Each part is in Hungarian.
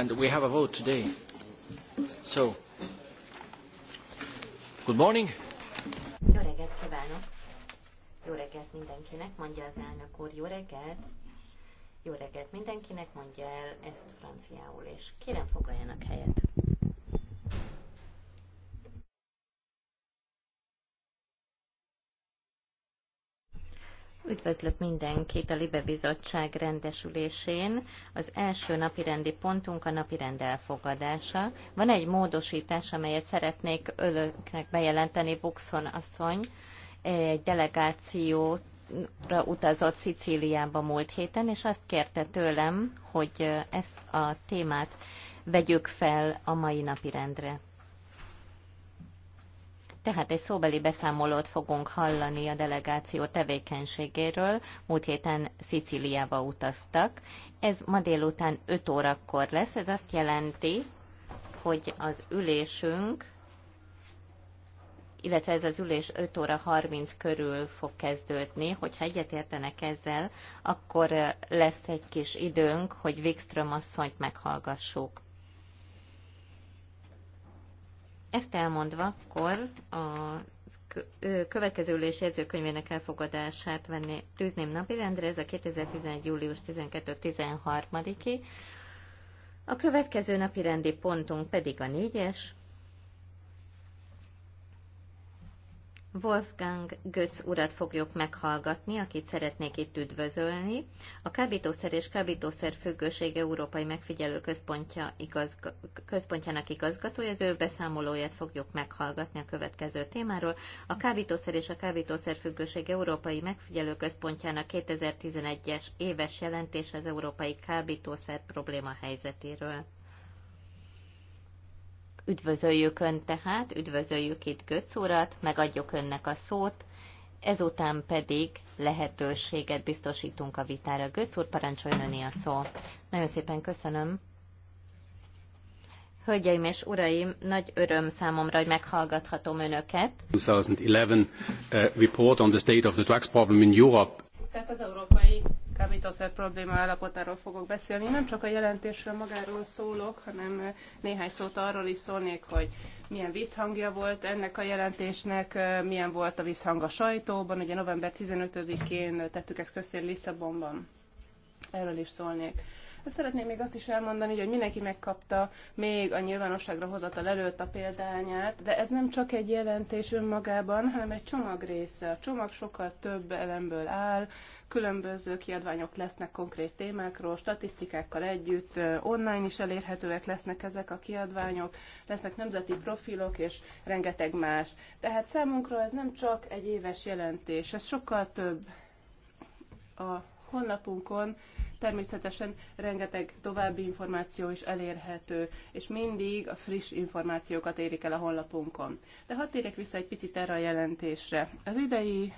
and we have a vote today. So, good morning. Jó reggelt kívánok! Jó reggelt mindenkinek, mondja az elnök úr. Jó reggelt! Jó reggelt mindenkinek, mondja el ezt franciául, és kérem foglaljanak helyet. Üdvözlök mindenkit a Libe Bizottság rendesülésén. Az első napi rendi pontunk a napi rend elfogadása. Van egy módosítás, amelyet szeretnék önöknek bejelenteni, Buxon asszony. Egy delegációt utazott Szicíliába múlt héten, és azt kérte tőlem, hogy ezt a témát vegyük fel a mai napi rendre. Tehát egy szóbeli beszámolót fogunk hallani a delegáció tevékenységéről. Múlt héten Szicíliába utaztak. Ez ma délután 5 órakor lesz. Ez azt jelenti, hogy az ülésünk illetve ez az ülés 5 óra 30 körül fog kezdődni. Hogyha egyetértenek ezzel, akkor eh, lesz egy kis időnk, hogy Wikström asszonyt meghallgassuk. Ezt elmondva, akkor a következő ülés jegyzőkönyvének elfogadását venni, tűzném napirendre, ez a 2011. július 12-13-i. A következő napirendi pontunk pedig a négyes, Wolfgang Götz urat fogjuk meghallgatni, akit szeretnék itt üdvözölni. A kábítószer és kábítószer függőség Európai Megfigyelő Központja igazga- Központjának igazgatója, az ő beszámolóját fogjuk meghallgatni a következő témáról. A kábítószer és a kábítószer függőség Európai Megfigyelő Központjának 2011-es éves jelentés az európai kábítószer probléma helyzetéről. Üdvözöljük ön tehát, üdvözöljük itt Götz urat, megadjuk Önnek a szót, ezután pedig lehetőséget biztosítunk a vitára. Götz úr, parancsoljon Öné a szó. Nagyon szépen köszönöm. Hölgyeim és uraim, nagy öröm számomra, hogy meghallgathatom önöket. 2011 uh, report on the state of the drugs problem in Europe. Tehát az európai kábítószer probléma állapotáról fogok beszélni. Nem csak a jelentésről magáról szólok, hanem eh, néhány szót arról is szólnék, hogy milyen visszhangja volt ennek a jelentésnek, eh, milyen volt a visszhang a sajtóban. Ugye november 15-én tettük ezt közszél Lisszabonban. Erről is szólnék. Ezt szeretném még azt is elmondani, hogy mindenki megkapta még a nyilvánosságra hozatal előtt a példányát, de ez nem csak egy jelentés önmagában, hanem egy csomag része. A csomag sokkal több elemből áll, Különböző kiadványok lesznek konkrét témákról, statisztikákkal együtt, online is elérhetőek lesznek ezek a kiadványok, lesznek nemzeti profilok és rengeteg más. Tehát számunkra ez nem csak egy éves jelentés, ez sokkal több a honlapunkon Természetesen rengeteg további információ is elérhető, és mindig a friss információkat érik el a honlapunkon. De hadd térjek vissza egy picit erre a jelentésre. Az idei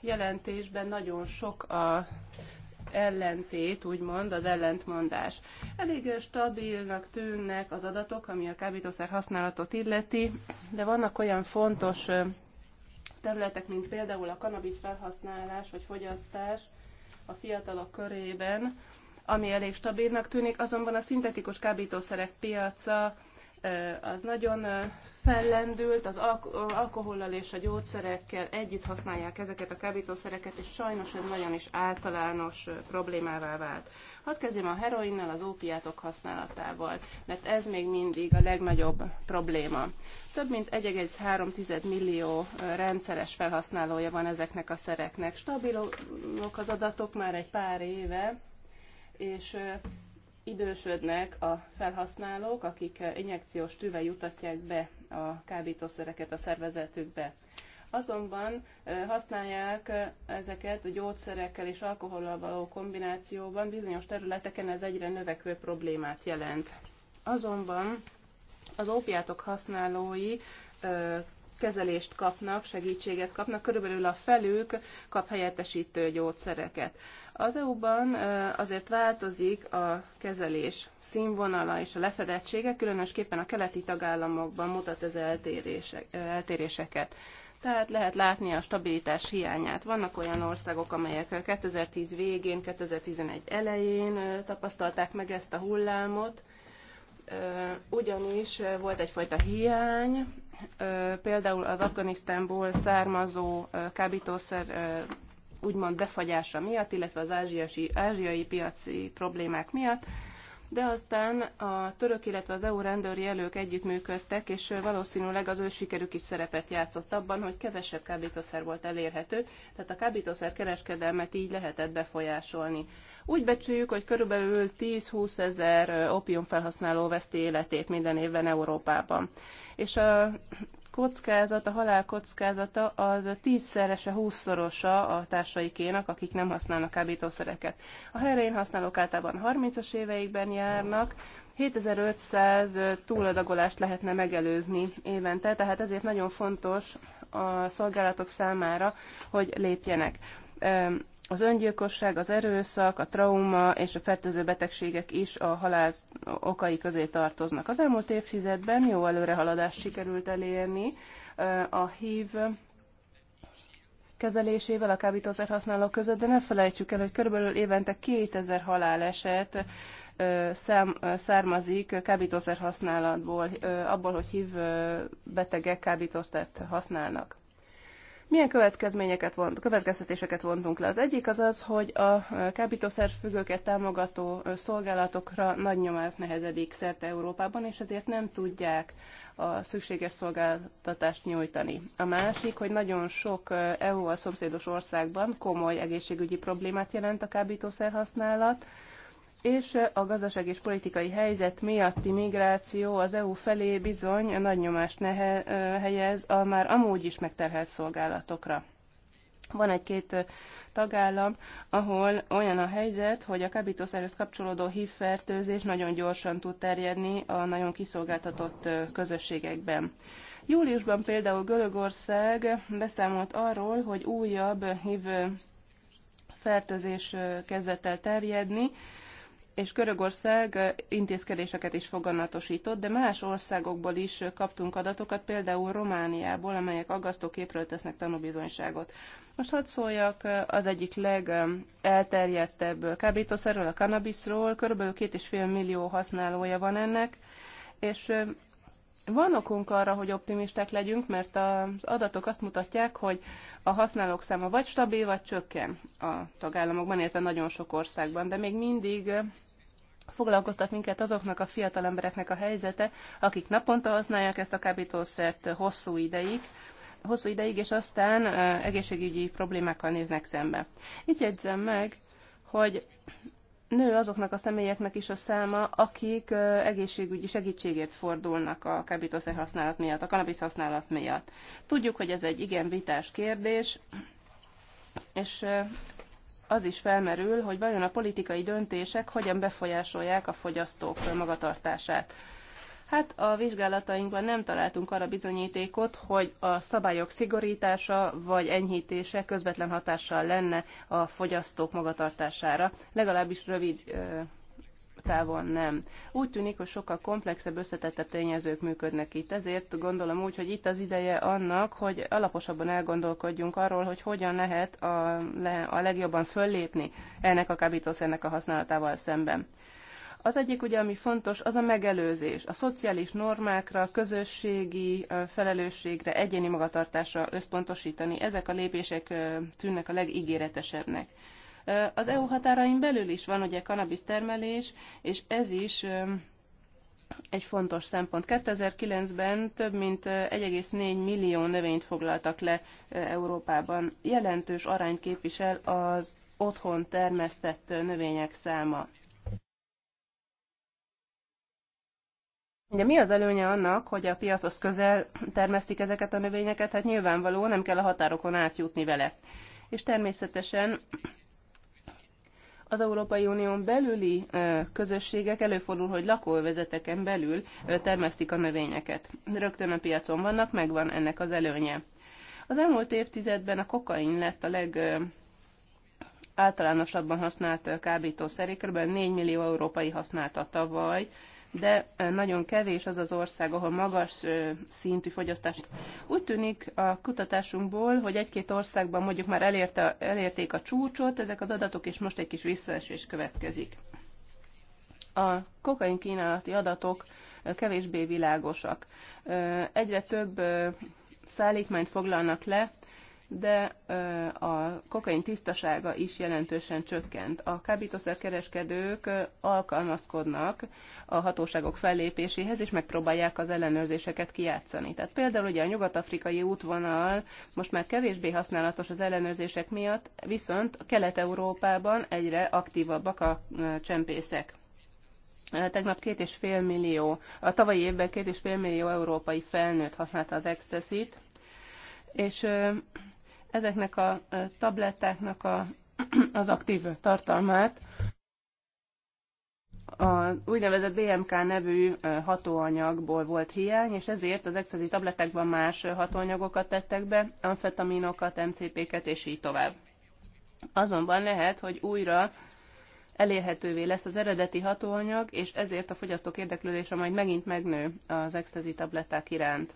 jelentésben nagyon sok a ellentét, úgymond az ellentmondás. Elég stabilnak tűnnek az adatok, ami a kábítószer használatot illeti, de vannak olyan fontos területek, mint például a kanabisz felhasználás vagy fogyasztás, a fiatalok körében, ami elég stabilnak tűnik, azonban a szintetikus kábítószerek piaca az nagyon fellendült, az alkohollal és a gyógyszerekkel együtt használják ezeket a kábítószereket, és sajnos ez nagyon is általános problémává vált. Hadd kezdjem a heroinnal, az ópiátok használatával, mert ez még mindig a legnagyobb probléma. Több mint 1,3 millió rendszeres felhasználója van ezeknek a szereknek. Stabilok az adatok már egy pár éve, és idősödnek a felhasználók, akik injekciós tüve jutatják be a kábítószereket a szervezetükbe azonban használják ezeket a gyógyszerekkel és alkohollal való kombinációban, bizonyos területeken ez egyre növekvő problémát jelent. Azonban az ópiátok használói kezelést kapnak, segítséget kapnak, körülbelül a felük kap helyettesítő gyógyszereket. Az EU-ban azért változik a kezelés színvonala és a lefedettsége, különösképpen a keleti tagállamokban mutat ez eltérések, eltéréseket tehát lehet látni a stabilitás hiányát. Vannak olyan országok, amelyek 2010 végén, 2011 elején tapasztalták meg ezt a hullámot, ugyanis volt egyfajta hiány, például az Afganisztánból származó kábítószer úgymond befagyása miatt, illetve az ázsiai, ázsiai piaci problémák miatt, de aztán a török, illetve az EU rendőri elők együttműködtek, és valószínűleg az ő sikerük is szerepet játszott abban, hogy kevesebb kábítószer volt elérhető, tehát a kábítószer kereskedelmet így lehetett befolyásolni. Úgy becsüljük, hogy körülbelül 10-20 ezer opiumfelhasználó veszti életét minden évben Európában. És a kockázat, a halál kockázata az tízszerese, húszszorosa a társaikének, akik nem használnak kábítószereket. A heroin használók általában 30-as éveikben járnak, 7500 túladagolást lehetne megelőzni évente, tehát ezért nagyon fontos a szolgálatok számára, hogy lépjenek az öngyilkosság, az erőszak, a trauma és a fertőző betegségek is a halál okai közé tartoznak. Az elmúlt évtizedben jó előrehaladást sikerült elérni eh, a HIV kezelésével a kábítószer használók között, de ne felejtsük el, hogy körülbelül évente 2000 haláleset eh, eh, származik kábítószer használatból, abból, hogy HIV betegek kábítószert használnak. Milyen következményeket vont, következtetéseket vontunk le? Az egyik az az, hogy a kábítószerfüggőket támogató szolgálatokra nagy nyomás nehezedik szerte Európában, és ezért nem tudják a szükséges szolgáltatást nyújtani. A másik, hogy nagyon sok EU-val szomszédos országban komoly egészségügyi problémát jelent a kábítószer használat, és a gazdaság és politikai helyzet miatti migráció az EU felé bizony nagy nyomást nehe, helyez a már amúgy is megterhelt szolgálatokra. Van egy-két tagállam, ahol olyan a helyzet, hogy a kábítószerhez kapcsolódó hívfertőzés nagyon gyorsan tud terjedni a nagyon kiszolgáltatott közösségekben. Júliusban például Görögország beszámolt arról, hogy újabb hív fertőzés kezdett el terjedni, és Görögország intézkedéseket is foganatosított, de más országokból is kaptunk adatokat, például Romániából, amelyek aggasztó képről tesznek tanúbizonyságot. Most hadd szóljak az egyik legelterjedtebb kábítószerről, a kannabiszról. Körülbelül két és fél millió használója van ennek, és van okunk arra, hogy optimisták legyünk, mert az adatok azt mutatják, hogy a használók száma vagy stabil, vagy csökken a tagállamokban, illetve nagyon sok országban, de még mindig foglalkoztat minket azoknak a fiatal embereknek a helyzete, akik naponta használják ezt a kábítószert hosszú ideig, hosszú ideig, és aztán egészségügyi problémákkal néznek szembe. Itt jegyzem meg, hogy nő azoknak a személyeknek is a száma, akik egészségügyi segítségért fordulnak a kábítószer használat miatt, a kanabisz használat miatt. Tudjuk, hogy ez egy igen vitás kérdés, és az is felmerül, hogy vajon a politikai döntések hogyan befolyásolják a fogyasztók magatartását. Hát a vizsgálatainkban nem találtunk arra bizonyítékot, hogy a szabályok szigorítása vagy enyhítése közvetlen hatással lenne a fogyasztók magatartására, legalábbis rövid távon nem. Úgy tűnik, hogy sokkal komplexebb, összetettebb tényezők működnek itt. Ezért gondolom úgy, hogy itt az ideje annak, hogy alaposabban elgondolkodjunk arról, hogy hogyan lehet a, le, a legjobban föllépni ennek a kábítószernek a használatával szemben. Az egyik, ugye, ami fontos, az a megelőzés. A szociális normákra, közösségi felelősségre, egyéni magatartásra összpontosítani. Ezek a lépések tűnnek a legígéretesebbnek. Az EU határain belül is van ugye kanabisz termelés, és ez is egy fontos szempont. 2009-ben több mint 1,4 millió növényt foglaltak le Európában. Jelentős arányt képvisel az otthon termesztett növények száma. Ugye mi az előnye annak, hogy a piachoz közel termesztik ezeket a növényeket? Hát nyilvánvaló, nem kell a határokon átjutni vele. És természetesen az Európai Unión belüli közösségek előfordul, hogy lakóvezeteken belül termesztik a növényeket. Rögtön a piacon vannak, megvan ennek az előnye. Az elmúlt évtizedben a kokain lett a leg általánosabban használt kábítószer, kb. 4 millió európai használta tavaly, de nagyon kevés az az ország, ahol magas szintű fogyasztás. Úgy tűnik a kutatásunkból, hogy egy-két országban mondjuk már elérte, elérték a csúcsot, ezek az adatok, és most egy kis visszaesés következik. A kokain kínálati adatok kevésbé világosak. Egyre több szállítmányt foglalnak le, de a kokain tisztasága is jelentősen csökkent. A kábítószerkereskedők alkalmazkodnak a hatóságok fellépéséhez, és megpróbálják az ellenőrzéseket kijátszani. Tehát például ugye a nyugat-afrikai útvonal most már kevésbé használatos az ellenőrzések miatt, viszont Kelet-Európában egyre aktívabbak a csempészek. Tegnap két és fél millió, a tavalyi évben két és fél millió európai felnőtt használta az ecstasy és ezeknek a tablettáknak a, az aktív tartalmát a úgynevezett BMK nevű hatóanyagból volt hiány, és ezért az extazi tabletekben más hatóanyagokat tettek be, amfetaminokat, MCP-ket és így tovább. Azonban lehet, hogy újra elérhetővé lesz az eredeti hatóanyag, és ezért a fogyasztók érdeklődése majd megint megnő az extazi tabletták iránt.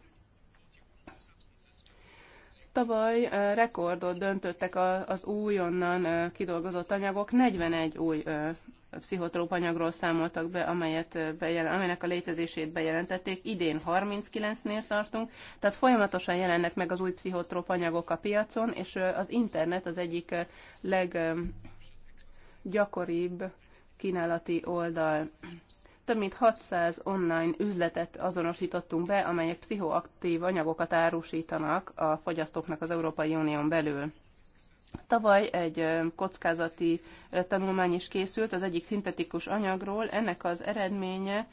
Tavaly rekordot döntöttek az újonnan kidolgozott anyagok, 41 új pszichotróp anyagról számoltak be, amelyet bejelent, amelynek a létezését bejelentették. Idén 39-nél tartunk, tehát folyamatosan jelennek meg az új pszichotróp anyagok a piacon, és az internet az egyik leggyakoribb kínálati oldal több mint 600 online üzletet azonosítottunk be, amelyek pszichoaktív anyagokat árusítanak a fogyasztóknak az Európai Unión belül. Tavaly egy kockázati tanulmány is készült az egyik szintetikus anyagról. Ennek az eredménye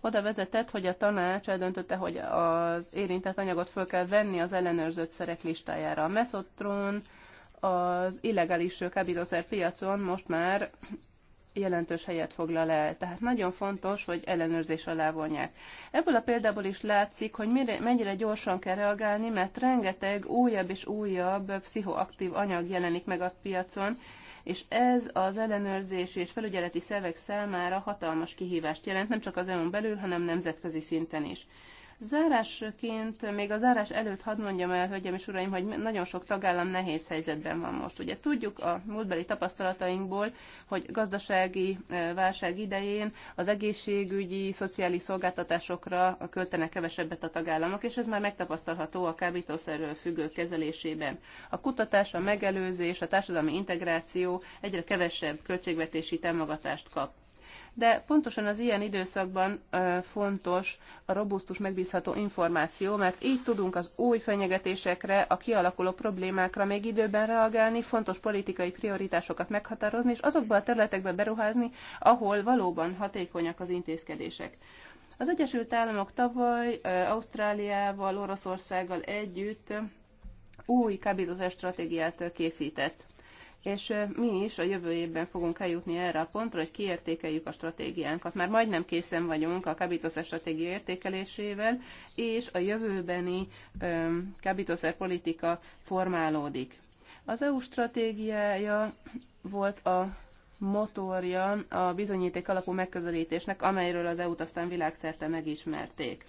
oda vezetett, hogy a tanács eldöntötte, hogy az érintett anyagot föl kell venni az ellenőrzött szerek listájára. A mesotron az illegális kábítószer piacon most már jelentős helyet foglal el. Tehát nagyon fontos, hogy ellenőrzés alá vonják. Ebből a példából is látszik, hogy mennyire gyorsan kell reagálni, mert rengeteg újabb és újabb pszichoaktív anyag jelenik meg a piacon, és ez az ellenőrzés és felügyeleti szervek számára hatalmas kihívást jelent, nem csak az EU-n belül, hanem nemzetközi szinten is. Zárásként, még a zárás előtt hadd mondjam el, hölgyeim és uraim, hogy nagyon sok tagállam nehéz helyzetben van most. Ugye tudjuk a múltbeli tapasztalatainkból, hogy gazdasági eh, válság idején az egészségügyi, szociális szolgáltatásokra költenek kevesebbet a tagállamok, és ez már megtapasztalható a kábítószerről eh, függő kezelésében. A kutatás, a megelőzés, a társadalmi integráció egyre kevesebb költségvetési támogatást kap de pontosan az ilyen időszakban fontos a robusztus, megbízható információ, mert így tudunk az új fenyegetésekre, a kialakuló problémákra még időben reagálni, fontos politikai prioritásokat meghatározni, és azokba a területekbe beruházni, ahol valóban hatékonyak az intézkedések. Az Egyesült Államok tavaly Ausztráliával, Oroszországgal együtt új kábítozás stratégiát készített és mi is a jövő évben fogunk eljutni erre a pontra, hogy kiértékeljük a stratégiánkat. Már majdnem készen vagyunk a kábítószer stratégia értékelésével, és a jövőbeni kábítószer politika formálódik. Az EU stratégiája volt a motorja a bizonyíték alapú megközelítésnek, amelyről az EU-t aztán világszerte megismerték.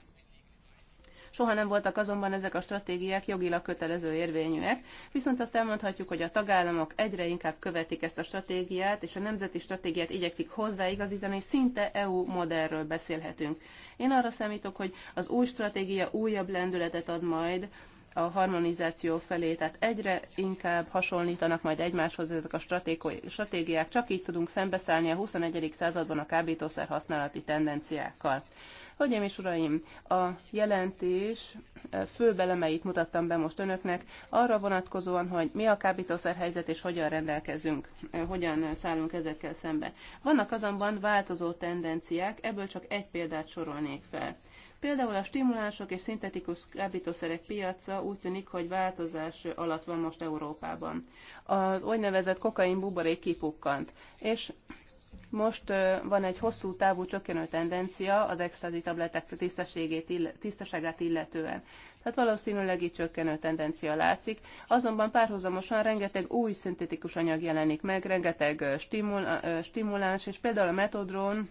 Soha nem voltak azonban ezek a stratégiák jogilag kötelező érvényűek, viszont azt elmondhatjuk, hogy a tagállamok egyre inkább követik ezt a stratégiát, és a nemzeti stratégiát igyekszik hozzáigazítani, szinte EU modellről beszélhetünk. Én arra számítok, hogy az új stratégia újabb lendületet ad majd, a harmonizáció felé, tehát egyre inkább hasonlítanak majd egymáshoz ezek a stratégiák, csak így tudunk szembeszállni a 21. században a kábítószer használati tendenciákkal. Hölgyeim és uraim, a jelentés e, fő elemeit mutattam be most önöknek, arra vonatkozóan, hogy mi a kábítószerhelyzet és hogyan rendelkezünk, e, hogyan szállunk ezekkel szembe. Vannak azonban változó tendenciák, ebből csak egy példát sorolnék fel. Például a stimulánsok és szintetikus kábítószerek piaca úgy tűnik, hogy változás alatt van most Európában. A úgynevezett kokain buborék kipukkant, és most van egy hosszú távú csökkenő tendencia az extrazi tabletek tisztaságát illetően. Tehát valószínűleg itt csökkenő tendencia látszik, azonban párhuzamosan rengeteg új szintetikus anyag jelenik meg, rengeteg stimul, stimuláns, és például a metodrón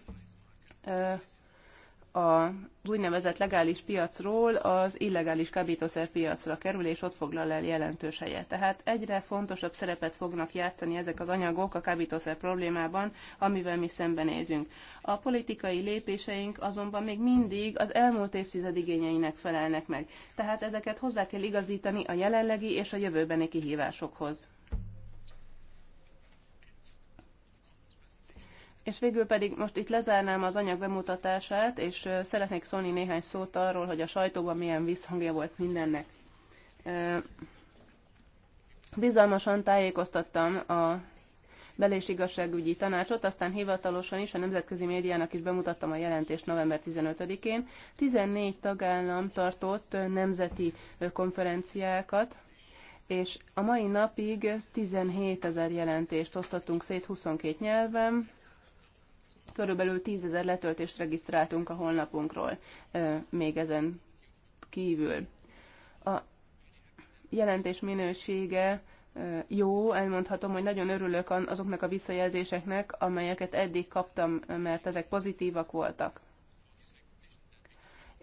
a úgynevezett legális piacról az illegális kábítószer piacra kerül, és ott foglal el jelentős helyet. Tehát egyre fontosabb szerepet fognak játszani ezek az anyagok a kábítószer problémában, amivel mi szembenézünk. A politikai lépéseink azonban még mindig az elmúlt évtized igényeinek felelnek meg, tehát ezeket hozzá kell igazítani a jelenlegi és a jövőbeni kihívásokhoz. És végül pedig most itt lezárnám az anyag bemutatását, és szeretnék szólni néhány szót arról, hogy a sajtóban milyen visszhangja volt mindennek. Bizalmasan tájékoztattam a bel- és igazságügyi tanácsot, aztán hivatalosan is a nemzetközi médiának is bemutattam a jelentést november 15-én. 14 tagállam tartott nemzeti konferenciákat, és a mai napig 17 ezer jelentést osztottunk szét 22 nyelven, Körülbelül tízezer letöltést regisztráltunk a honlapunkról még ezen kívül. A jelentés minősége jó, elmondhatom, hogy nagyon örülök azoknak a visszajelzéseknek, amelyeket eddig kaptam, mert ezek pozitívak voltak.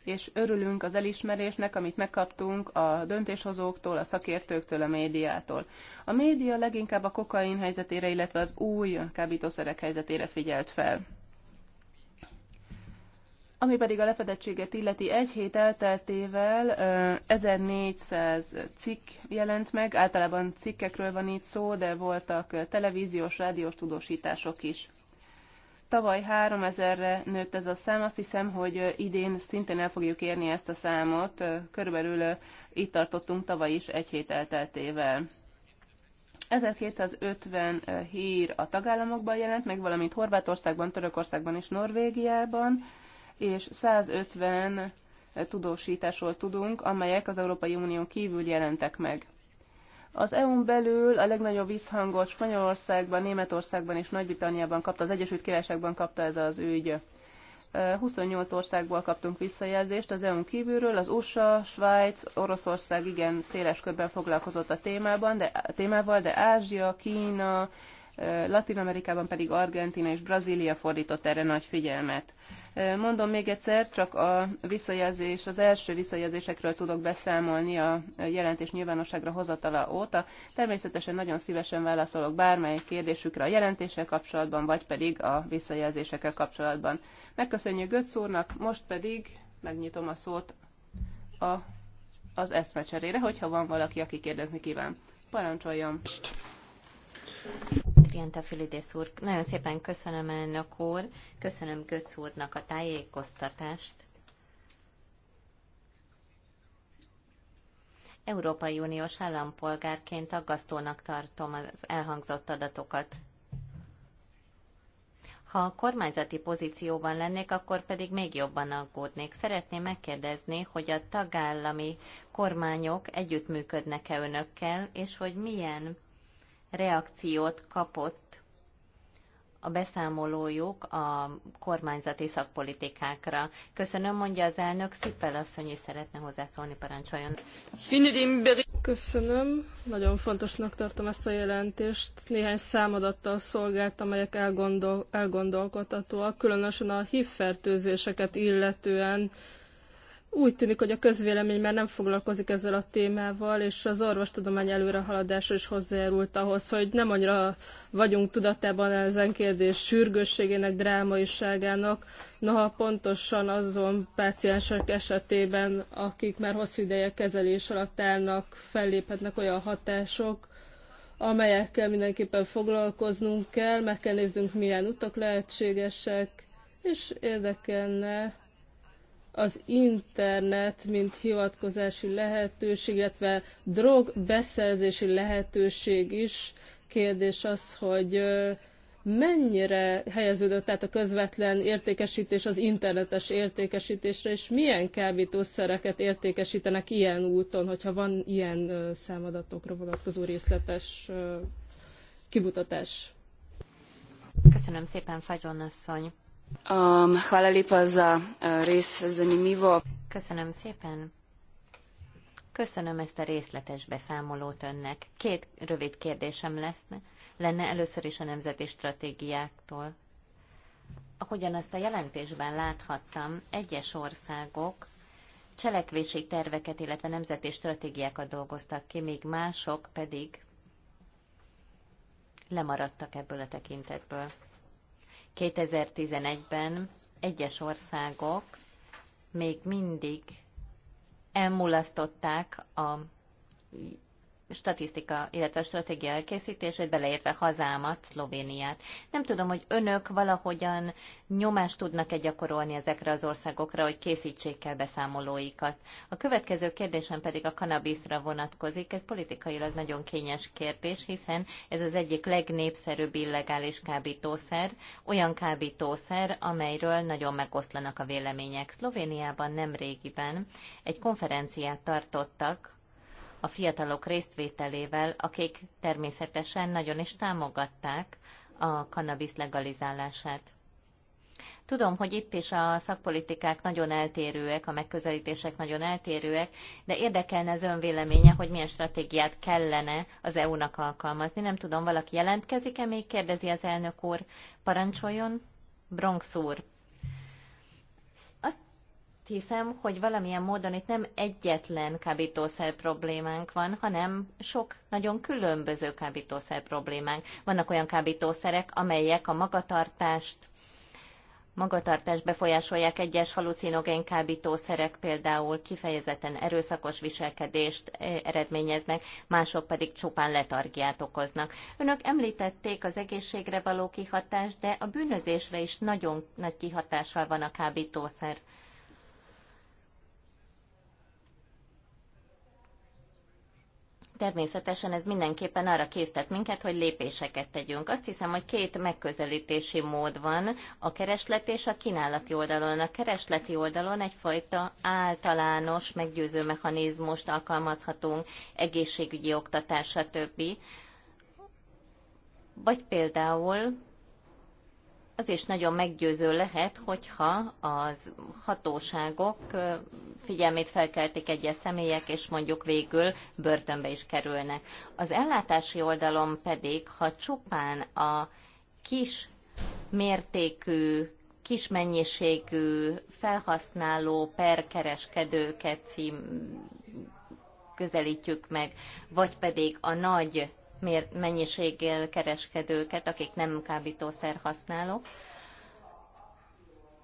És örülünk az elismerésnek, amit megkaptunk a döntéshozóktól, a szakértőktől, a médiától. A média leginkább a kokain helyzetére, illetve az új kábítószerek helyzetére figyelt fel. Ami pedig a lefedettséget illeti, egy hét elteltével 1400 cikk jelent meg, általában cikkekről van itt szó, de voltak televíziós, rádiós tudósítások is. Tavaly 3000-re nőtt ez a szám, azt hiszem, hogy idén szintén el fogjuk érni ezt a számot, körülbelül itt tartottunk tavaly is egy hét elteltével. 1250 hír a tagállamokban jelent, meg valamint Horvátországban, Törökországban és Norvégiában, és 150 tudósításról tudunk, amelyek az Európai Unión kívül jelentek meg. Az EU-n belül a legnagyobb visszhangot Spanyolországban, Németországban és Nagy-Britanniában kapta, az Egyesült Királyságban kapta ez az ügy. 28 országból kaptunk visszajelzést az EU-n kívülről, az USA, Svájc, Oroszország igen széles körben foglalkozott a témában, de, a témával, de Ázsia, Kína, Latin Amerikában pedig Argentina és Brazília fordított erre nagy figyelmet. Mondom még egyszer, csak a visszajelzés, az első visszajelzésekről tudok beszámolni a jelentés nyilvánosságra hozatala óta. Természetesen nagyon szívesen válaszolok bármely kérdésükre a jelentéssel kapcsolatban, vagy pedig a visszajelzésekkel kapcsolatban. Megköszönjük Götz úrnak, most pedig megnyitom a szót a, az eszmecserére, hogyha van valaki, aki kérdezni kíván. Parancsoljon! Trientafilidész úr. Nagyon szépen köszönöm elnök úr, köszönöm Götz úrnak a tájékoztatást. Európai Uniós állampolgárként aggasztónak tartom az elhangzott adatokat. Ha a kormányzati pozícióban lennék, akkor pedig még jobban aggódnék. Szeretném megkérdezni, hogy a tagállami kormányok együttműködnek-e önökkel, és hogy milyen reakciót kapott a beszámolójuk a kormányzati szakpolitikákra. Köszönöm, mondja az elnök. Szippel asszony is szeretne hozzászólni, parancsoljon. Köszönöm. Nagyon fontosnak tartom ezt a jelentést. Néhány számadattal szolgált, amelyek elgondol, elgondolkodhatóak, különösen a HIV illetően úgy tűnik, hogy a közvélemény már nem foglalkozik ezzel a témával, és az orvostudomány előrehaladása is hozzájárult ahhoz, hogy nem annyira vagyunk tudatában ezen kérdés sürgősségének, drámaiságának, noha pontosan azon páciensek esetében, akik már hosszú ideje kezelés alatt állnak, felléphetnek olyan hatások, amelyekkel mindenképpen foglalkoznunk kell, meg kell néznünk, milyen utak lehetségesek, és érdekelne, az internet, mint hivatkozási lehetőség, illetve drog beszerzési lehetőség is. Kérdés az, hogy mennyire helyeződött át a közvetlen értékesítés az internetes értékesítésre, és milyen kábítószereket értékesítenek ilyen úton, hogyha van ilyen számadatokra vonatkozó részletes kibutatás. Köszönöm szépen, Fagyon asszony. Um, hvala lepa za uh, res zanimivo. Köszönöm szépen. Köszönöm ezt a részletes beszámolót önnek. Két rövid kérdésem lesz. Lenne először is a nemzeti stratégiáktól. Ahogyan azt a jelentésben láthattam, egyes országok cselekvési terveket, illetve nemzeti stratégiákat dolgoztak ki, míg mások pedig lemaradtak ebből a tekintetből. 2011-ben egyes országok még mindig elmulasztották a statisztika, illetve stratégia elkészítését, beleértve hazámat, Szlovéniát. Nem tudom, hogy önök valahogyan nyomást tudnak-e gyakorolni ezekre az országokra, hogy készítsék el beszámolóikat. A következő kérdésem pedig a kanabiszra vonatkozik. Ez politikailag nagyon kényes kérdés, hiszen ez az egyik legnépszerűbb illegális kábítószer, olyan kábítószer, amelyről nagyon megoszlanak a vélemények. Szlovéniában nem régiben egy konferenciát tartottak a fiatalok résztvételével, akik természetesen nagyon is támogatták a kannabisz legalizálását. Tudom, hogy itt is a szakpolitikák nagyon eltérőek, a megközelítések nagyon eltérőek, de érdekelne az ön véleménye, hogy milyen stratégiát kellene az EU-nak alkalmazni. Nem tudom, valaki jelentkezik-e még, kérdezi az elnök úr. Parancsoljon, Bronx úr hiszem, hogy valamilyen módon itt nem egyetlen kábítószer problémánk van, hanem sok nagyon különböző kábítószer problémánk. Vannak olyan kábítószerek, amelyek a magatartást, magatartást befolyásolják egyes halucinogén kábítószerek, például kifejezetten erőszakos viselkedést eh, eredményeznek, mások pedig csupán letargiát okoznak. Önök említették az egészségre való kihatást, de a bűnözésre is nagyon nagy kihatással van a kábítószer. Természetesen ez mindenképpen arra késztet minket, hogy lépéseket tegyünk. Azt hiszem, hogy két megközelítési mód van, a kereslet és a kínálati oldalon. A keresleti oldalon egyfajta általános meggyőző mechanizmust alkalmazhatunk, egészségügyi oktatás, stb. Vagy például az is nagyon meggyőző lehet, hogyha az hatóságok figyelmét felkeltik egyes személyek, és mondjuk végül börtönbe is kerülnek. Az ellátási oldalon pedig, ha csupán a kis mértékű, kis mennyiségű felhasználó per kereskedőket cím, közelítjük meg, vagy pedig a nagy mennyiséggel kereskedőket, akik nem kábítószer használók.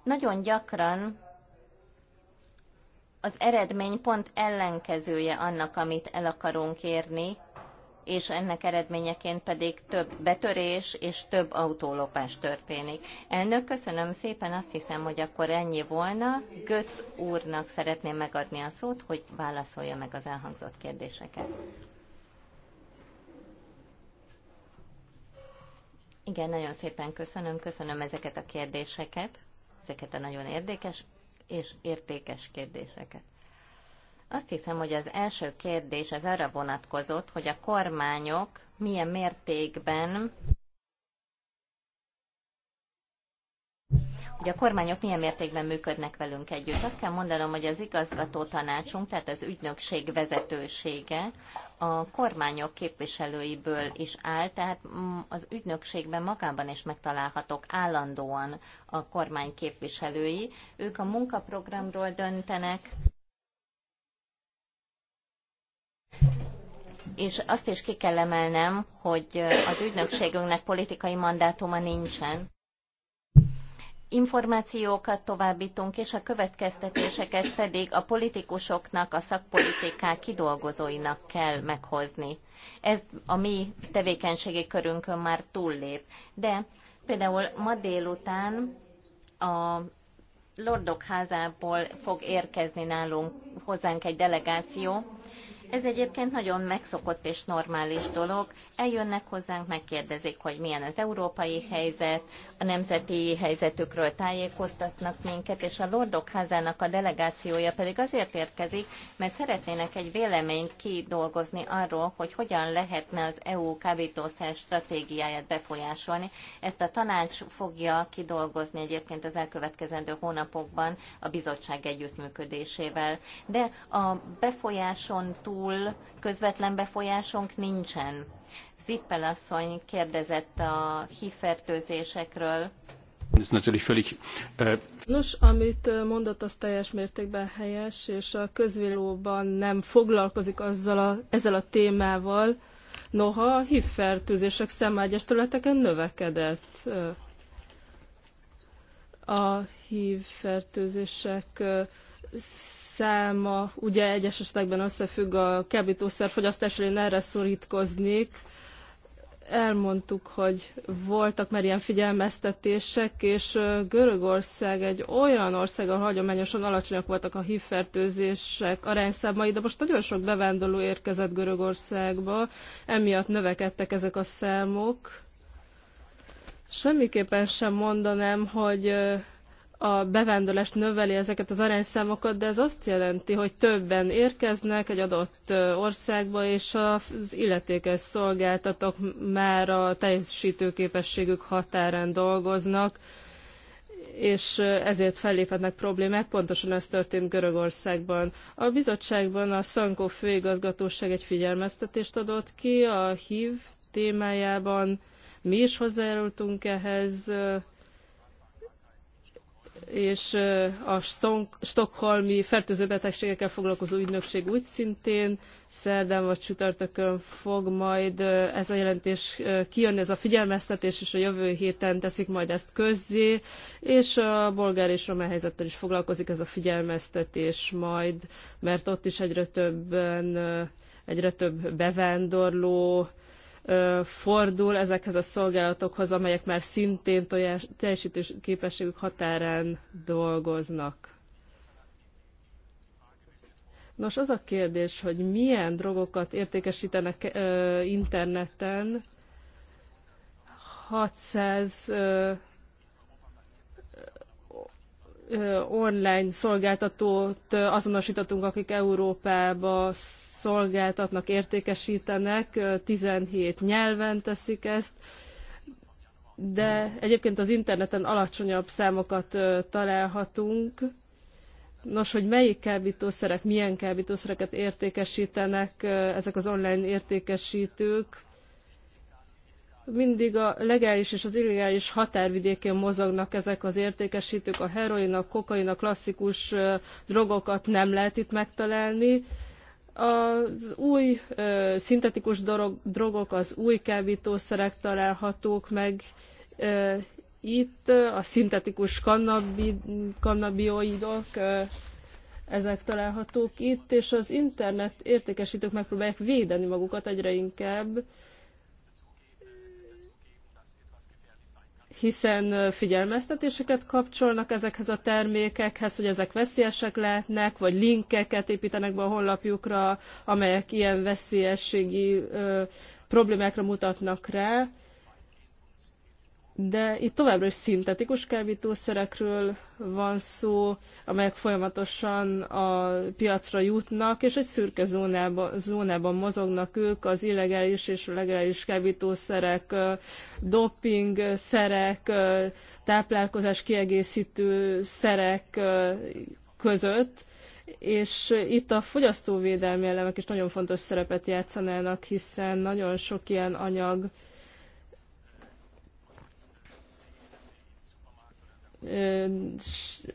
Nagyon gyakran az eredmény pont ellenkezője annak, amit el akarunk érni, és ennek eredményeként pedig több betörés és több autólopás történik. Elnök, köszönöm szépen, azt hiszem, hogy akkor ennyi volna. Götz úrnak szeretném megadni a szót, hogy válaszolja meg az elhangzott kérdéseket. Igen, nagyon szépen köszönöm, köszönöm ezeket a kérdéseket, ezeket a nagyon érdekes és értékes kérdéseket. Azt hiszem, hogy az első kérdés az arra vonatkozott, hogy a kormányok milyen mértékben hogy a kormányok milyen mértékben működnek velünk együtt. Azt kell mondanom, hogy az igazgató tanácsunk, tehát az ügynökség vezetősége a kormányok képviselőiből is áll, tehát mm, az ügynökségben magában is megtalálhatók állandóan a kormány képviselői. Ők a munkaprogramról döntenek, és azt is ki kell emelnem, hogy az ügynökségünknek politikai mandátuma nincsen információkat továbbítunk, és a következtetéseket pedig a politikusoknak, a szakpolitikák kidolgozóinak kell meghozni. Ez a mi tevékenységi körünkön már túllép. De például ma délután a Lordok házából fog érkezni nálunk hozzánk egy delegáció, ez egyébként nagyon megszokott és normális dolog. Eljönnek hozzánk, megkérdezik, hogy milyen az európai helyzet, a nemzeti helyzetükről tájékoztatnak minket, és a Lordok házának a delegációja pedig azért érkezik, mert szeretnének egy véleményt kidolgozni arról, hogy hogyan lehetne az EU kábítószer stratégiáját befolyásolni. Ezt a tanács fogja kidolgozni egyébként az elkövetkezendő hónapokban a bizottság együttműködésével. De a befolyáson túl túl közvetlen befolyásunk nincsen. Zippel asszony kérdezett a hívfertőzésekről. Ez Nos, amit mondott, az teljes mértékben helyes, és a közvilóban nem foglalkozik azzal a, ezzel a témával, noha a hívfertőzések szemágyes területeken növekedett. A hívfertőzések száma ugye egyes esetekben összefügg a kábítószerfogyasztással, én erre szorítkoznék. Elmondtuk, hogy voltak már ilyen figyelmeztetések, és Görögország egy olyan ország, ahol hagyományosan alacsonyak voltak a hívfertőzések arányszámai, de most nagyon sok bevándorló érkezett Görögországba, emiatt növekedtek ezek a számok. Semmiképpen sem mondanám, hogy a bevándorlást növeli ezeket az arányszámokat, de ez azt jelenti, hogy többen érkeznek egy adott országba, és az illetékes szolgáltatók már a teljesítőképességük határán dolgoznak, és ezért felléphetnek problémák. Pontosan ez történt Görögországban. A bizottságban a Szankó főigazgatóság egy figyelmeztetést adott ki a HIV témájában. Mi is hozzájárultunk ehhez, és a Stockholmi fertőzőbetegségekkel foglalkozó ügynökség úgy szintén szerdán vagy csütörtökön fog majd ez a jelentés kijönni, ez a figyelmeztetés, és a jövő héten teszik majd ezt közzé, és a bolgár és román helyzettel is foglalkozik ez a figyelmeztetés majd, mert ott is egyre többen, egyre több bevándorló, fordul ezekhez a szolgálatokhoz, amelyek már szintén tojás, teljesítős képességük határán dolgoznak. Nos, az a kérdés, hogy milyen drogokat értékesítenek ö, interneten, 600 ö, online szolgáltatót azonosítottunk, akik Európába szolgáltatnak, értékesítenek, 17 nyelven teszik ezt, de egyébként az interneten alacsonyabb számokat találhatunk. Nos, hogy melyik kábítószerek, milyen kábítószereket értékesítenek ezek az online értékesítők, mindig a legális és az illegális határvidékén mozognak ezek az értékesítők, a heroin, a kokain, a klasszikus drogokat nem lehet itt megtalálni. Az új ö, szintetikus drog, drogok, az új kábítószerek találhatók meg ö, itt, a szintetikus kannabi, kannabioidok, ö, ezek találhatók itt, és az internet értékesítők megpróbálják védeni magukat egyre inkább, hiszen figyelmeztetéseket kapcsolnak ezekhez a termékekhez, hogy ezek veszélyesek lehetnek, vagy linkeket építenek be a honlapjukra, amelyek ilyen veszélyességi ö, problémákra mutatnak rá de itt továbbra is szintetikus kábítószerekről van szó, amelyek folyamatosan a piacra jutnak, és egy szürke zónába, zónában mozognak ők, az illegális és legális kábítószerek, doping szerek, táplálkozás kiegészítő szerek között, és itt a fogyasztóvédelmi elemek is nagyon fontos szerepet játszanának, hiszen nagyon sok ilyen anyag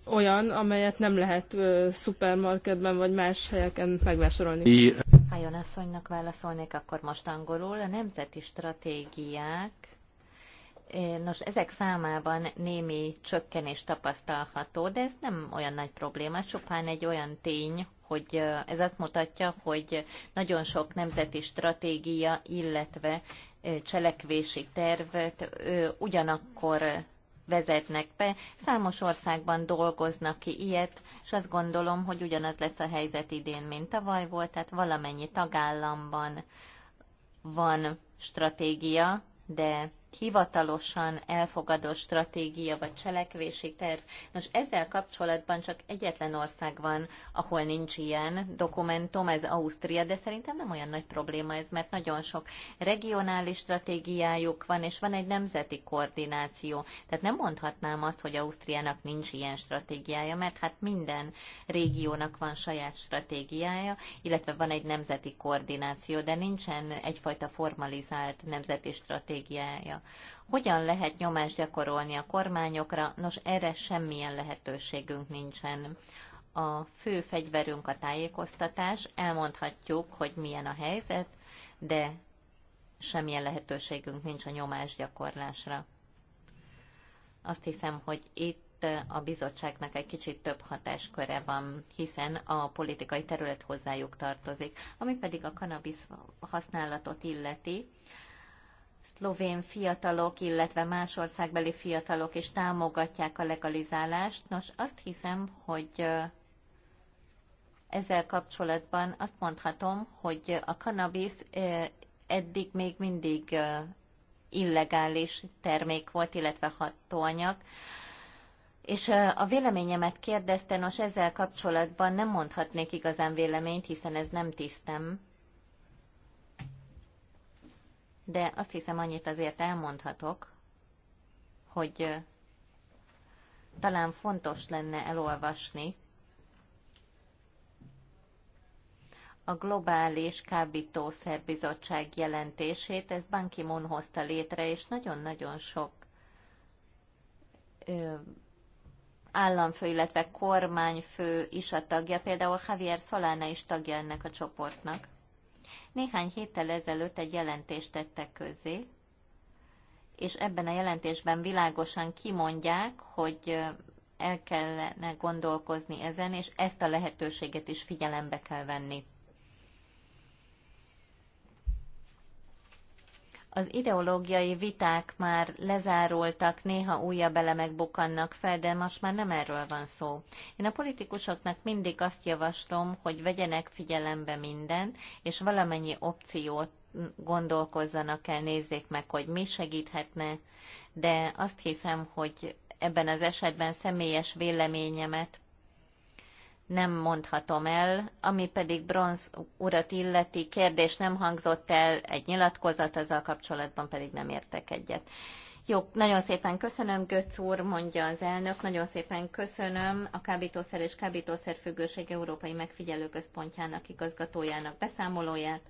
olyan, amelyet nem lehet ö, szupermarketben vagy más helyeken megvásárolni. Hájon asszonynak válaszolnék akkor most angolul. A nemzeti stratégiák Nos, ezek számában némi csökkenés tapasztalható, de ez nem olyan nagy probléma, csupán egy olyan tény, hogy ez azt mutatja, hogy nagyon sok nemzeti stratégia, illetve cselekvési tervet ugyanakkor vezetnek be. Számos országban dolgoznak ki ilyet, és azt gondolom, hogy ugyanaz lesz a helyzet idén, mint tavaly volt, tehát valamennyi tagállamban van stratégia, de hivatalosan elfogadott stratégia vagy cselekvési terv. Nos, ezzel kapcsolatban csak egyetlen ország van, ahol nincs ilyen dokumentum, ez Ausztria, de szerintem nem olyan nagy probléma ez, mert nagyon sok regionális stratégiájuk van, és van egy nemzeti koordináció. Tehát nem mondhatnám azt, hogy Ausztriának nincs ilyen stratégiája, mert hát minden régiónak van saját stratégiája, illetve van egy nemzeti koordináció, de nincsen egyfajta formalizált nemzeti stratégiája. Hogyan lehet nyomást gyakorolni a kormányokra? Nos, erre semmilyen lehetőségünk nincsen. A fő fegyverünk a tájékoztatás, elmondhatjuk, hogy milyen a helyzet, de semmilyen lehetőségünk nincs a nyomás gyakorlásra. Azt hiszem, hogy itt a bizottságnak egy kicsit több hatásköre van, hiszen a politikai terület hozzájuk tartozik. Ami pedig a kanabisz használatot illeti, szlovén fiatalok, illetve más országbeli fiatalok is támogatják a legalizálást. Nos, azt hiszem, hogy ezzel kapcsolatban azt mondhatom, hogy a kanabisz eddig még mindig illegális termék volt, illetve hatóanyag. És a véleményemet kérdezte, nos ezzel kapcsolatban nem mondhatnék igazán véleményt, hiszen ez nem tisztem de azt hiszem annyit azért elmondhatok, hogy talán fontos lenne elolvasni a Globális Kábítószerbizottság jelentését. Ez Ban Ki-moon hozta létre, és nagyon-nagyon sok államfő, illetve kormányfő is a tagja, például Javier Solana is tagja ennek a csoportnak. Néhány héttel ezelőtt egy jelentést tettek közzé, és ebben a jelentésben világosan kimondják, hogy el kellene gondolkozni ezen, és ezt a lehetőséget is figyelembe kell venni. Az ideológiai viták már lezárultak, néha újabb elemek bukannak fel, de most már nem erről van szó. Én a politikusoknak mindig azt javaslom, hogy vegyenek figyelembe minden, és valamennyi opciót gondolkozzanak el, nézzék meg, hogy mi segíthetne, de azt hiszem, hogy ebben az esetben személyes véleményemet nem mondhatom el, ami pedig Bronz urat illeti kérdés nem hangzott el, egy nyilatkozat ezzel kapcsolatban pedig nem értek egyet. Jó, nagyon szépen köszönöm, Götz úr, mondja az elnök, nagyon szépen köszönöm a Kábítószer és Kábítószerfüggőség Európai Megfigyelőközpontjának igazgatójának beszámolóját.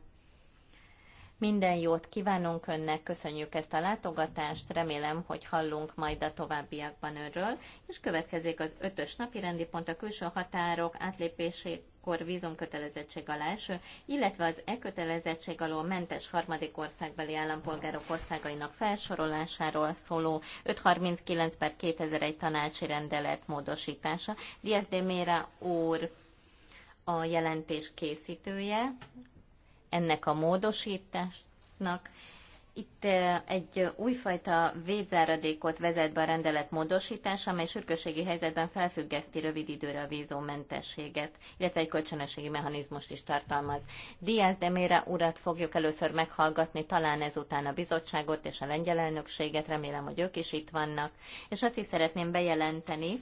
Minden jót kívánunk önnek, köszönjük ezt a látogatást, remélem, hogy hallunk majd a továbbiakban önről, és következik az ötös napi rendi pont a külső határok átlépését akkor vízumkötelezettség alá eső, illetve az e kötelezettség alól mentes harmadik országbeli állampolgárok országainak felsorolásáról szóló 539 per 2001 tanácsi rendelet módosítása. Diaz de Mera úr a jelentés készítője, ennek a módosításnak. Itt egy újfajta védzáradékot vezet be a rendelet módosítása, amely sürgősségi helyzetben felfüggeszti rövid időre a vízómentességet, illetve egy kölcsönösségi mechanizmust is tartalmaz. Diaz de Mera urat fogjuk először meghallgatni, talán ezután a bizottságot és a lengyel elnökséget, remélem, hogy ők is itt vannak. És azt is szeretném bejelenteni,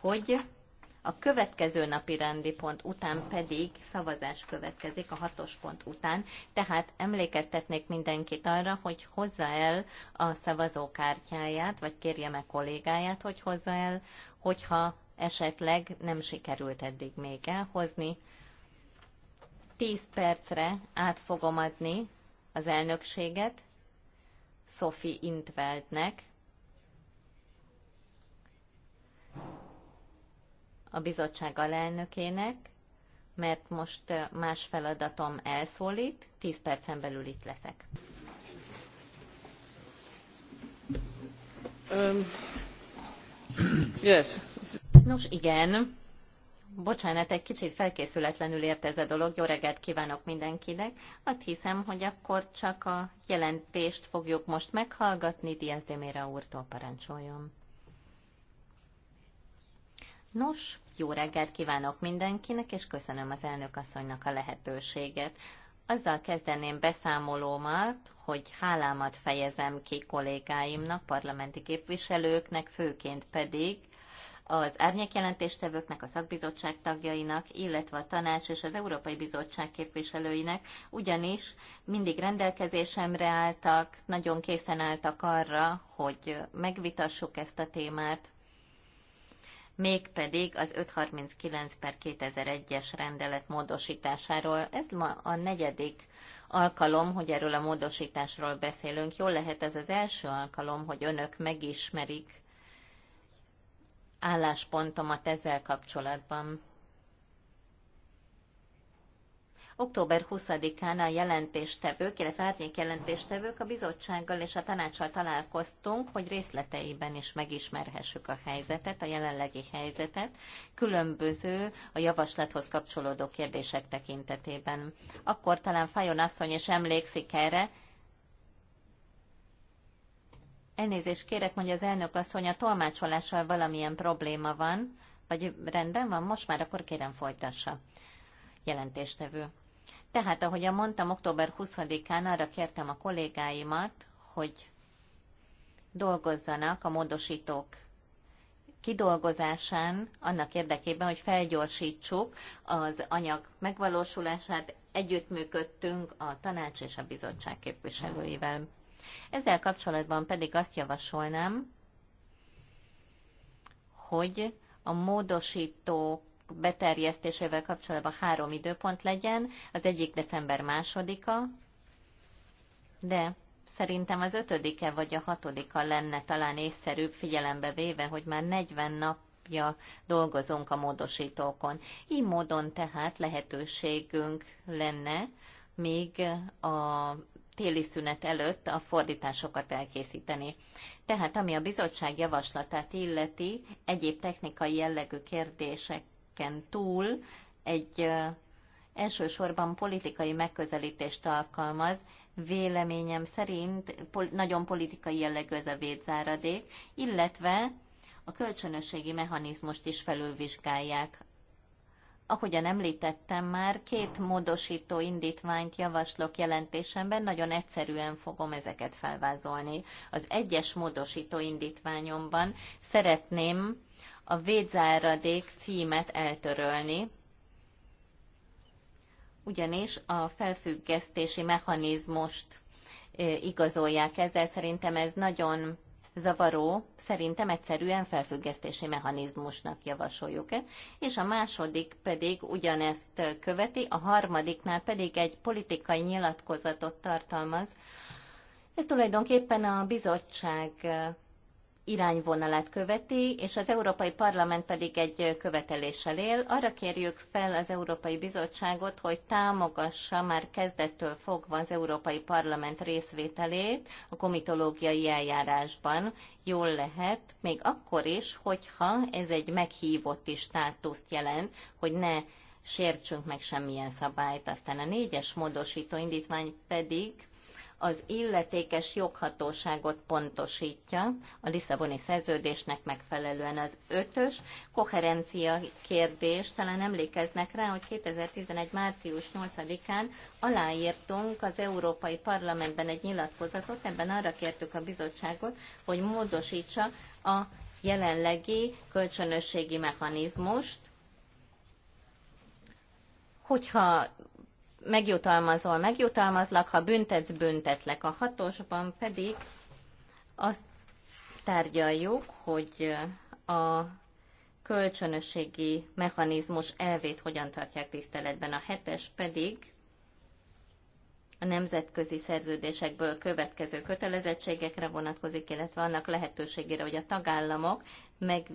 hogy a következő napi rendi pont után pedig szavazás következik a hatos pont után, tehát emlékeztetnék mindenkit arra, hogy hozza el a szavazókártyáját, vagy kérje meg kollégáját, hogy hozza el, hogyha esetleg nem sikerült eddig még elhozni. 10 percre át fogom adni az elnökséget Sophie Intveldnek, a bizottság alelnökének, mert most más feladatom elszólít, 10 percen belül itt leszek. Um, yes. Nos igen, bocsánat, egy kicsit felkészületlenül ért ez a dolog. Jó reggelt kívánok mindenkinek. Azt hiszem, hogy akkor csak a jelentést fogjuk most meghallgatni. Diaz Demére úrtól parancsoljon. Nos, jó reggelt kívánok mindenkinek, és köszönöm az elnök asszonynak a lehetőséget. Azzal kezdeném beszámolómat, hogy hálámat fejezem ki kollégáimnak, parlamenti képviselőknek, főként pedig az árnyékjelentéstevőknek, a szakbizottság tagjainak, illetve a tanács és az Európai Bizottság képviselőinek, ugyanis mindig rendelkezésemre álltak, nagyon készen álltak arra, hogy megvitassuk ezt a témát, mégpedig az 539 per 2001-es rendelet módosításáról. Ez ma a negyedik alkalom, hogy erről a módosításról beszélünk. Jól lehet ez az első alkalom, hogy önök megismerik álláspontomat ezzel kapcsolatban. Október 20-án a jelentéstevők, illetve árnyék jelentéstevők a bizottsággal és a tanácssal találkoztunk, hogy részleteiben is megismerhessük a helyzetet, a jelenlegi helyzetet, különböző a javaslathoz kapcsolódó kérdések tekintetében. Akkor talán Fajon asszony is emlékszik erre, Elnézést kérek, mondja az elnök hogy a tolmácsolással valamilyen probléma van, vagy rendben van, most már akkor kérem folytassa. Jelentéstevő. Tehát, ahogy mondtam, október 20-án arra kértem a kollégáimat, hogy dolgozzanak a módosítók kidolgozásán annak érdekében, hogy felgyorsítsuk az anyag megvalósulását. Együttműködtünk a tanács és a bizottság képviselőivel. Ezzel kapcsolatban pedig azt javasolnám, hogy a módosítók beterjesztésével kapcsolatban három időpont legyen, az egyik december másodika, de szerintem az ötödike vagy a hatodika lenne talán észszerűbb figyelembe véve, hogy már 40 nap napja dolgozunk a módosítókon. Így módon tehát lehetőségünk lenne még a téli szünet előtt a fordításokat elkészíteni. Tehát ami a bizottság javaslatát illeti, egyéb technikai jellegű kérdések elveken túl egy elsősorban politikai megközelítést alkalmaz, véleményem szerint pol- nagyon politikai jellegű ez a védzáradék, illetve a kölcsönösségi mechanizmust is felülvizsgálják. Ahogyan említettem már, két módosító indítványt javaslok jelentésemben, nagyon egyszerűen fogom ezeket felvázolni. Az egyes módosító indítványomban szeretném a védzáradék címet eltörölni, ugyanis a felfüggesztési mechanizmust igazolják ezzel. Szerintem ez nagyon zavaró, szerintem egyszerűen felfüggesztési mechanizmusnak javasoljuk -e. És a második pedig ugyanezt követi, a harmadiknál pedig egy politikai nyilatkozatot tartalmaz. Ez tulajdonképpen a bizottság irányvonalát követi, és az Európai Parlament pedig egy követeléssel él. Arra kérjük fel az Európai Bizottságot, hogy támogassa már kezdettől fogva az Európai Parlament részvételét a komitológiai eljárásban. Jól lehet, még akkor is, hogyha ez egy meghívott is státuszt jelent, hogy ne sértsünk meg semmilyen szabályt. Aztán a négyes módosító indítvány pedig az illetékes joghatóságot pontosítja a Lisszaboni szerződésnek megfelelően az ötös koherencia kérdés. Talán emlékeznek rá, hogy 2011. március 8-án aláírtunk az Európai Parlamentben egy nyilatkozatot, ebben arra kértük a bizottságot, hogy módosítsa a jelenlegi kölcsönösségi mechanizmust, hogyha megjutalmazol, megjutalmazlak, ha büntetsz, büntetlek. A hatosban pedig azt tárgyaljuk, hogy a kölcsönösségi mechanizmus elvét hogyan tartják tiszteletben. A hetes pedig a nemzetközi szerződésekből következő kötelezettségekre vonatkozik, illetve annak lehetőségére, hogy a tagállamok meg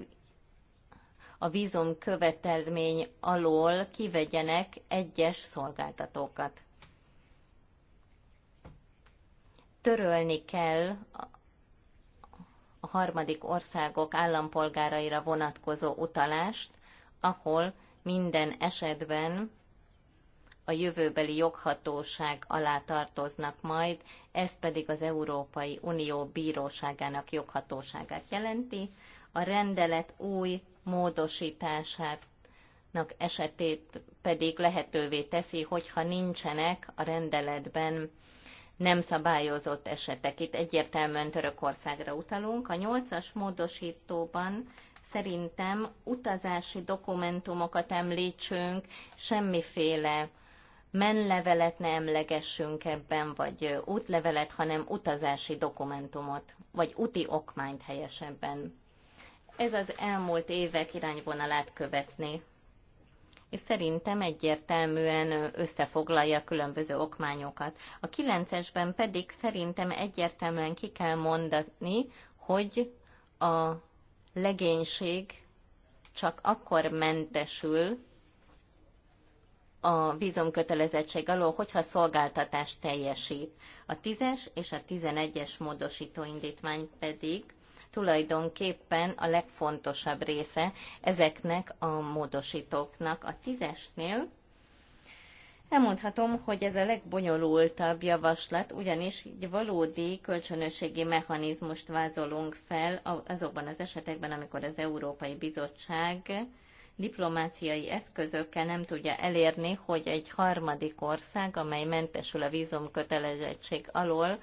a vízum követelmény alól kivegyenek egyes szolgáltatókat. Törölni kell a harmadik országok állampolgáraira vonatkozó utalást, ahol minden esetben a jövőbeli joghatóság alá tartoznak majd, ez pedig az Európai Unió bíróságának joghatóságát jelenti. A rendelet új módosításának esetét pedig lehetővé teszi, hogyha nincsenek a rendeletben nem szabályozott esetek. Itt egyértelműen Törökországra utalunk. A nyolcas módosítóban szerintem utazási dokumentumokat említsünk, semmiféle menlevelet ne emlegessünk ebben, vagy útlevelet, hanem utazási dokumentumot, vagy úti okmányt helyesebben. Ez az elmúlt évek irányvonalát követni. És szerintem egyértelműen összefoglalja a különböző okmányokat. A kilencesben pedig szerintem egyértelműen ki kell mondatni, hogy a legénység csak akkor mentesül a vízumkötelezettség alól, hogyha szolgáltatást teljesít. A 10-es és a 11-es módosító indítvány pedig tulajdonképpen a legfontosabb része ezeknek a módosítóknak. A tízesnél Elmondhatom, hogy ez a legbonyolultabb javaslat, ugyanis egy valódi kölcsönösségi mechanizmust vázolunk fel azokban az esetekben, amikor az Európai Bizottság diplomáciai eszközökkel nem tudja elérni, hogy egy harmadik ország, amely mentesül a vízumkötelezettség alól,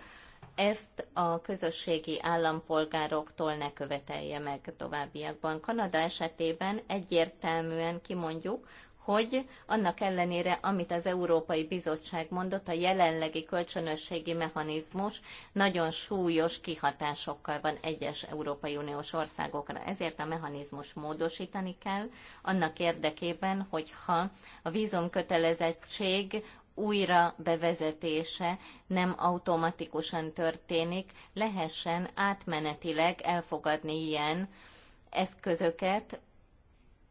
ezt a közösségi állampolgároktól ne követelje meg továbbiakban. Kanada esetében egyértelműen kimondjuk, hogy annak ellenére, amit az Európai Bizottság mondott, a jelenlegi kölcsönösségi mechanizmus nagyon súlyos kihatásokkal van egyes Európai Uniós országokra. Ezért a mechanizmus módosítani kell, annak érdekében, hogyha a vízumkötelezettség újra bevezetése nem automatikusan történik, lehessen átmenetileg elfogadni ilyen eszközöket,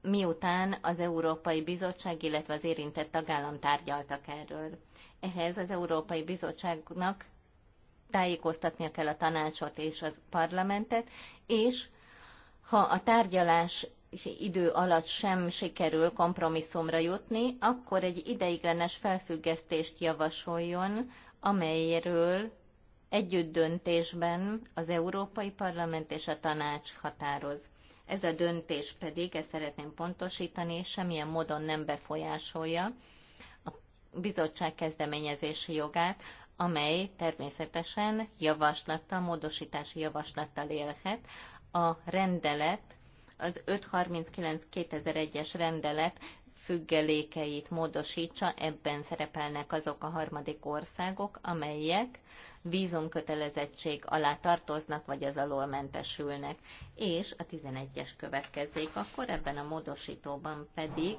miután az Európai Bizottság, illetve az érintett tagállam tárgyaltak erről. Ehhez az Európai Bizottságnak tájékoztatnia kell a tanácsot és a parlamentet, és ha a tárgyalás idő alatt sem sikerül kompromisszumra jutni, akkor egy ideiglenes felfüggesztést javasoljon, amelyről együtt döntésben az Európai Parlament és a Tanács határoz. Ez a döntés pedig, ezt szeretném pontosítani, semmilyen módon nem befolyásolja a bizottság kezdeményezési jogát, amely természetesen javaslattal, módosítási javaslattal élhet a rendelet az 539-2001-es rendelet függelékeit módosítsa, ebben szerepelnek azok a harmadik országok, amelyek vízumkötelezettség alá tartoznak, vagy az alól mentesülnek. És a 11-es következzék, akkor ebben a módosítóban pedig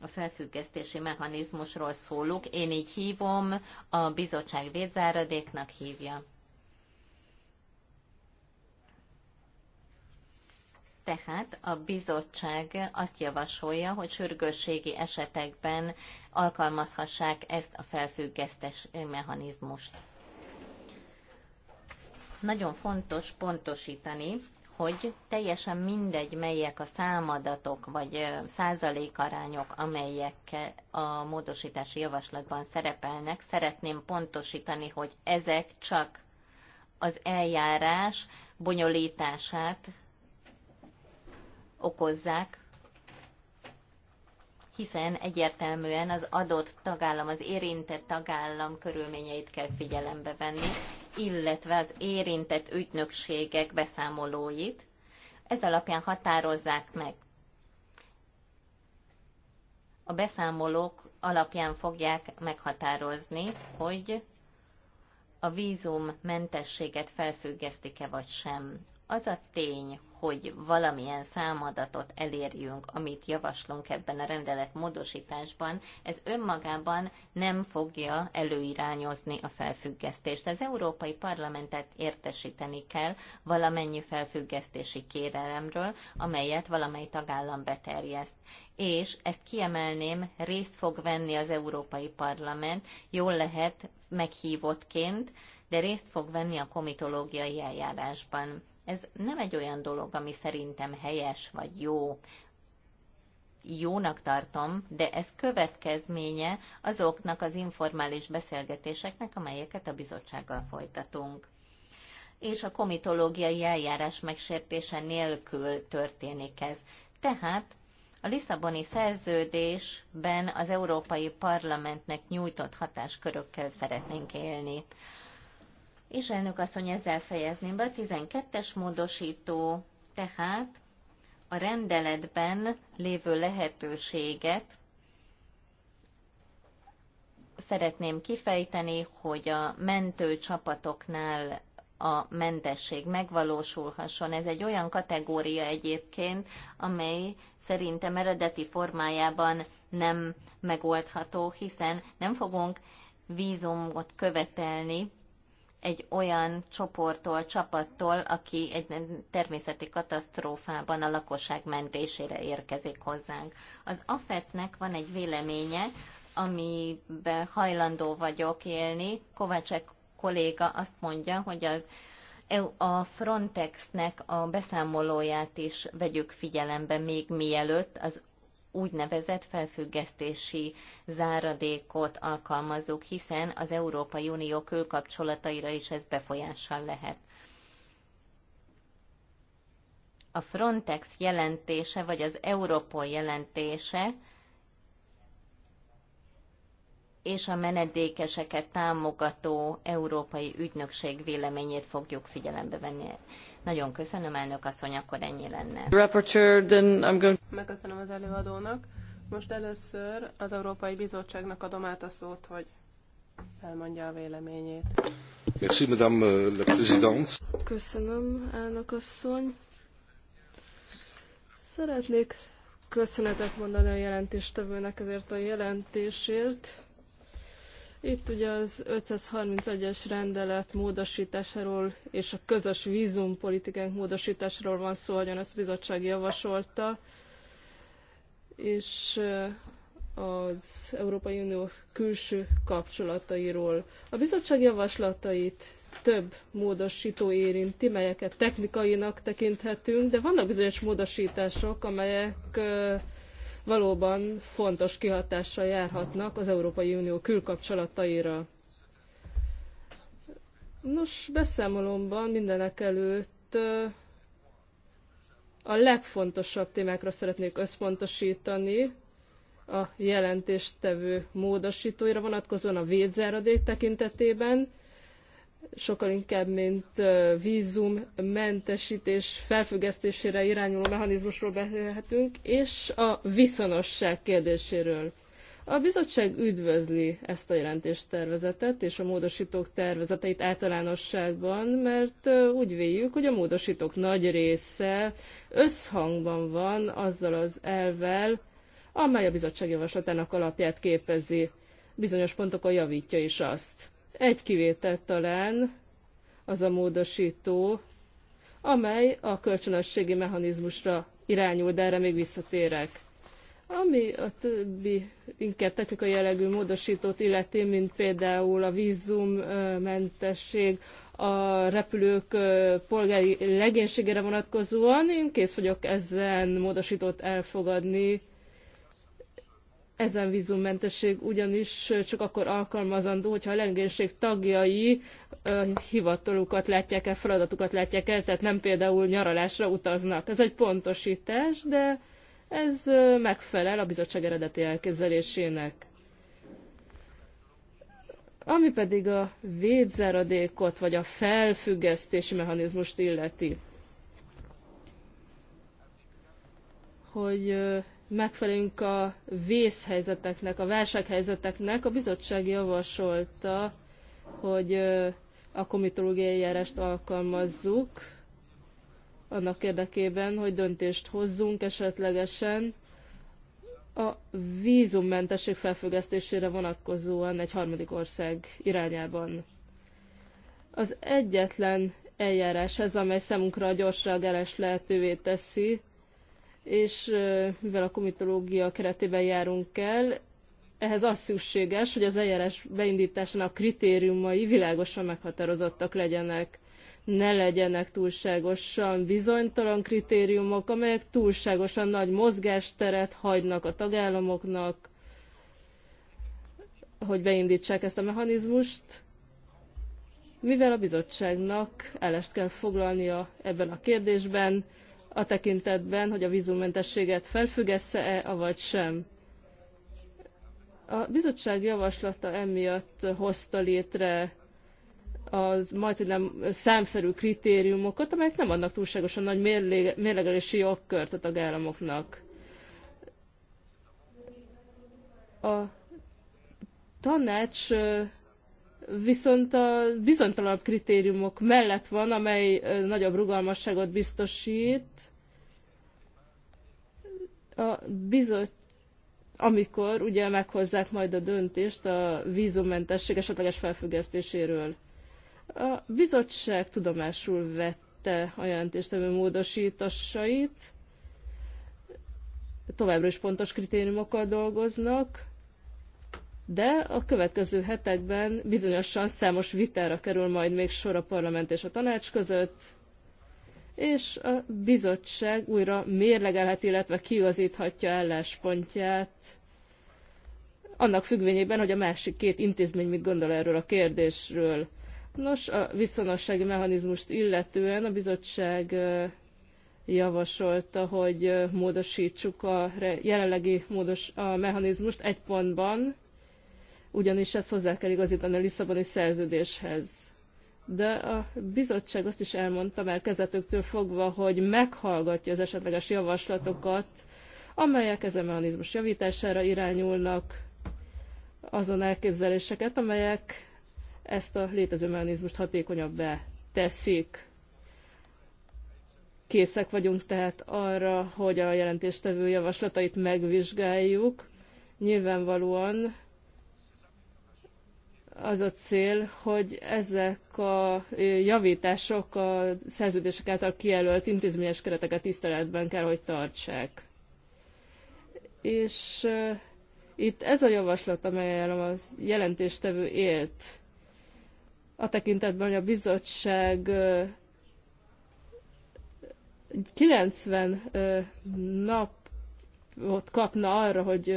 a felfüggesztési mechanizmusról szólunk. Én így hívom, a bizottság védzáradéknak hívja. Tehát a bizottság azt javasolja, hogy sürgősségi esetekben alkalmazhassák ezt a felfüggesztes mechanizmust. Nagyon fontos pontosítani, hogy teljesen mindegy, melyek a számadatok vagy százalékarányok, amelyek a módosítási javaslatban szerepelnek. Szeretném pontosítani, hogy ezek csak az eljárás bonyolítását okozzák, hiszen egyértelműen az adott tagállam, az érintett tagállam körülményeit kell figyelembe venni, illetve az érintett ügynökségek beszámolóit. Ez alapján határozzák meg. A beszámolók alapján fogják meghatározni, hogy a vízum mentességet felfüggesztik-e vagy sem az a tény, hogy valamilyen számadatot elérjünk, amit javaslunk ebben a rendelet módosításban, ez önmagában nem fogja előirányozni a felfüggesztést. Az Európai Parlamentet értesíteni kell valamennyi felfüggesztési kérelemről, amelyet valamely tagállam beterjeszt. És ezt kiemelném, részt fog venni az Európai Parlament, jól lehet meghívottként, de részt fog venni a komitológiai eljárásban. Ez nem egy olyan dolog, ami szerintem helyes vagy jó. Jónak tartom, de ez következménye azoknak az informális beszélgetéseknek, amelyeket a bizottsággal folytatunk és a komitológiai eljárás megsértése nélkül történik ez. Tehát a Lisszaboni szerződésben az Európai Parlamentnek nyújtott hatáskörökkel szeretnénk élni. És elnök asszony, ezzel fejezném be a 12-es módosító, tehát a rendeletben lévő lehetőséget szeretném kifejteni, hogy a mentő csapatoknál a mentesség megvalósulhasson. Ez egy olyan kategória egyébként, amely szerintem eredeti formájában nem megoldható, hiszen nem fogunk vízumot követelni egy olyan csoporttól, csapattól, aki egy természeti katasztrófában a lakosság mentésére érkezik hozzánk. Az AFET-nek van egy véleménye, amiben hajlandó vagyok élni. Kovácsek kolléga azt mondja, hogy az e a Frontexnek a beszámolóját is vegyük figyelembe még mielőtt az úgynevezett felfüggesztési záradékot alkalmazzuk, hiszen az Európai Unió külkapcsolataira is ez befolyással lehet. A Frontex jelentése, vagy az Európol jelentése és a menedékeseket támogató Európai Ügynökség véleményét fogjuk figyelembe venni. Nagyon köszönöm, elnök asszony, akkor ennyi lenne. Megköszönöm az előadónak. Most először az Európai Bizottságnak adom át a szót, hogy elmondja a véleményét. Merci, Madame euh, la Présidente. Köszönöm, elnök asszony. Szeretnék köszönetet mondani a jelentéstevőnek ezért a jelentésért. Itt ugye az 531-es rendelet módosításáról és a közös vízumpolitikánk módosításáról van szó, hogy ezt bizottság javasolta, és az Európai Unió külső kapcsolatairól. A bizottság javaslatait több módosító érinti, melyeket technikainak tekinthetünk, de vannak bizonyos módosítások, amelyek valóban fontos kihatással járhatnak az Európai Unió külkapcsolataira. Nos, beszámolomban mindenek előtt a legfontosabb témákra szeretnék összpontosítani, a jelentéstevő módosítóira vonatkozóan a védzáradék tekintetében, sokkal inkább, mint vízum mentesítés felfüggesztésére irányuló mechanizmusról beszélhetünk, és a viszonosság kérdéséről. A bizottság üdvözli ezt a jelentéstervezetet és a módosítók tervezeteit általánosságban, mert úgy véljük, hogy a módosítók nagy része összhangban van azzal az elvel, amely a bizottság javaslatának alapját képezi. Bizonyos pontokon javítja is azt. Egy kivételt talán az a módosító, amely a kölcsönösségi mechanizmusra irányul, de erre még visszatérek. Ami a többi inkább technikai jellegű módosítót illeti, mint például a vízummentesség, a repülők polgári legénységére vonatkozóan, én kész vagyok ezen módosítót elfogadni, ezen vízummentesség ugyanis csak akkor alkalmazandó, hogyha a lengénység tagjai hivatalukat látják el, feladatukat látják el, tehát nem például nyaralásra utaznak. Ez egy pontosítás, de ez megfelel a bizottság eredeti elképzelésének. Ami pedig a védzeradékot vagy a felfüggesztési mechanizmust illeti, hogy megfelelünk a vészhelyzeteknek, a válsághelyzeteknek. A bizottság javasolta, hogy a komitológiai járást alkalmazzuk annak érdekében, hogy döntést hozzunk esetlegesen a vízummentesség felfüggesztésére vonatkozóan egy harmadik ország irányában. Az egyetlen eljárás ez, amely számunkra a gyors reagálást lehetővé teszi, és mivel a komitológia keretében járunk el, ehhez az szükséges, hogy az eljárás beindításának kritériumai világosan meghatározottak legyenek. Ne legyenek túlságosan bizonytalan kritériumok, amelyek túlságosan nagy mozgásteret hagynak a tagállamoknak, hogy beindítsák ezt a mechanizmust, mivel a bizottságnak állást kell foglalnia ebben a kérdésben, a tekintetben, hogy a vízummentességet felfüggesse-e, avagy sem. A bizottság javaslata emiatt hozta létre a majdnem számszerű kritériumokat, amelyek nem adnak túlságosan nagy mérlegelési jogkört a tagállamoknak. A tanács viszont a bizonytalanabb kritériumok mellett van, amely nagyobb rugalmasságot biztosít a bizot, amikor ugye meghozzák majd a döntést a vízummentesség esetleges felfüggesztéséről. A bizottság tudomásul vette a jelentéstevő módosításait, továbbra is pontos kritériumokkal dolgoznak, de a következő hetekben bizonyosan számos vitára kerül majd még sor a parlament és a tanács között, és a bizottság újra mérlegelhet, illetve kiigazíthatja álláspontját annak függvényében, hogy a másik két intézmény mit gondol erről a kérdésről. Nos, a viszonossági mechanizmust illetően a bizottság javasolta, hogy módosítsuk a jelenlegi módos, a mechanizmust egy pontban, ugyanis ezt hozzá kell igazítani a Lisszaboni szerződéshez. De a bizottság azt is elmondta már kezdetektől fogva, hogy meghallgatja az esetleges javaslatokat, amelyek ezen mechanizmus javítására irányulnak, azon elképzeléseket, amelyek ezt a létező mechanizmust hatékonyabbá teszik. Készek vagyunk tehát arra, hogy a jelentéstevő javaslatait megvizsgáljuk. Nyilvánvalóan az a cél, hogy ezek a javítások a szerződések által kijelölt intézményes kereteket tiszteletben kell, hogy tartsák. És itt ez a javaslat, amelyel a jelentéstevő élt, a tekintetben, hogy a bizottság 90 napot kapna arra, hogy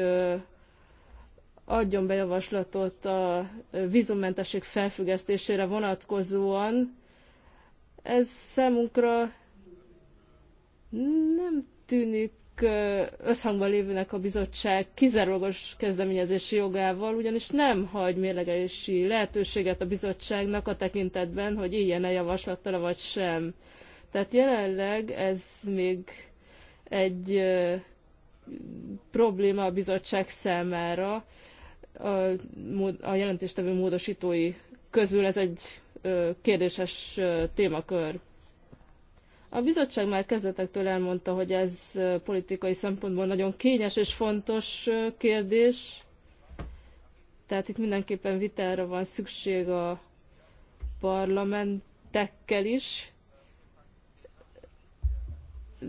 adjon be javaslatot a vízummentesség felfüggesztésére vonatkozóan. Ez számunkra nem tűnik összhangban lévőnek a bizottság kizárólagos kezdeményezési jogával, ugyanis nem hagy mérlegelési lehetőséget a bizottságnak a tekintetben, hogy ilyen-e javaslattal vagy sem. Tehát jelenleg ez még egy probléma a bizottság számára, a, a jelentéstevő módosítói közül ez egy kérdéses témakör. A bizottság már kezdetektől elmondta, hogy ez politikai szempontból nagyon kényes és fontos kérdés, tehát itt mindenképpen vitára van szükség a parlamentekkel is.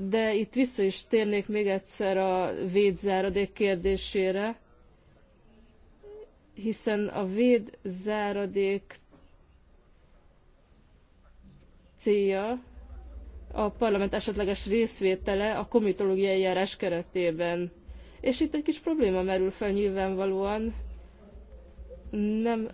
De itt vissza is térnék még egyszer a védzáradék kérdésére hiszen a véd záradék célja a parlament esetleges részvétele a komitológiai járás keretében. És itt egy kis probléma merül fel nyilvánvalóan, nem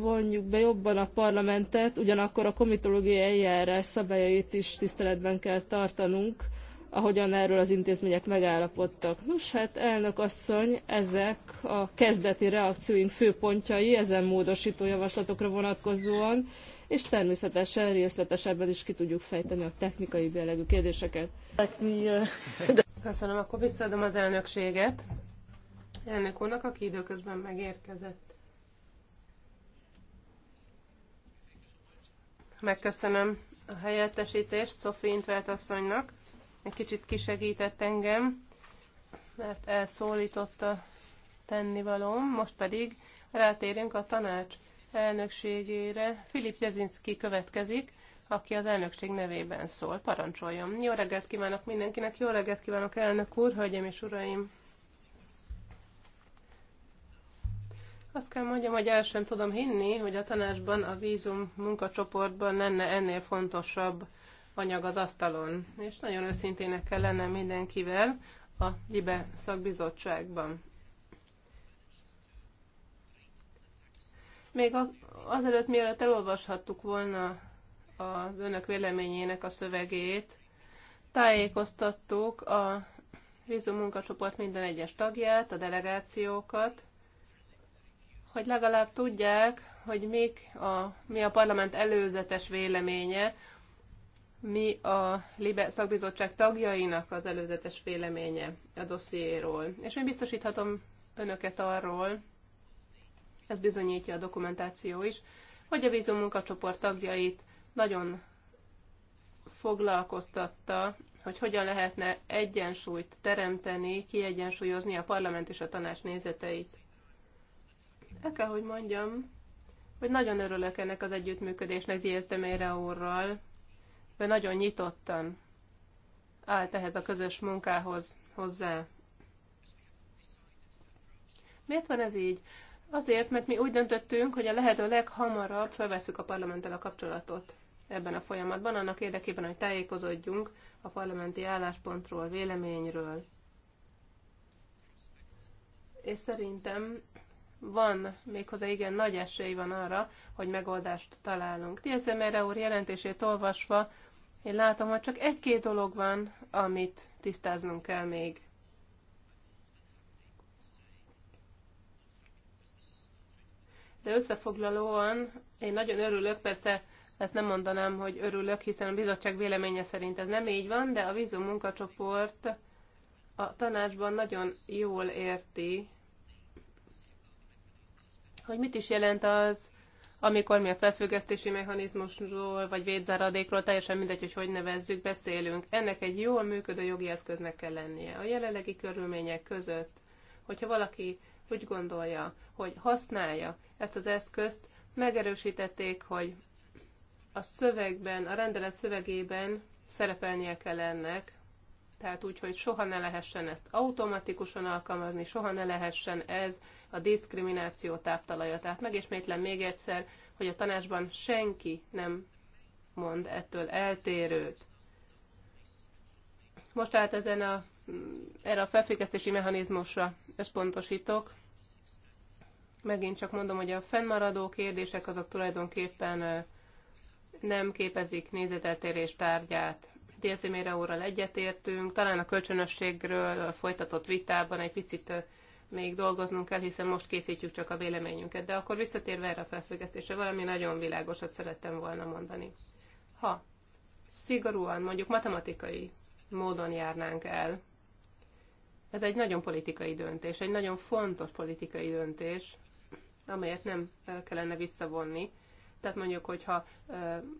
vonjuk be jobban a parlamentet, ugyanakkor a komitológiai eljárás szabályait is tiszteletben kell tartanunk, ahogyan erről az intézmények megállapodtak. Nos, hát elnök asszony, ezek a kezdeti reakcióink főpontjai ezen módosító javaslatokra vonatkozóan, és természetesen részletesebben is ki tudjuk fejteni a technikai jellegű kérdéseket. Köszönöm, akkor visszaadom az elnökséget. Elnök úrnak, aki időközben megérkezett. Megköszönöm a helyettesítést Sofi Intvert asszonynak egy kicsit kisegített engem, mert elszólította tennivalóm. Most pedig rátérünk a tanács elnökségére. Filip Jezinski következik, aki az elnökség nevében szól. Parancsoljon! Jó reggelt kívánok mindenkinek! Jó reggelt kívánok, elnök úr, hölgyeim és uraim! Azt kell mondjam, hogy el sem tudom hinni, hogy a tanácsban, a vízum munkacsoportban lenne ennél fontosabb anyag az asztalon, és nagyon őszintének kell lennem mindenkivel a LIBE szakbizottságban. Még azelőtt, mielőtt elolvashattuk volna az önök véleményének a szövegét, tájékoztattuk a vízum munkacsoport minden egyes tagját, a delegációkat, hogy legalább tudják, hogy mik a, mi a parlament előzetes véleménye mi a LIBE szakbizottság tagjainak az előzetes véleménye a dossziéról. És én biztosíthatom önöket arról, ez bizonyítja a dokumentáció is, hogy a vízum munkacsoport tagjait nagyon foglalkoztatta, hogy hogyan lehetne egyensúlyt teremteni, kiegyensúlyozni a parlament és a tanács nézeteit. El kell, hogy mondjam, hogy nagyon örülök ennek az együttműködésnek Diaz de Meira úrral, ő nagyon nyitottan állt ehhez a közös munkához hozzá. Miért van ez így? Azért, mert mi úgy döntöttünk, hogy a lehető leghamarabb felveszük a parlamenttel a kapcsolatot ebben a folyamatban, annak érdekében, hogy tájékozódjunk a parlamenti álláspontról, véleményről. És szerintem van, méghozzá igen nagy esély van arra, hogy megoldást találunk. Tieszemerre úr jelentését olvasva én látom, hogy csak egy-két dolog van, amit tisztáznunk kell még. De összefoglalóan én nagyon örülök, persze ezt nem mondanám, hogy örülök, hiszen a bizottság véleménye szerint ez nem így van, de a vízum munkacsoport a tanácsban nagyon jól érti, hogy mit is jelent az, amikor mi a felfüggesztési mechanizmusról vagy védzáradékról, teljesen mindegy, hogy hogy nevezzük, beszélünk. Ennek egy jól működő jogi eszköznek kell lennie. A jelenlegi körülmények között, hogyha valaki úgy gondolja, hogy használja ezt az eszközt, megerősítették, hogy a szövegben, a rendelet szövegében szerepelnie kell ennek, tehát úgy, hogy soha ne lehessen ezt automatikusan alkalmazni, soha ne lehessen ez a diszkrimináció táptalaja. Tehát megismétlem még egyszer, hogy a tanácsban senki nem mond ettől eltérőt. Most tehát ezen a, erre a felfüggesztési mechanizmusra összpontosítok. Megint csak mondom, hogy a fennmaradó kérdések azok tulajdonképpen nem képezik nézeteltérés tárgyát. Diaz úrral egyetértünk, talán a kölcsönösségről folytatott vitában egy picit még dolgoznunk kell, hiszen most készítjük csak a véleményünket. De akkor visszatérve erre a felfüggesztésre, valami nagyon világosat szerettem volna mondani. Ha szigorúan, mondjuk matematikai módon járnánk el, ez egy nagyon politikai döntés, egy nagyon fontos politikai döntés, amelyet nem kellene visszavonni. Tehát mondjuk, hogyha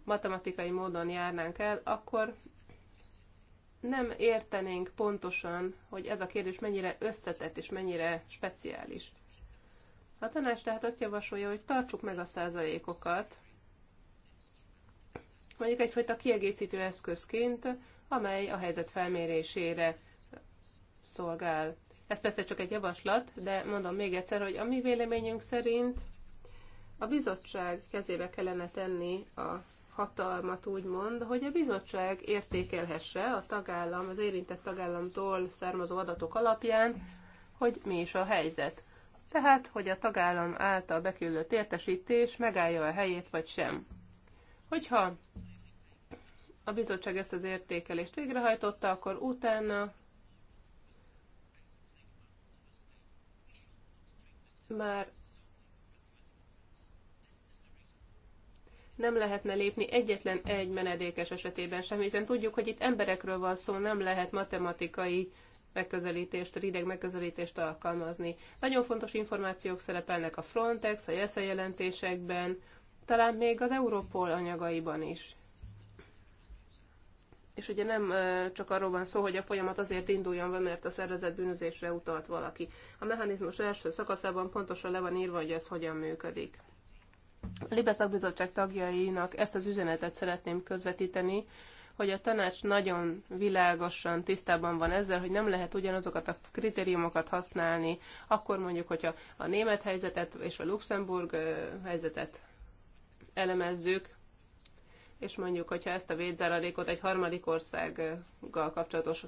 matematikai módon járnánk el, akkor nem értenénk pontosan, hogy ez a kérdés mennyire összetett és mennyire speciális. A tanács tehát azt javasolja, hogy tartsuk meg a százalékokat, mondjuk egyfajta kiegészítő eszközként, amely a helyzet felmérésére szolgál. Ez persze csak egy javaslat, de mondom még egyszer, hogy a mi véleményünk szerint a bizottság kezébe kellene tenni a hatalmat úgymond, hogy a bizottság értékelhesse a tagállam, az érintett tagállamtól származó adatok alapján, hogy mi is a helyzet. Tehát, hogy a tagállam által beküldött értesítés megállja a helyét, vagy sem. Hogyha a bizottság ezt az értékelést végrehajtotta, akkor utána már nem lehetne lépni egyetlen egy menedékes esetében sem, hiszen tudjuk, hogy itt emberekről van szó, nem lehet matematikai megközelítést, rideg megközelítést alkalmazni. Nagyon fontos információk szerepelnek a Frontex, a JESZE e jelentésekben, talán még az Europol anyagaiban is. És ugye nem csak arról van szó, hogy a folyamat azért induljon be, mert a szervezet bűnözésre utalt valaki. A mechanizmus első szakaszában pontosan le van írva, hogy ez hogyan működik. A Libe szakbizottság tagjainak ezt az üzenetet szeretném közvetíteni, hogy a tanács nagyon világosan tisztában van ezzel, hogy nem lehet ugyanazokat a kritériumokat használni, akkor mondjuk, hogyha a német helyzetet és a Luxemburg helyzetet elemezzük, és mondjuk, hogyha ezt a védzáradékot egy harmadik országgal kapcsolatos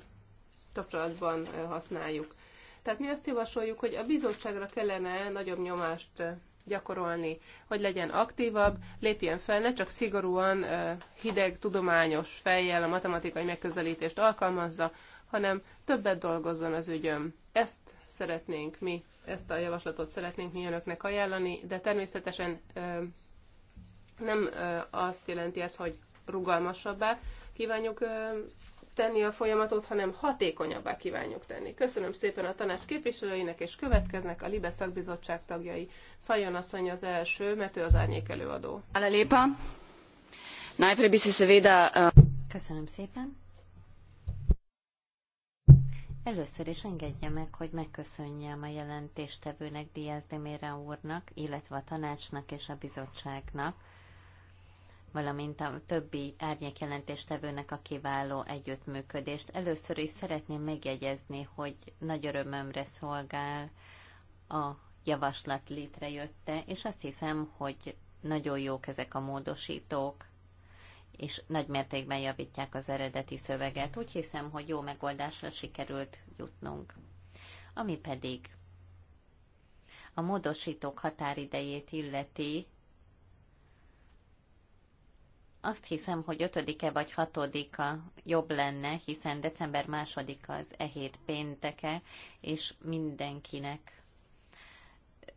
kapcsolatban használjuk. Tehát mi azt javasoljuk, hogy a bizottságra kellene nagyobb nyomást gyakorolni, hogy legyen aktívabb, lépjen fel, ne csak szigorúan hideg, tudományos fejjel a matematikai megközelítést alkalmazza, hanem többet dolgozzon az ügyön. Ezt szeretnénk mi, ezt a javaslatot szeretnénk mi önöknek ajánlani, de természetesen nem azt jelenti ez, hogy rugalmasabbá kívánjuk tenni a folyamatot, hanem hatékonyabbá kívánjuk tenni. Köszönöm szépen a tanács képviselőinek, és következnek a Libe szakbizottság tagjai. Fajon asszony az első, mert ő az árnyék előadó. Eh, Köszönöm szépen. Először is engedje meg, hogy megköszönjem a jelentéstevőnek, Diaz de úrnak, illetve a tanácsnak és a bizottságnak valamint a többi árnyékjelentéstevőnek a kiváló együttműködést. Először is szeretném megjegyezni, hogy nagy örömömre szolgál a javaslat létrejötte, és azt hiszem, hogy nagyon jók ezek a módosítók, és nagy mértékben javítják az eredeti szöveget. Úgy hiszem, hogy jó megoldásra sikerült jutnunk. Ami pedig a módosítók határidejét illeti, azt hiszem, hogy ötödike vagy hatodika jobb lenne, hiszen december másodika az e hét pénteke, és mindenkinek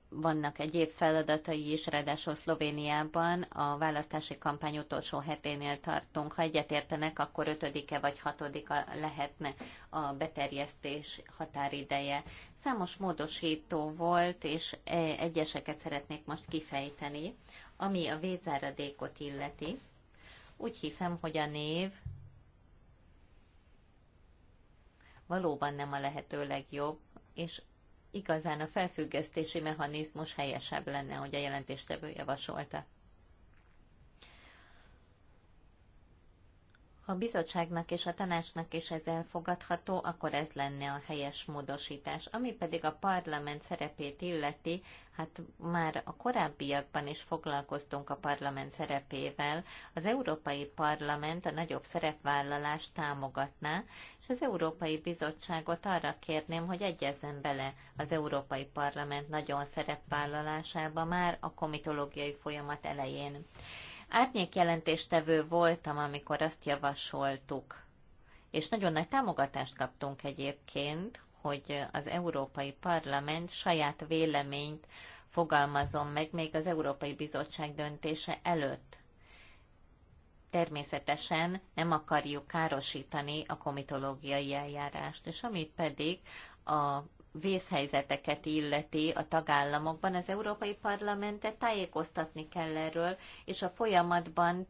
vannak egyéb feladatai is, ráadásul Szlovéniában a választási kampány utolsó heténél tartunk. Ha egyetértenek, akkor ötödike vagy hatodika lehetne a beterjesztés határideje. Számos módosító volt, és e egyeseket szeretnék most kifejteni, ami a védzáradékot illeti. Úgy hiszem, hogy a név valóban nem a lehető legjobb, és igazán a felfüggesztési mechanizmus helyesebb lenne, hogy a jelentéstevő javasolta. Ha a bizottságnak és a tanácsnak is ez elfogadható, akkor ez lenne a helyes módosítás. Ami pedig a parlament szerepét illeti, hát már a korábbiakban is foglalkoztunk a parlament szerepével. Az Európai Parlament a nagyobb szerepvállalást támogatná, és az Európai Bizottságot arra kérném, hogy egyezzen bele az Európai Parlament nagyon szerepvállalásába már a komitológiai folyamat elején árnyékjelentéstevő voltam, amikor azt javasoltuk, és nagyon nagy támogatást kaptunk egyébként, hogy az Európai Parlament saját véleményt fogalmazom meg még az Európai Bizottság döntése előtt. Természetesen nem akarjuk károsítani a komitológiai eljárást, és ami pedig a vészhelyzeteket illeti a tagállamokban, az Európai Parlamentet tájékoztatni kell erről, és a folyamatban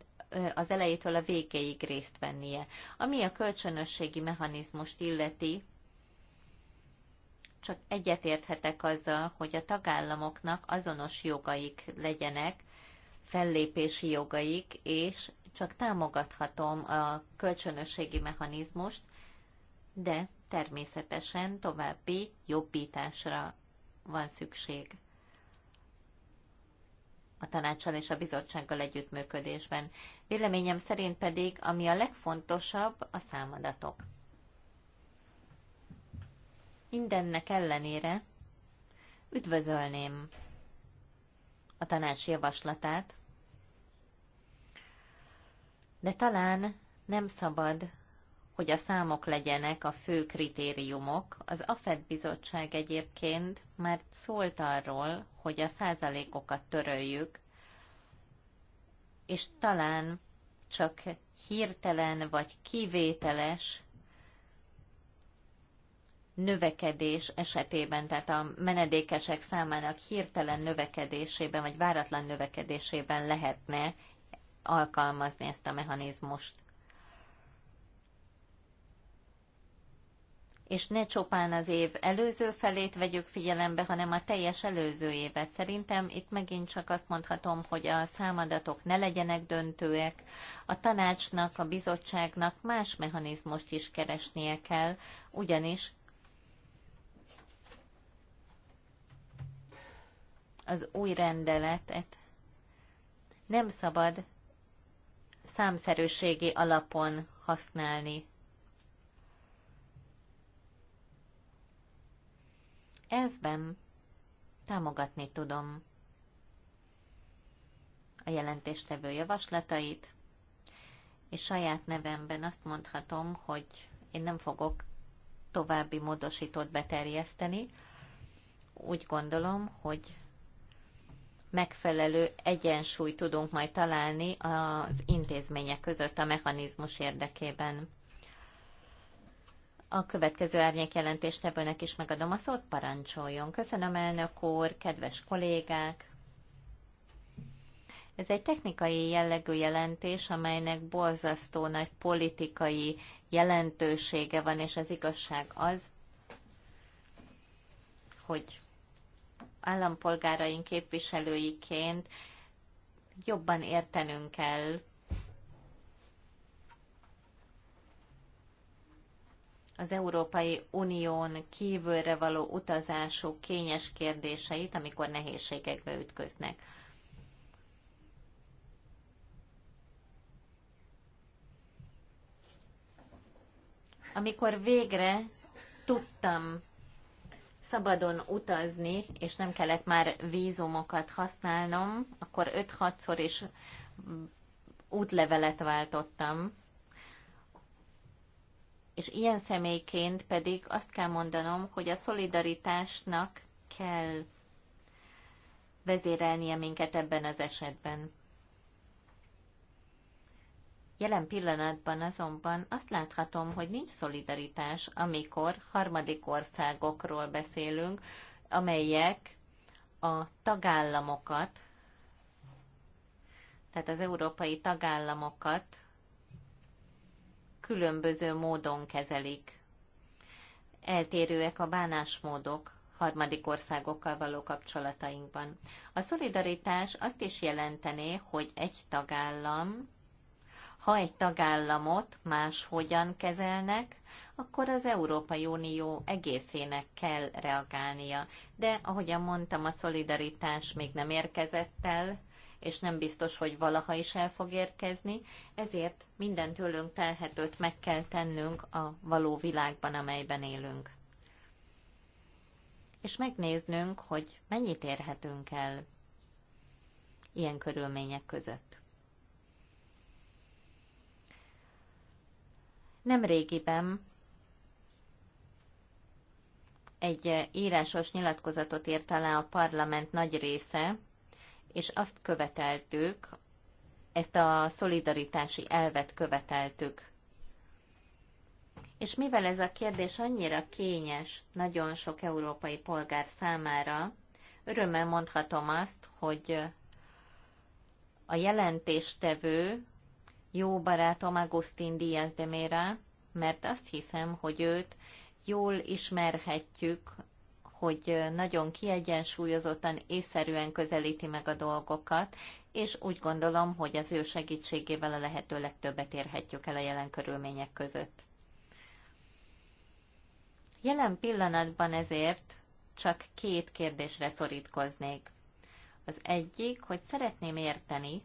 az elejétől a végéig részt vennie. Ami a kölcsönösségi mechanizmust illeti, csak egyetérthetek azzal, hogy a tagállamoknak azonos jogaik legyenek, fellépési jogaik, és csak támogathatom a kölcsönösségi mechanizmust, de természetesen további jobbításra van szükség a tanácssal és a bizottsággal együttműködésben. Véleményem szerint pedig, ami a legfontosabb, a számadatok. Mindennek ellenére üdvözölném a tanács javaslatát, de talán nem szabad hogy a számok legyenek a fő kritériumok. Az AFED bizottság egyébként már szólt arról, hogy a százalékokat töröljük, és talán csak hirtelen vagy kivételes növekedés esetében, tehát a menedékesek számának hirtelen növekedésében, vagy váratlan növekedésében lehetne alkalmazni ezt a mechanizmust. és ne csopán az év előző felét vegyük figyelembe, hanem a teljes előző évet. Szerintem itt megint csak azt mondhatom, hogy a számadatok ne legyenek döntőek, a tanácsnak, a bizottságnak más mechanizmust is keresnie kell, ugyanis az új rendeletet nem szabad számszerűségi alapon használni. elfben támogatni tudom a jelentéstevő javaslatait, és saját nevemben azt mondhatom, hogy én nem fogok további módosítót beterjeszteni. Úgy gondolom, hogy megfelelő egyensúlyt tudunk majd találni az intézmények között a mechanizmus érdekében. A következő árnyék jelentéstevőnek is megadom a szót, parancsoljon. Köszönöm, elnök úr, kedves kollégák! Ez egy technikai jellegű jelentés, amelynek borzasztó nagy politikai jelentősége van, és az igazság az, hogy állampolgáraink képviselőiként jobban értenünk kell az Európai Unión kívülre való utazások kényes kérdéseit, amikor nehézségekbe ütköznek. Amikor végre tudtam szabadon utazni, és nem kellett már vízumokat használnom, akkor 5-6-szor is útlevelet váltottam, és ilyen személyként pedig azt kell mondanom, hogy a szolidaritásnak kell vezérelnie minket ebben az esetben. Jelen pillanatban azonban azt láthatom, hogy nincs szolidaritás, amikor harmadik országokról beszélünk, amelyek a tagállamokat, tehát az európai tagállamokat különböző módon kezelik. Eltérőek a bánásmódok harmadik országokkal való kapcsolatainkban. A szolidaritás azt is jelentené, hogy egy tagállam, ha egy tagállamot máshogyan kezelnek, akkor az Európai Unió egészének kell reagálnia. De, ahogyan mondtam, a szolidaritás még nem érkezett el, és nem biztos, hogy valaha is el fog érkezni, ezért minden tőlünk telhetőt meg kell tennünk a való világban, amelyben élünk. És megnéznünk, hogy mennyit érhetünk el ilyen körülmények között. Nem régiben egy írásos nyilatkozatot írt alá a parlament nagy része, és azt követeltük, ezt a szolidaritási elvet követeltük. És mivel ez a kérdés annyira kényes nagyon sok európai polgár számára, örömmel mondhatom azt, hogy a jelentéstevő jó barátom Agustin Díaz de Mera, mert azt hiszem, hogy őt jól ismerhetjük hogy nagyon kiegyensúlyozottan, észszerűen közelíti meg a dolgokat, és úgy gondolom, hogy az ő segítségével a lehető legtöbbet érhetjük el a jelen körülmények között. Jelen pillanatban ezért csak két kérdésre szorítkoznék. Az egyik, hogy szeretném érteni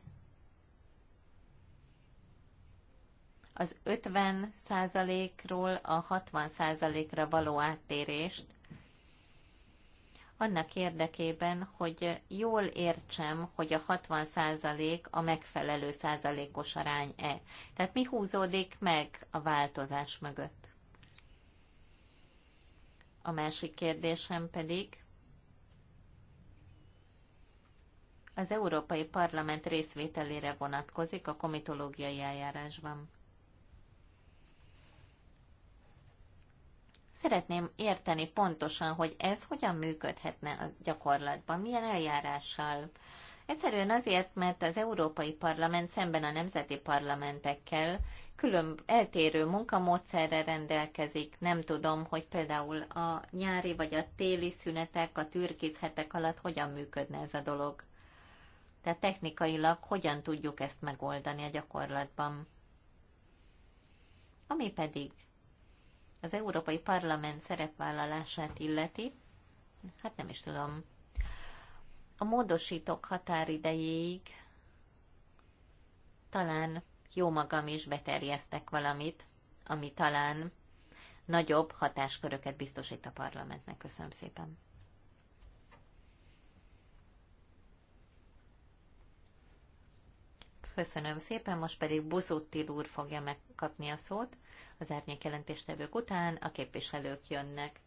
az 50%-ról a 60%-ra való áttérést, annak érdekében, hogy jól értsem, hogy a 60% százalék a megfelelő százalékos arány-e. Tehát mi húzódik meg a változás mögött? A másik kérdésem pedig, az Európai Parlament részvételére vonatkozik a komitológiai eljárásban. Szeretném érteni pontosan, hogy ez hogyan működhetne a gyakorlatban, milyen eljárással. Egyszerűen azért, mert az Európai Parlament szemben a nemzeti parlamentekkel külön eltérő munkamódszerre rendelkezik. Nem tudom, hogy például a nyári vagy a téli szünetek, a türkizhetek alatt hogyan működne ez a dolog. Tehát technikailag hogyan tudjuk ezt megoldani a gyakorlatban. Ami pedig az Európai Parlament szerepvállalását illeti, hát nem is tudom. A módosítók határidejéig talán jó magam is beterjesztek valamit, ami talán nagyobb hatásköröket biztosít a parlamentnek. Köszönöm szépen. Köszönöm szépen, most pedig Buzuttil úr fogja megkapni a szót, az árnyék jelentéstevők után a képviselők jönnek.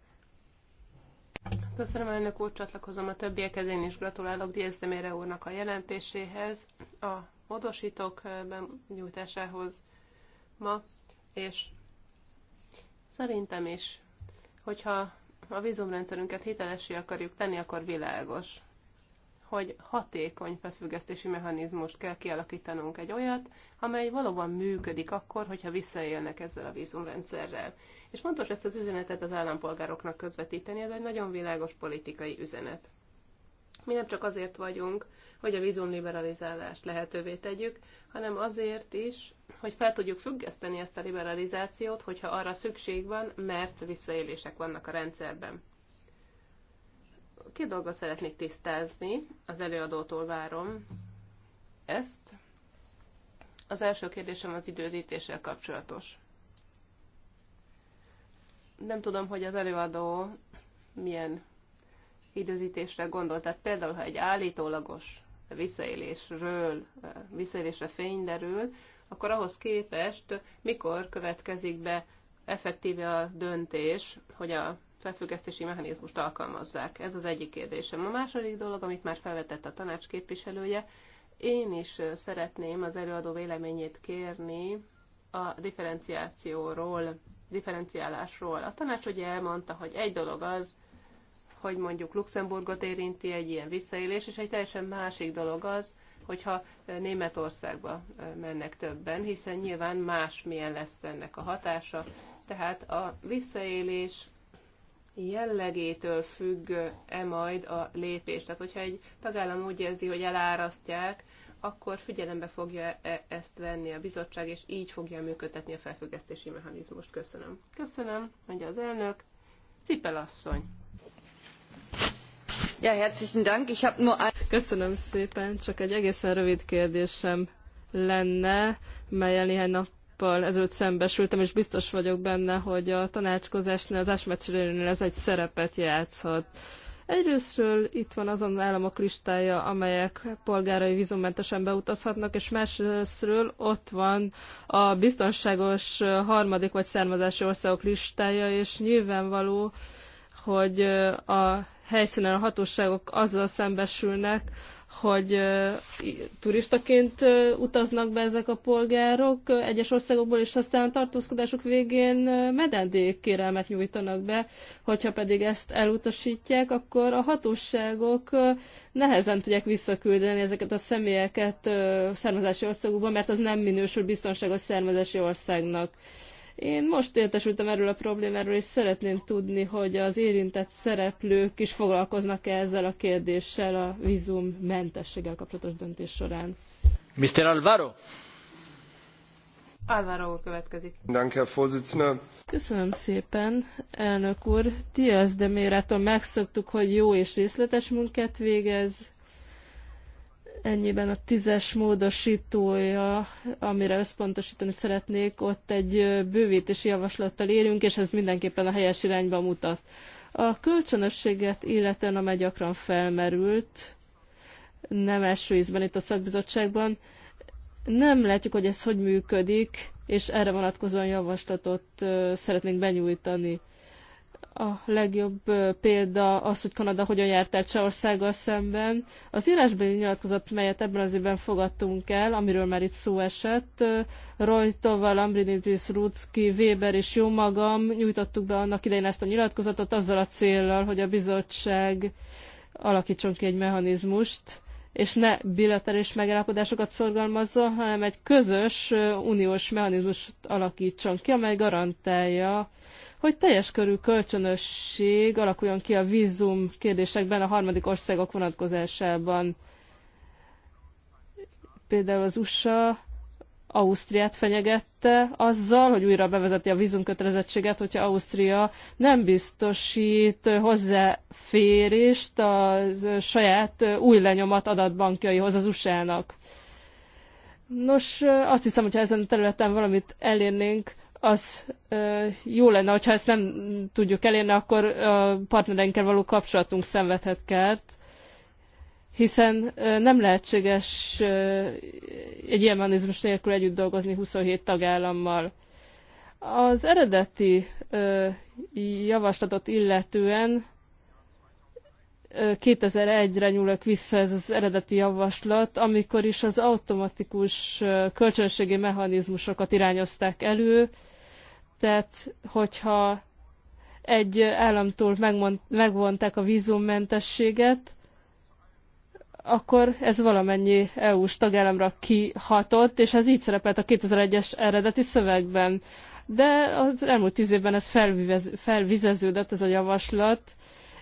Köszönöm, elnök úr, csatlakozom a többiekhez, én is gratulálok Diazdemére úrnak a jelentéséhez, a módosítók eh, benyújtásához ma, és szerintem is, hogyha a vízumrendszerünket hitelesé akarjuk tenni, akkor világos, hogy hatékony felfüggesztési mechanizmust kell kialakítanunk egy olyat, amely valóban működik akkor, hogyha visszaélnek ezzel a vízumrendszerrel. És fontos ezt az üzenetet az állampolgároknak közvetíteni, ez egy nagyon világos politikai üzenet. Mi nem csak azért vagyunk, hogy a vízumliberalizálást lehetővé tegyük, hanem azért is, hogy fel tudjuk függeszteni ezt a liberalizációt, hogyha arra szükség van, mert visszaélések vannak a rendszerben két dolgot szeretnék tisztázni, az előadótól várom ezt. Az első kérdésem az időzítéssel kapcsolatos. Nem tudom, hogy az előadó milyen időzítésre gondolt. Tehát például, ha egy állítólagos visszaélésről, visszaélésre fény derül, akkor ahhoz képest mikor következik be effektíve a döntés, hogy a felfüggesztési mechanizmust alkalmazzák. Ez az egyik kérdésem. A második dolog, amit már felvetett a tanács képviselője, én is szeretném az előadó véleményét kérni a differenciációról, differenciálásról. A tanács ugye elmondta, hogy egy dolog az, hogy mondjuk Luxemburgot érinti egy ilyen visszaélés, és egy teljesen másik dolog az, hogyha Németországba mennek többen, hiszen nyilván másmilyen lesz ennek a hatása. Tehát a visszaélés jellegétől függ-e majd a lépés? Tehát, hogyha egy tagállam úgy érzi, hogy elárasztják, akkor figyelembe fogja -e ezt venni a bizottság, és így fogja működtetni a felfüggesztési mechanizmust. Köszönöm. Köszönöm, mondja az elnök. Cipel asszony. Ja, herzlichen Dank. Ich habe nur ein... Köszönöm szépen, csak egy egészen rövid kérdésem lenne, melyen néhány nap hónappal ezelőtt szembesültem, és biztos vagyok benne, hogy a tanácskozásnál, az ásmecserénél ez egy szerepet játszhat. Egyrésztről itt van azon államok listája, amelyek polgárai vízummentesen beutazhatnak, és másrésztről ott van a biztonságos harmadik vagy származási országok listája, és nyilvánvaló, hogy a helyszínen a hatóságok azzal szembesülnek, hogy turistaként utaznak be ezek a polgárok egyes országokból, és aztán a tartózkodásuk végén kérelmet nyújtanak be, hogyha pedig ezt elutasítják, akkor a hatóságok nehezen tudják visszaküldeni ezeket a személyeket származási országokba, mert az nem minősül biztonságos származási országnak. Én most értesültem erről a problémáról, és szeretném tudni, hogy az érintett szereplők is foglalkoznak -e ezzel a kérdéssel a vízum mentességgel kapcsolatos döntés során. Mr. Alvaro. Alvaro úr következik. Köszönöm szépen, elnök úr. Diaz de Mérától megszoktuk, hogy jó és részletes munkát végez, Ennyiben a tízes módosítója, amire összpontosítani szeretnék, ott egy bővítési javaslattal érünk, és ez mindenképpen a helyes irányba mutat. A kölcsönösséget illetően, amely gyakran felmerült, nem első ízben itt a szakbizottságban, nem látjuk, hogy ez hogy működik, és erre vonatkozóan javaslatot szeretnénk benyújtani a legjobb példa az, hogy Kanada hogyan járt el Csehországgal szemben. Az írásbeli nyilatkozat, melyet ebben az évben fogadtunk el, amiről már itt szó esett, Rojtoval, Ambrinidis, Rucki, Weber és jó magam nyújtottuk be annak idején ezt a nyilatkozatot azzal a célral, hogy a bizottság alakítson ki egy mechanizmust, és ne bilaterális megállapodásokat szorgalmazza, hanem egy közös uniós mechanizmust alakítson ki, amely garantálja hogy teljes körű kölcsönösség alakuljon ki a vízum kérdésekben a harmadik országok vonatkozásában. Például az USA Ausztriát fenyegette azzal, hogy újra bevezeti a vízumkötelezettséget, hogyha Ausztria nem biztosít hozzáférést a saját új lenyomat adatbankjaihoz az USA-nak. Nos, azt hiszem, hogyha ezen a területen valamit elérnénk, az jó lenne, hogyha ezt nem tudjuk elérni, akkor a partnereinkkel való kapcsolatunk szenvedhet kert, hiszen nem lehetséges egy ilyen mechanizmus nélkül együtt dolgozni 27 tagállammal. Az eredeti javaslatot illetően 2001-re nyúlok vissza ez az eredeti javaslat, amikor is az automatikus kölcsönségi mechanizmusokat irányozták elő, tehát hogyha egy államtól megvonták a vízummentességet, akkor ez valamennyi EU-s tagállamra kihatott, és ez így szerepelt a 2001-es eredeti szövegben. De az elmúlt tíz évben ez felvizeződött, ez a javaslat,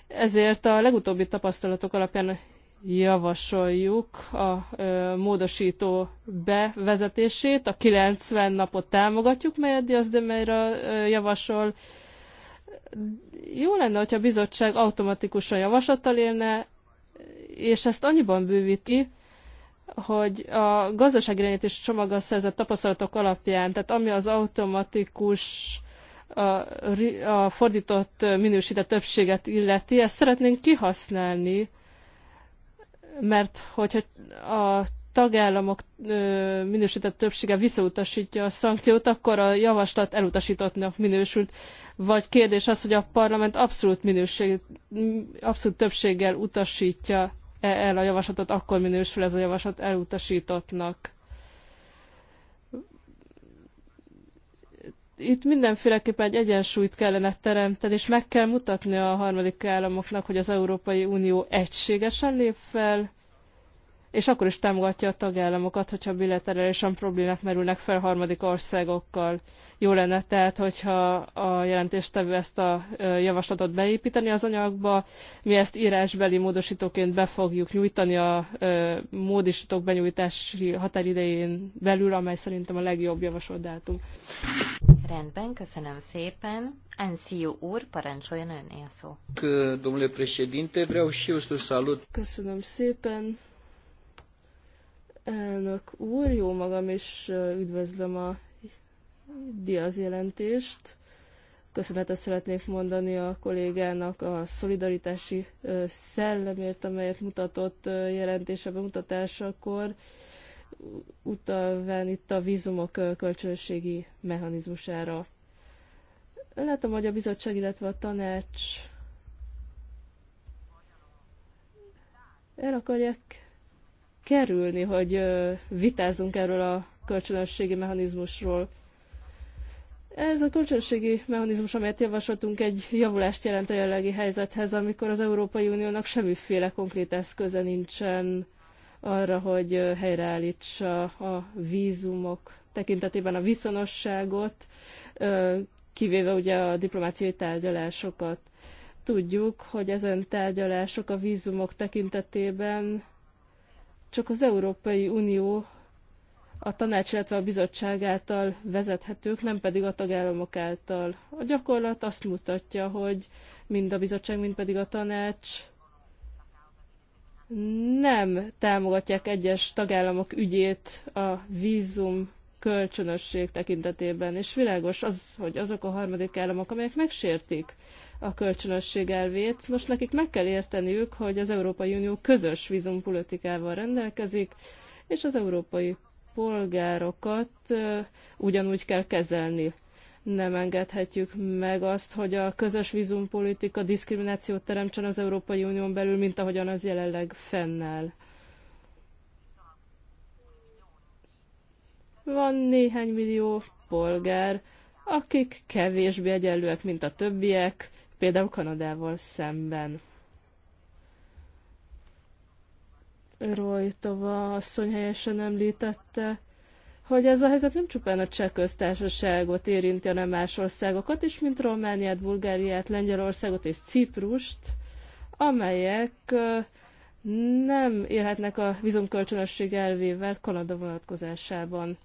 ezért a legutóbbi tapasztalatok alapján javasoljuk a ö, módosító bevezetését. A 90 napot támogatjuk, melyet Diaz de Meira javasol. Jó lenne, hogyha a bizottság automatikusan javaslattal élne, és ezt annyiban bővíti, hogy a gazdaságirányítés csomaggal szerzett tapasztalatok alapján, tehát ami az automatikus a, a fordított minősített többséget illeti, ezt szeretnénk kihasználni, mert hogyha a tagállamok minősített többsége visszautasítja a szankciót, akkor a javaslat elutasítottnak minősült. Vagy kérdés az, hogy a parlament abszolút, minőség, abszolút többséggel utasítja el a javaslatot, akkor minősül ez a javaslat elutasítottnak. itt mindenféleképpen egy egyensúlyt kellene teremteni, és meg kell mutatni a harmadik államoknak, hogy az Európai Unió egységesen lép fel, és akkor is támogatja a tagállamokat, hogyha bilaterálisan problémák merülnek fel harmadik országokkal. Jó lenne tehát, hogyha a jelentéstevő ezt a javaslatot beépíteni az anyagba. Mi ezt írásbeli módosítóként be fogjuk nyújtani a módosítók benyújtási határidején belül, amely szerintem a legjobb javasolt dátum. Rendben, köszönöm szépen. Enszió úr, parancsoljon önné a szó. Köszönöm szépen Elnök úr, jó magam is üdvözlöm a Diaz jelentést. Köszönetet szeretnék mondani a kollégának a szolidaritási szellemért, amelyet mutatott jelentése bemutatásakor, utalván itt a vízumok kölcsönségi mechanizmusára. Látom, hogy a bizottság, illetve a tanács el akarják kerülni, hogy vitázunk erről a kölcsönösségi mechanizmusról. Ez a kölcsönösségi mechanizmus, amelyet javasoltunk, egy javulást jelent a jelenlegi helyzethez, amikor az Európai Uniónak semmiféle konkrét eszköze nincsen arra, hogy helyreállítsa a vízumok tekintetében a viszonosságot, kivéve ugye a diplomáciai tárgyalásokat. Tudjuk, hogy ezen tárgyalások a vízumok tekintetében csak az Európai Unió a tanács, illetve a bizottság által vezethetők, nem pedig a tagállamok által. A gyakorlat azt mutatja, hogy mind a bizottság, mind pedig a tanács nem támogatják egyes tagállamok ügyét a vízum kölcsönösség tekintetében, és világos az, hogy azok a harmadik államok, amelyek megsértik a kölcsönösség elvét. Most nekik meg kell érteniük, hogy az Európai Unió közös vízumpolitikával rendelkezik, és az európai polgárokat ugyanúgy kell kezelni. Nem engedhetjük meg azt, hogy a közös vízumpolitika diszkriminációt teremtsen az Európai Unión belül, mint ahogyan az jelenleg fennáll. Van néhány millió polgár, akik kevésbé egyenlőek, mint a többiek, például Kanadával szemben. Rojtova asszony helyesen említette, hogy ez a helyzet nem csupán a cseh köztársaságot érinti, hanem más országokat is, mint Romániát, Bulgáriát, Lengyelországot és Ciprust, amelyek nem élhetnek a vízumkölcsönösség elvével Kanada vonatkozásában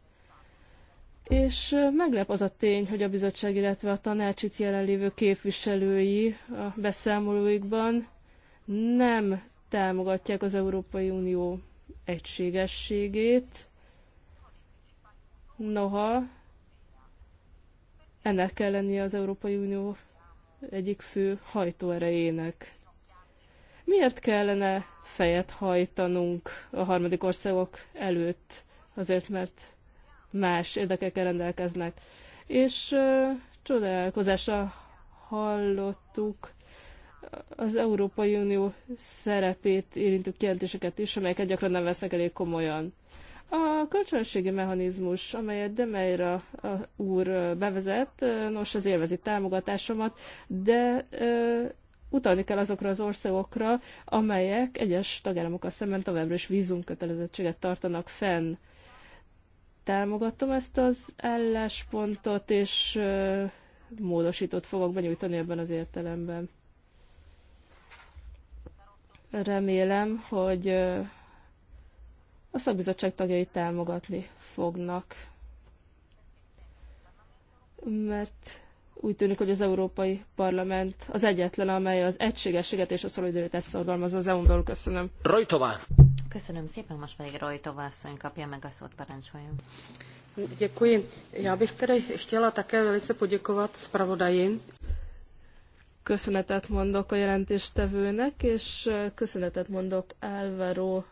és meglep az a tény, hogy a bizottság, illetve a tanácsit jelenlévő képviselői a beszámolóikban nem támogatják az Európai Unió egységességét, noha ennek kell lennie az Európai Unió egyik fő hajtóerejének. Miért kellene fejet hajtanunk a harmadik országok előtt? Azért, mert más érdekekkel rendelkeznek. És uh, csodálkozásra hallottuk az Európai Unió szerepét érintő kijelentéseket is, amelyeket gyakran nem vesznek elég komolyan. A kölcsönösségi mechanizmus, amelyet Demeira úr bevezet, nos, az élvezi támogatásomat, de ö, utalni kell azokra az országokra, amelyek egyes tagállamokkal szemben továbbra is vízumkötelezettséget tartanak fenn. Támogatom ezt az álláspontot, és módosított fogok benyújtani ebben az értelemben. Remélem, hogy a szakbizottság tagjai támogatni fognak, mert úgy tűnik, hogy az Európai Parlament az egyetlen, amely az egységességet és a szolidaritást szorgalmazza az EU-n belül. Köszönöm. Rajtová! Köszönöm szépen, most pedig Rojtová asszony kapja meg a szót, parancsoljon. Děkuji. Já bych tedy chtěla také velice poděkovat zpravodaji. Köszönetet mondok a jelentéstevőnek, és köszönetet mondok Álvaro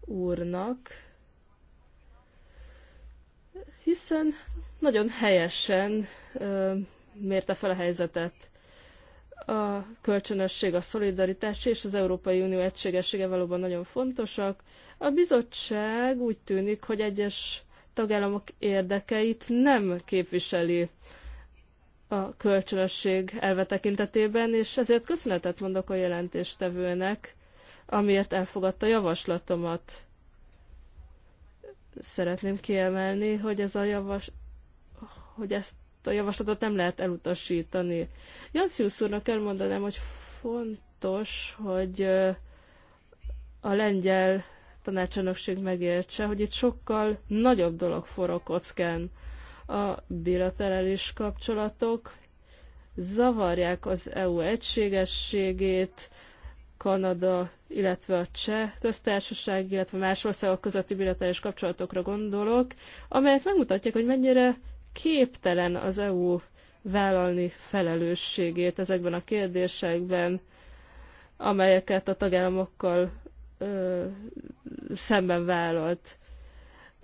úrnak, hiszen nagyon helyesen mérte fel a helyzetet a kölcsönösség, a szolidaritás és az Európai Unió egységessége valóban nagyon fontosak. A bizottság úgy tűnik, hogy egyes tagállamok érdekeit nem képviseli a kölcsönösség elve tekintetében, és ezért köszönetet mondok a jelentéstevőnek, amiért elfogadta javaslatomat. Szeretném kiemelni, hogy ez a javas, hogy ezt a javaslatot nem lehet elutasítani. Janszius úrnak elmondanám, hogy fontos, hogy a lengyel tanácselnökség megértse, hogy itt sokkal nagyobb dolog forog kockán. A bilaterális kapcsolatok zavarják az EU egységességét, Kanada, illetve a Cseh köztársaság, illetve más országok közötti bilaterális kapcsolatokra gondolok, amelyek megmutatják, hogy mennyire képtelen az EU vállalni felelősségét ezekben a kérdésekben, amelyeket a tagállamokkal ö, szemben vállalt.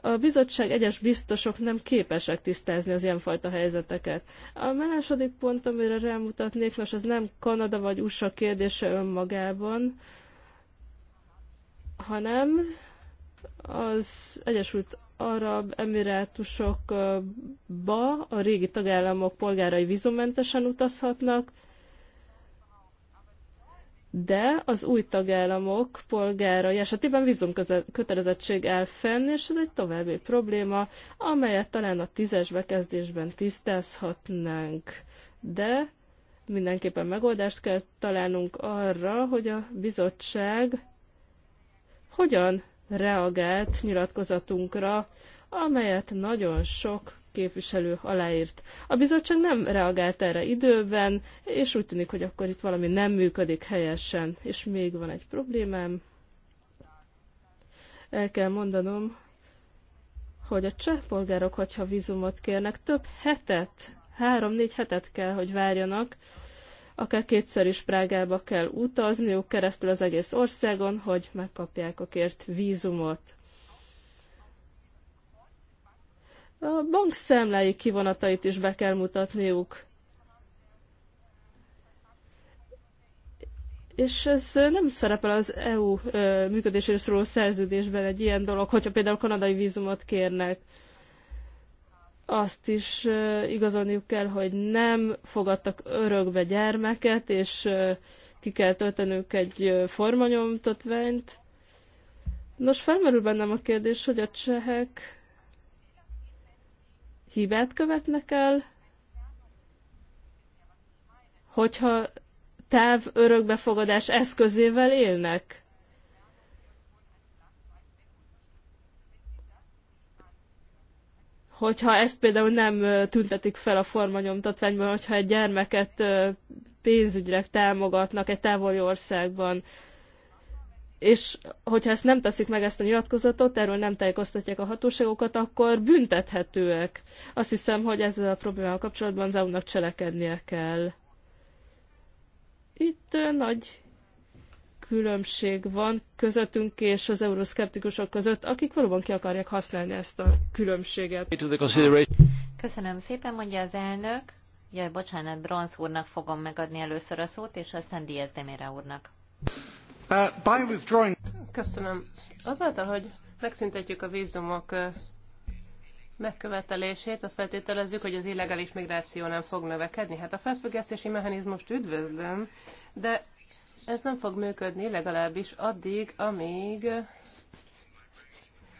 A bizottság egyes biztosok nem képesek tisztázni az ilyenfajta helyzeteket. A második pont, amire rámutatnék, most az nem Kanada vagy USA kérdése önmagában, hanem az Egyesült arab emirátusokba a régi tagállamok polgárai vízummentesen utazhatnak, de az új tagállamok polgárai esetében vízumkötelezettség áll fenn, és ez egy további probléma, amelyet talán a tízes bekezdésben tisztázhatnánk. De mindenképpen megoldást kell találnunk arra, hogy a bizottság hogyan reagált nyilatkozatunkra, amelyet nagyon sok képviselő aláírt. A bizottság nem reagált erre időben, és úgy tűnik, hogy akkor itt valami nem működik helyesen. És még van egy problémám. El kell mondanom, hogy a cseh polgárok, hogyha vízumot kérnek, több hetet, három-négy hetet kell, hogy várjanak, akár kétszer is Prágába kell utazniuk keresztül az egész országon, hogy megkapják a kért vízumot. A bank számlái kivonatait is be kell mutatniuk. És ez nem szerepel az EU működéséről szóló szerződésben egy ilyen dolog, hogyha például kanadai vízumot kérnek azt is igazolniuk kell, hogy nem fogadtak örökbe gyermeket, és ki kell töltenünk egy formanyomtatványt. Nos, felmerül bennem a kérdés, hogy a csehek hibát követnek el, hogyha táv örökbefogadás eszközével élnek. hogyha ezt például nem tüntetik fel a formanyomtatványban, hogyha egy gyermeket pénzügyre támogatnak egy távoli országban, és hogyha ezt nem teszik meg ezt a nyilatkozatot, erről nem tájékoztatják a hatóságokat, akkor büntethetőek. Azt hiszem, hogy ezzel a problémával kapcsolatban az cselekednie kell. Itt nagy különbség van közöttünk és az euroszkeptikusok között, akik valóban ki akarják használni ezt a különbséget. Köszönöm szépen, mondja az elnök. Jaj, bocsánat, Bronz úrnak fogom megadni először a szót, és aztán Diaz Demére úrnak. Uh, Köszönöm. Azáltal, hogy megszüntetjük a vízumok uh, megkövetelését, azt feltételezzük, hogy az illegális migráció nem fog növekedni. Hát a felfüggesztési mechanizmust üdvözlöm, de ez nem fog működni legalábbis addig, amíg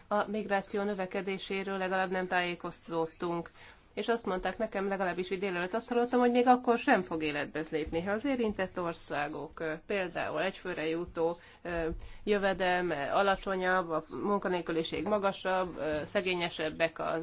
a migráció növekedéséről legalább nem tájékozódtunk és azt mondták nekem, legalábbis így délelőtt azt hallottam, hogy még akkor sem fog életbe lépni. Ha az érintett országok például egyfőre jutó jövedelme alacsonyabb, a munkanélküliség magasabb, szegényesebbek az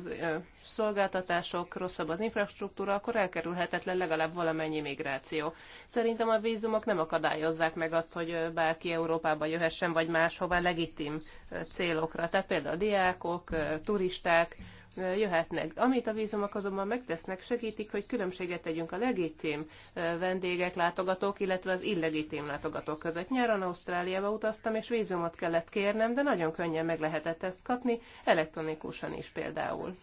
szolgáltatások, rosszabb az infrastruktúra, akkor elkerülhetetlen legalább valamennyi migráció. Szerintem a vízumok nem akadályozzák meg azt, hogy bárki Európába jöhessen, vagy máshova legitim célokra. Tehát például diákok, turisták, jöhetnek. Amit a vízumok azonban megtesznek, segítik, hogy különbséget tegyünk a legitim vendégek, látogatók, illetve az illegitim látogatók között. Nyáron Ausztráliába utaztam, és vízumot kellett kérnem, de nagyon könnyen meg lehetett ezt kapni, elektronikusan is például.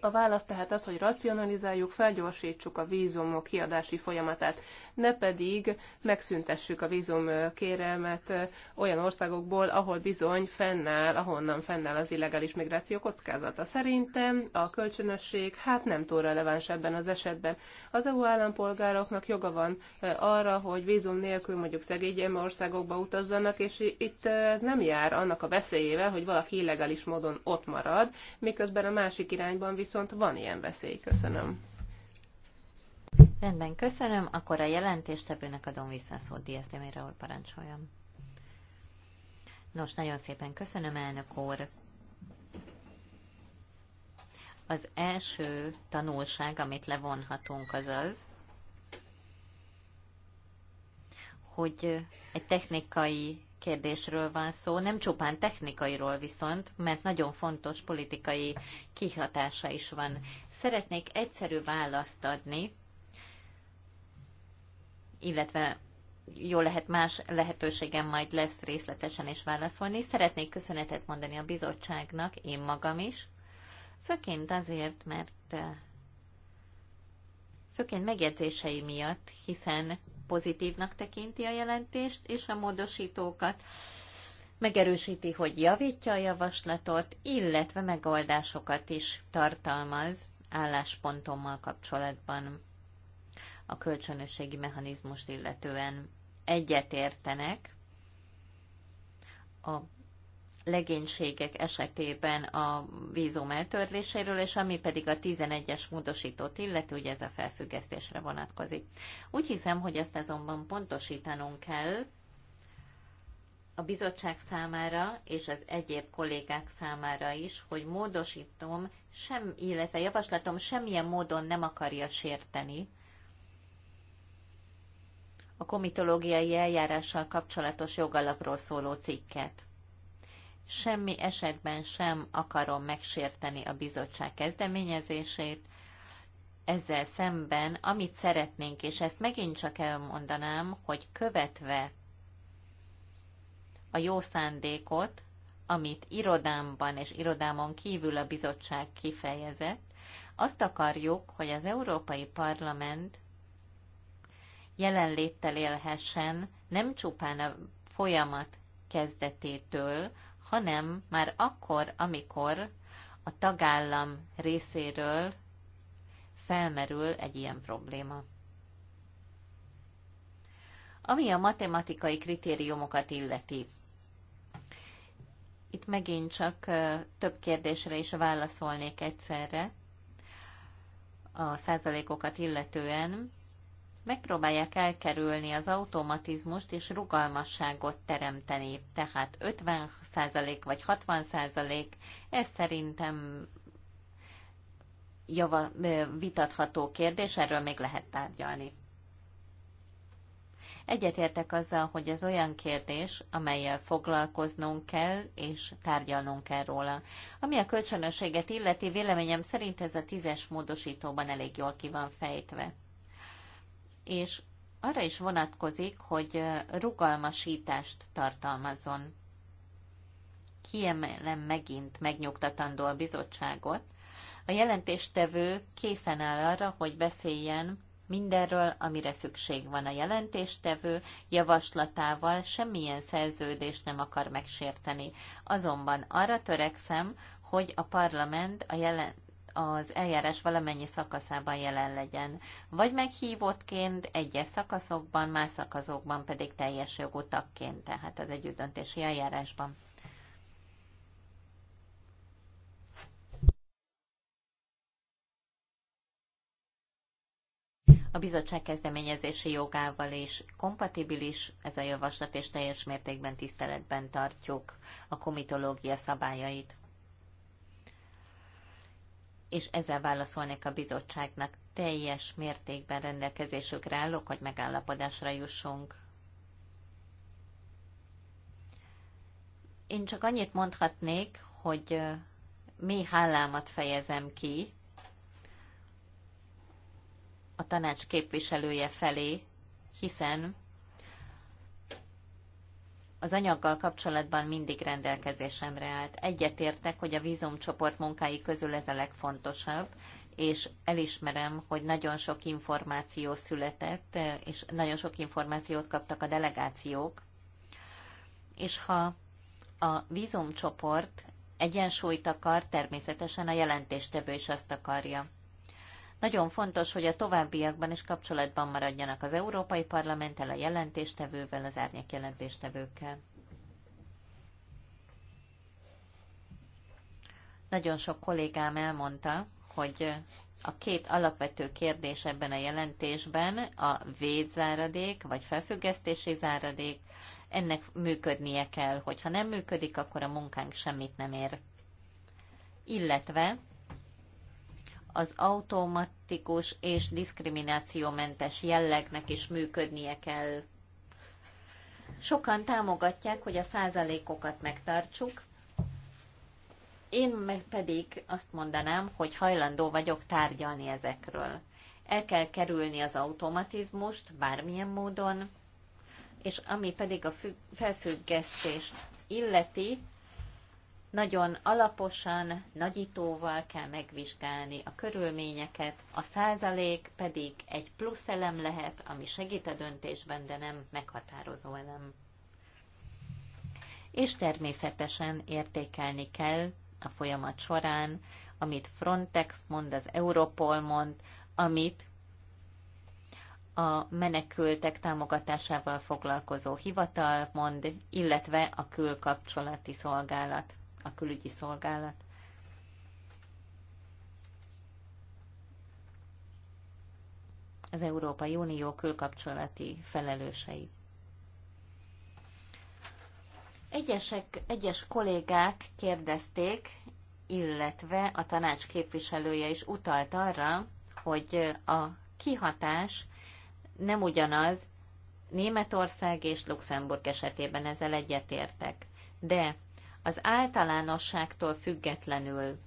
A válasz tehát az, hogy racionalizáljuk, felgyorsítsuk a vízumok kiadási folyamatát ne pedig megszüntessük a vízum kérelmet olyan országokból, ahol bizony fennáll, ahonnan fennáll az illegális migráció kockázata. Szerintem a kölcsönösség hát nem túl releváns ebben az esetben. Az EU állampolgároknak joga van arra, hogy vízum nélkül mondjuk szegényem országokba utazzanak, és itt ez nem jár annak a veszélyével, hogy valaki illegális módon ott marad, miközben a másik irányban viszont van ilyen veszély. Köszönöm. Rendben, köszönöm. Akkor a jelentéstevőnek adom vissza a szót, Diaz de parancsoljam. Nos, nagyon szépen köszönöm, elnök úr. Az első tanulság, amit levonhatunk, az az, hogy egy technikai kérdésről van szó, nem csupán technikairól viszont, mert nagyon fontos politikai kihatása is van. Szeretnék egyszerű választ adni illetve jó lehet más lehetőségem majd lesz részletesen is válaszolni. Szeretnék köszönetet mondani a bizottságnak, én magam is, főként azért, mert eh, főként megjegyzései miatt, hiszen pozitívnak tekinti a jelentést és a módosítókat, megerősíti, hogy javítja a javaslatot, illetve megoldásokat is tartalmaz álláspontommal kapcsolatban a kölcsönösségi mechanizmust illetően egyetértenek. A legénységek esetében a vízum eltörléséről, és ami pedig a 11-es módosítót illeti, ugye ez a felfüggesztésre vonatkozik. Úgy hiszem, hogy ezt azonban pontosítanunk kell a bizottság számára és az egyéb kollégák számára is, hogy módosítom, sem, illetve javaslatom semmilyen módon nem akarja sérteni a komitológiai eljárással kapcsolatos jogalapról szóló cikket. Semmi esetben sem akarom megsérteni a bizottság kezdeményezését, ezzel szemben, amit szeretnénk, és ezt megint csak elmondanám, hogy követve a jó szándékot, amit irodámban és irodámon kívül a bizottság kifejezett, azt akarjuk, hogy az Európai Parlament jelenléttel élhessen nem csupán a folyamat kezdetétől, hanem már akkor, amikor a tagállam részéről felmerül egy ilyen probléma. Ami a matematikai kritériumokat illeti, itt megint csak több kérdésre is válaszolnék egyszerre a százalékokat illetően megpróbálják elkerülni az automatizmust és rugalmasságot teremteni. Tehát 50% vagy 60% ez szerintem java, vitatható kérdés, erről még lehet tárgyalni. Egyetértek azzal, hogy ez olyan kérdés, amelyel foglalkoznunk kell és tárgyalnunk kell róla. Ami a kölcsönösséget illeti, véleményem szerint ez a tízes módosítóban elég jól ki van fejtve és arra is vonatkozik, hogy rugalmasítást tartalmazon. Kiemelem megint megnyugtatandó a bizottságot. A jelentéstevő készen áll arra, hogy beszéljen mindenről, amire szükség van a jelentéstevő, javaslatával semmilyen szerződést nem akar megsérteni. Azonban arra törekszem, hogy a parlament a jelentéstevő az eljárás valamennyi szakaszában jelen legyen, vagy meghívottként egyes szakaszokban, más szakaszokban pedig teljes jogú tagként, tehát az együttdöntési eljárásban. a bizottság kezdeményezési jogával is kompatibilis ez a javaslat, és teljes mértékben tiszteletben tartjuk a komitológia szabályait és ezzel válaszolnék a bizottságnak. Teljes mértékben rendelkezésükre állok, hogy megállapodásra jussunk. Én csak annyit mondhatnék, hogy mi hálámat fejezem ki a tanács képviselője felé, hiszen az anyaggal kapcsolatban mindig rendelkezésemre állt. Egyetértek, hogy a vízumcsoport munkái közül ez a legfontosabb, és elismerem, hogy nagyon sok információ született, és nagyon sok információt kaptak a delegációk. És ha a vízumcsoport egyensúlyt akar, természetesen a jelentéstevő is azt akarja. Nagyon fontos, hogy a továbbiakban is kapcsolatban maradjanak az Európai Parlamenttel, a jelentéstevővel, az árnyék jelentéstevőkkel. Nagyon sok kollégám elmondta, hogy a két alapvető kérdés ebben a jelentésben a védzáradék vagy felfüggesztési záradék, ennek működnie kell, hogyha nem működik, akkor a munkánk semmit nem ér. Illetve az automatikus és diszkriminációmentes jellegnek is működnie kell. Sokan támogatják, hogy a százalékokat megtartsuk, én meg pedig azt mondanám, hogy hajlandó vagyok tárgyalni ezekről. El kell kerülni az automatizmust bármilyen módon, és ami pedig a felfüggesztést illeti, nagyon alaposan, nagyítóval kell megvizsgálni a körülményeket, a százalék pedig egy plusz elem lehet, ami segít a döntésben, de nem meghatározó elem. És természetesen értékelni kell a folyamat során, amit Frontex mond, az Europol mond, amit a menekültek támogatásával foglalkozó hivatal mond, illetve a külkapcsolati szolgálat a külügyi szolgálat. Az Európai Unió külkapcsolati felelősei. Egyesek, egyes kollégák kérdezték, illetve a tanács képviselője is utalt arra, hogy a kihatás nem ugyanaz Németország és Luxemburg esetében ezzel egyetértek. De az általánosságtól függetlenül,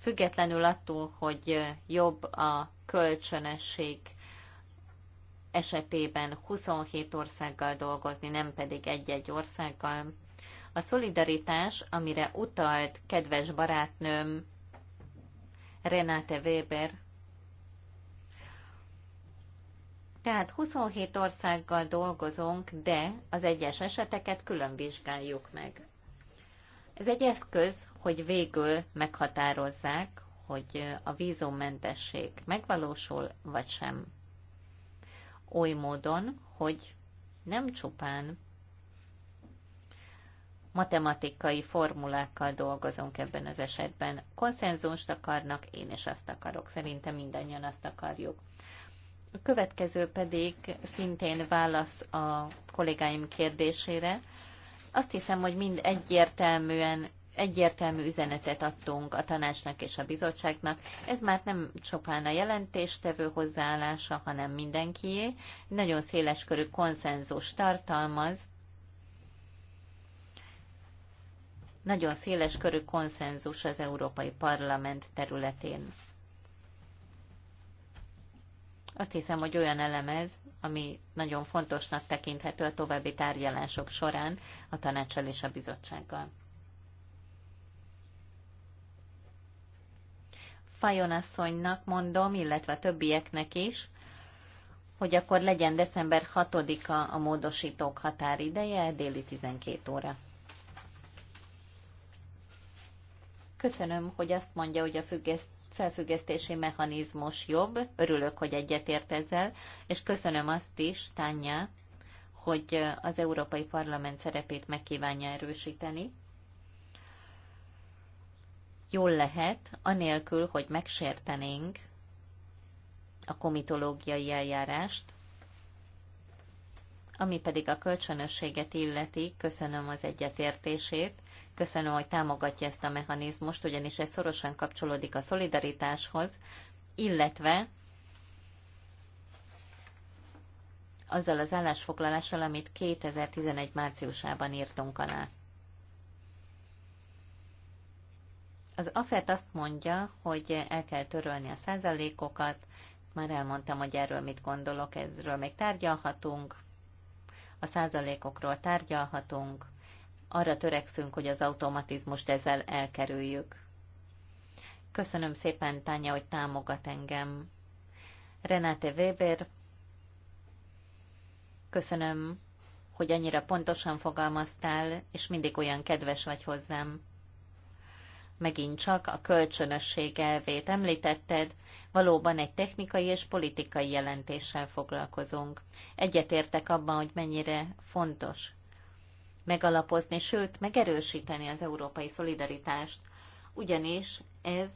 függetlenül attól, hogy jobb a kölcsönösség esetében 27 országgal dolgozni, nem pedig egy-egy országgal. A szolidaritás, amire utalt kedves barátnőm Renate Weber, Tehát 27 országgal dolgozunk, de az egyes eseteket külön vizsgáljuk meg. Ez egy eszköz, hogy végül meghatározzák, hogy a vízummentesség megvalósul vagy sem. Oly módon, hogy nem csupán matematikai formulákkal dolgozunk ebben az esetben. Konszenzust akarnak, én is azt akarok. Szerintem mindannyian azt akarjuk. A következő pedig szintén válasz a kollégáim kérdésére. Azt hiszem, hogy mind egyértelműen egyértelmű üzenetet adtunk a tanácsnak és a bizottságnak. Ez már nem csupán a jelentéstevő hozzáállása, hanem mindenkié. Nagyon széles körű konszenzus tartalmaz. Nagyon széles körű konszenzus az Európai Parlament területén. Azt hiszem, hogy olyan elemez, ami nagyon fontosnak tekinthető a további tárgyalások során a tanácssal és a bizottsággal. Fajon asszonynak mondom, illetve a többieknek is, hogy akkor legyen december 6-a a módosítók határideje, déli 12 óra. Köszönöm, hogy azt mondja, hogy a függeszt felfüggesztési mechanizmus jobb, örülök, hogy egyetért ezzel, és köszönöm azt is, Tanya, hogy az Európai Parlament szerepét megkívánja erősíteni. Jól lehet, anélkül, hogy megsértenénk a komitológiai eljárást, ami pedig a kölcsönösséget illeti, köszönöm az egyetértését, Köszönöm, hogy támogatja ezt a mechanizmust, ugyanis ez szorosan kapcsolódik a szolidaritáshoz, illetve azzal az állásfoglalással, amit 2011 márciusában írtunk alá. Az AFET azt mondja, hogy el kell törölni a százalékokat, már elmondtam, hogy erről mit gondolok, ezről még tárgyalhatunk, a százalékokról tárgyalhatunk, arra törekszünk, hogy az automatizmust ezzel elkerüljük. Köszönöm szépen, Tánya, hogy támogat engem. Renate Weber, köszönöm, hogy annyira pontosan fogalmaztál, és mindig olyan kedves vagy hozzám. Megint csak a kölcsönösség elvét említetted, valóban egy technikai és politikai jelentéssel foglalkozunk. Egyetértek abban, hogy mennyire fontos megalapozni, sőt, megerősíteni az európai szolidaritást. Ugyanis ez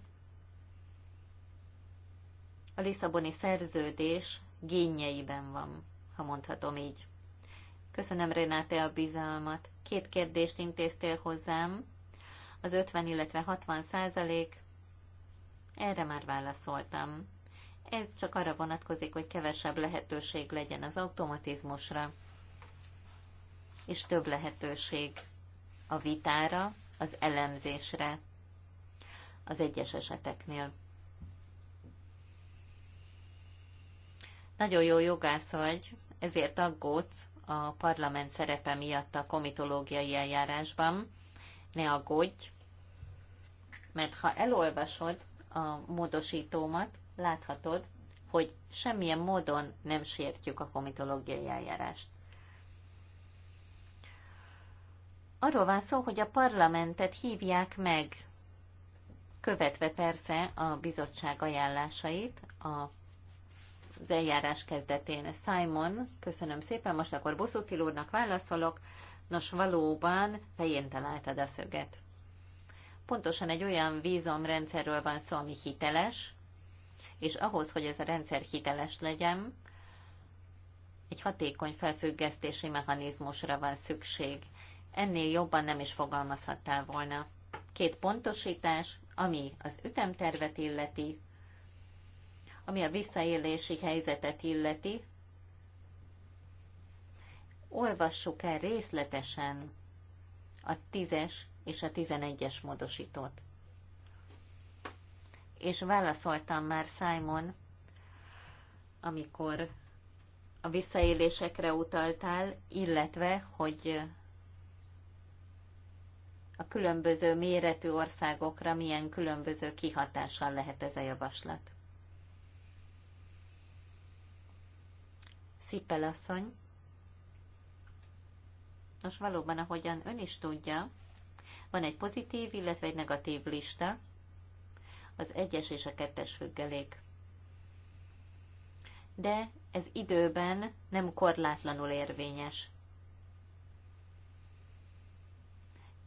a Lisszaboni szerződés génjeiben van, ha mondhatom így. Köszönöm, Renáte, a bizalmat. Két kérdést intéztél hozzám. Az 50, illetve 60 százalék. Erre már válaszoltam. Ez csak arra vonatkozik, hogy kevesebb lehetőség legyen az automatizmusra és több lehetőség a vitára, az elemzésre az egyes eseteknél. Nagyon jó jogász vagy, ezért aggódsz a parlament szerepe miatt a komitológiai eljárásban. Ne aggódj, mert ha elolvasod a módosítómat, láthatod, hogy semmilyen módon nem sértjük a komitológiai eljárást. Arról van szó, hogy a parlamentet hívják meg, követve persze a bizottság ajánlásait a az eljárás kezdetén. Simon, köszönöm szépen, most akkor Boszutil úrnak válaszolok. Nos, valóban fején találtad a szöget. Pontosan egy olyan vízomrendszerről van szó, ami hiteles, és ahhoz, hogy ez a rendszer hiteles legyen, egy hatékony felfüggesztési mechanizmusra van szükség ennél jobban nem is fogalmazhattál volna. Két pontosítás, ami az ütemtervet illeti, ami a visszaélési helyzetet illeti. Olvassuk el részletesen a tízes és a tizenegyes módosítót. És válaszoltam már Simon, amikor a visszaélésekre utaltál, illetve, hogy a különböző méretű országokra milyen különböző kihatással lehet ez a javaslat. Szipel asszony. Nos, valóban, ahogyan ön is tudja, van egy pozitív, illetve egy negatív lista, az egyes és a kettes függelék. De ez időben nem korlátlanul érvényes.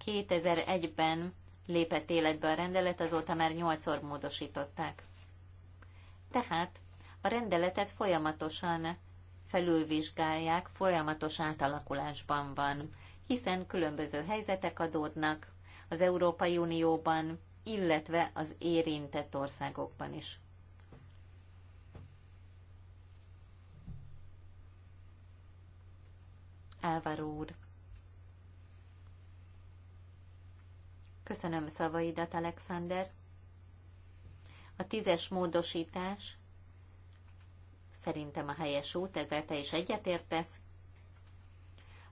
2001-ben lépett életbe a rendelet, azóta már 8-szor módosították. Tehát a rendeletet folyamatosan felülvizsgálják, folyamatos átalakulásban van, hiszen különböző helyzetek adódnak az Európai Unióban, illetve az érintett országokban is. Álvaro úr. Köszönöm szavaidat, Alexander. A tízes módosítás szerintem a helyes út, ezzel te is egyetértesz.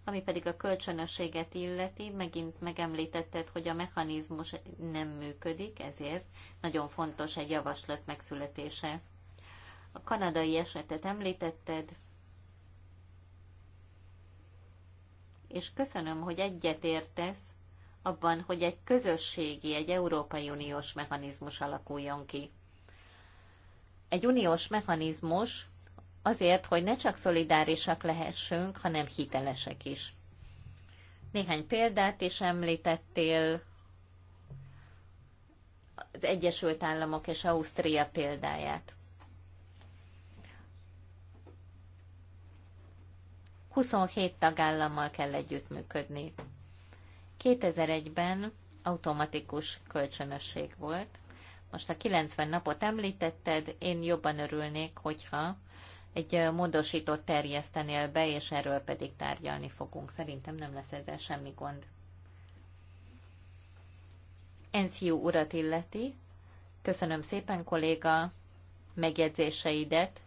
Ami pedig a kölcsönösséget illeti, megint megemlítetted, hogy a mechanizmus nem működik, ezért nagyon fontos egy javaslat megszületése. A kanadai esetet említetted, és köszönöm, hogy egyetértesz abban, hogy egy közösségi, egy Európai Uniós mechanizmus alakuljon ki. Egy uniós mechanizmus azért, hogy ne csak szolidárisak lehessünk, hanem hitelesek is. Néhány példát is említettél, az Egyesült Államok és Ausztria példáját. 27 tagállammal kell együttműködni. 2001-ben automatikus kölcsönösség volt. Most a 90 napot említetted, én jobban örülnék, hogyha egy módosított terjesztenél be, és erről pedig tárgyalni fogunk. Szerintem nem lesz ezzel semmi gond. Enzió urat illeti. Köszönöm szépen, kolléga, megjegyzéseidet.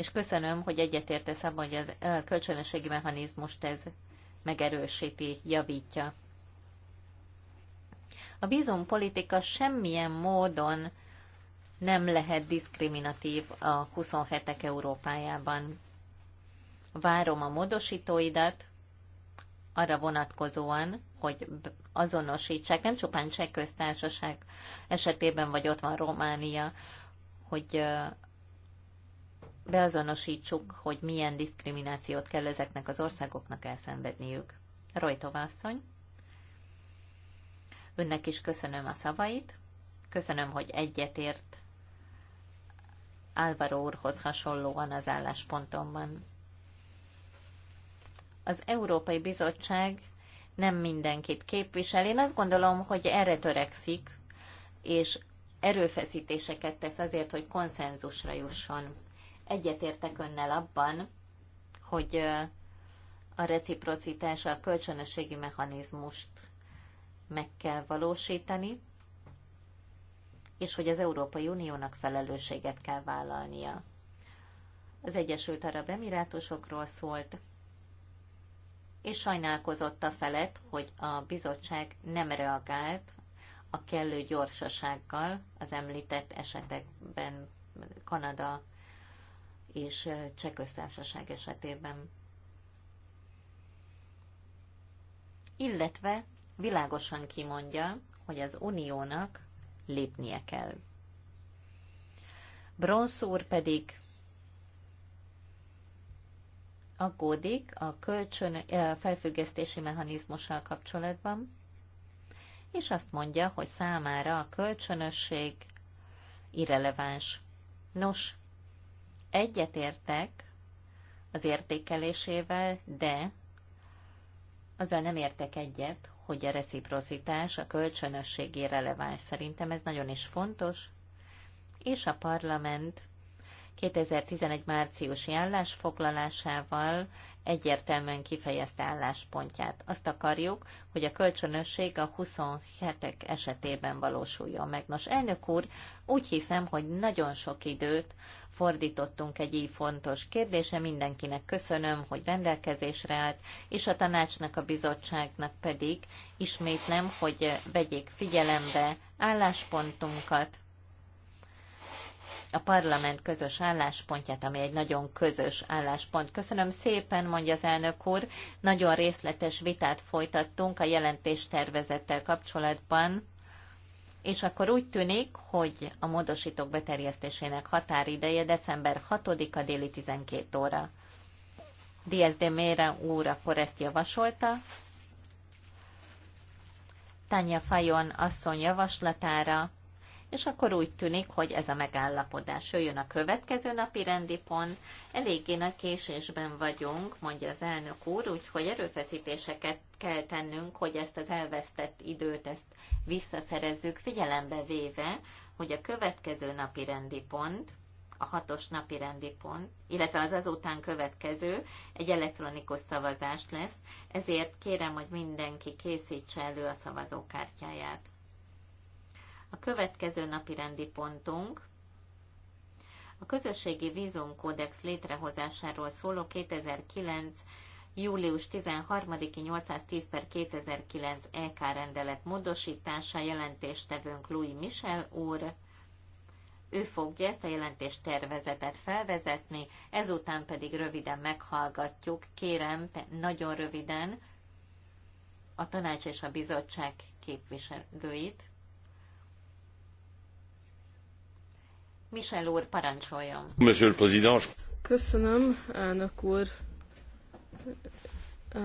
és köszönöm, hogy egyetértesz abban, hogy a kölcsönösségi mechanizmust ez megerősíti, javítja. A bizonpolitika semmilyen módon nem lehet diszkriminatív a 27-ek Európájában. Várom a módosítóidat arra vonatkozóan, hogy azonosítsák, nem csupán cseh köztársaság esetében, vagy ott van Románia, hogy beazonosítsuk, hogy milyen diszkriminációt kell ezeknek az országoknak elszenvedniük. Rojtova asszony, önnek is köszönöm a szavait, köszönöm, hogy egyetért Álvaro úrhoz hasonlóan az álláspontomban. Az Európai Bizottság nem mindenkit képvisel. Én azt gondolom, hogy erre törekszik, és erőfeszítéseket tesz azért, hogy konszenzusra jusson egyetértek önnel abban, hogy a reciprocitás, a kölcsönösségi mechanizmust meg kell valósítani, és hogy az Európai Uniónak felelősséget kell vállalnia. Az Egyesült Arab Emirátusokról szólt, és sajnálkozott a felett, hogy a bizottság nem reagált a kellő gyorsasággal az említett esetekben Kanada, és Cseh köztársaság esetében. Illetve világosan kimondja, hogy az uniónak lépnie kell. Bronsz úr pedig aggódik a kölcsön felfüggesztési mechanizmussal kapcsolatban, és azt mondja, hogy számára a kölcsönösség irreleváns. Nos, Egyetértek az értékelésével, de azzal nem értek egyet, hogy a reciprocitás, a kölcsönösségé releváns. Szerintem ez nagyon is fontos, és a parlament 2011 márciusi állásfoglalásával egyértelműen kifejezte álláspontját. Azt akarjuk, hogy a kölcsönösség a 27-ek esetében valósuljon meg. Nos, elnök úr, úgy hiszem, hogy nagyon sok időt fordítottunk egy így fontos kérdése. Mindenkinek köszönöm, hogy rendelkezésre állt, és a tanácsnak, a bizottságnak pedig ismétlem, hogy vegyék figyelembe álláspontunkat, a parlament közös álláspontját, ami egy nagyon közös álláspont. Köszönöm szépen, mondja az elnök úr. Nagyon részletes vitát folytattunk a jelentéstervezettel kapcsolatban. És akkor úgy tűnik, hogy a módosítók beterjesztésének határideje december 6-a déli 12 óra. DSD de úr akkor ezt javasolta. Tanya Fajon asszony javaslatára és akkor úgy tűnik, hogy ez a megállapodás jön a következő napi rendi pont. Eléggé nagy késésben vagyunk, mondja az elnök úr, úgyhogy erőfeszítéseket kell tennünk, hogy ezt az elvesztett időt, ezt visszaszerezzük, figyelembe véve, hogy a következő napi rendi pont, a hatos napi rendi pont, illetve az azután következő egy elektronikus szavazás lesz, ezért kérem, hogy mindenki készítse elő a szavazókártyáját. A következő napi rendi pontunk a közösségi vízumkódex létrehozásáról szóló 2009. július 13-i 810 per 2009 EK rendelet módosítása jelentéstevőnk Louis Michel úr. Ő fogja ezt a jelentés tervezetet felvezetni, ezután pedig röviden meghallgatjuk, kérem, nagyon röviden, a tanács és a bizottság képviselőit. Michel úr, parancsoljon. Monsieur le Président. Köszönöm, elnök úr.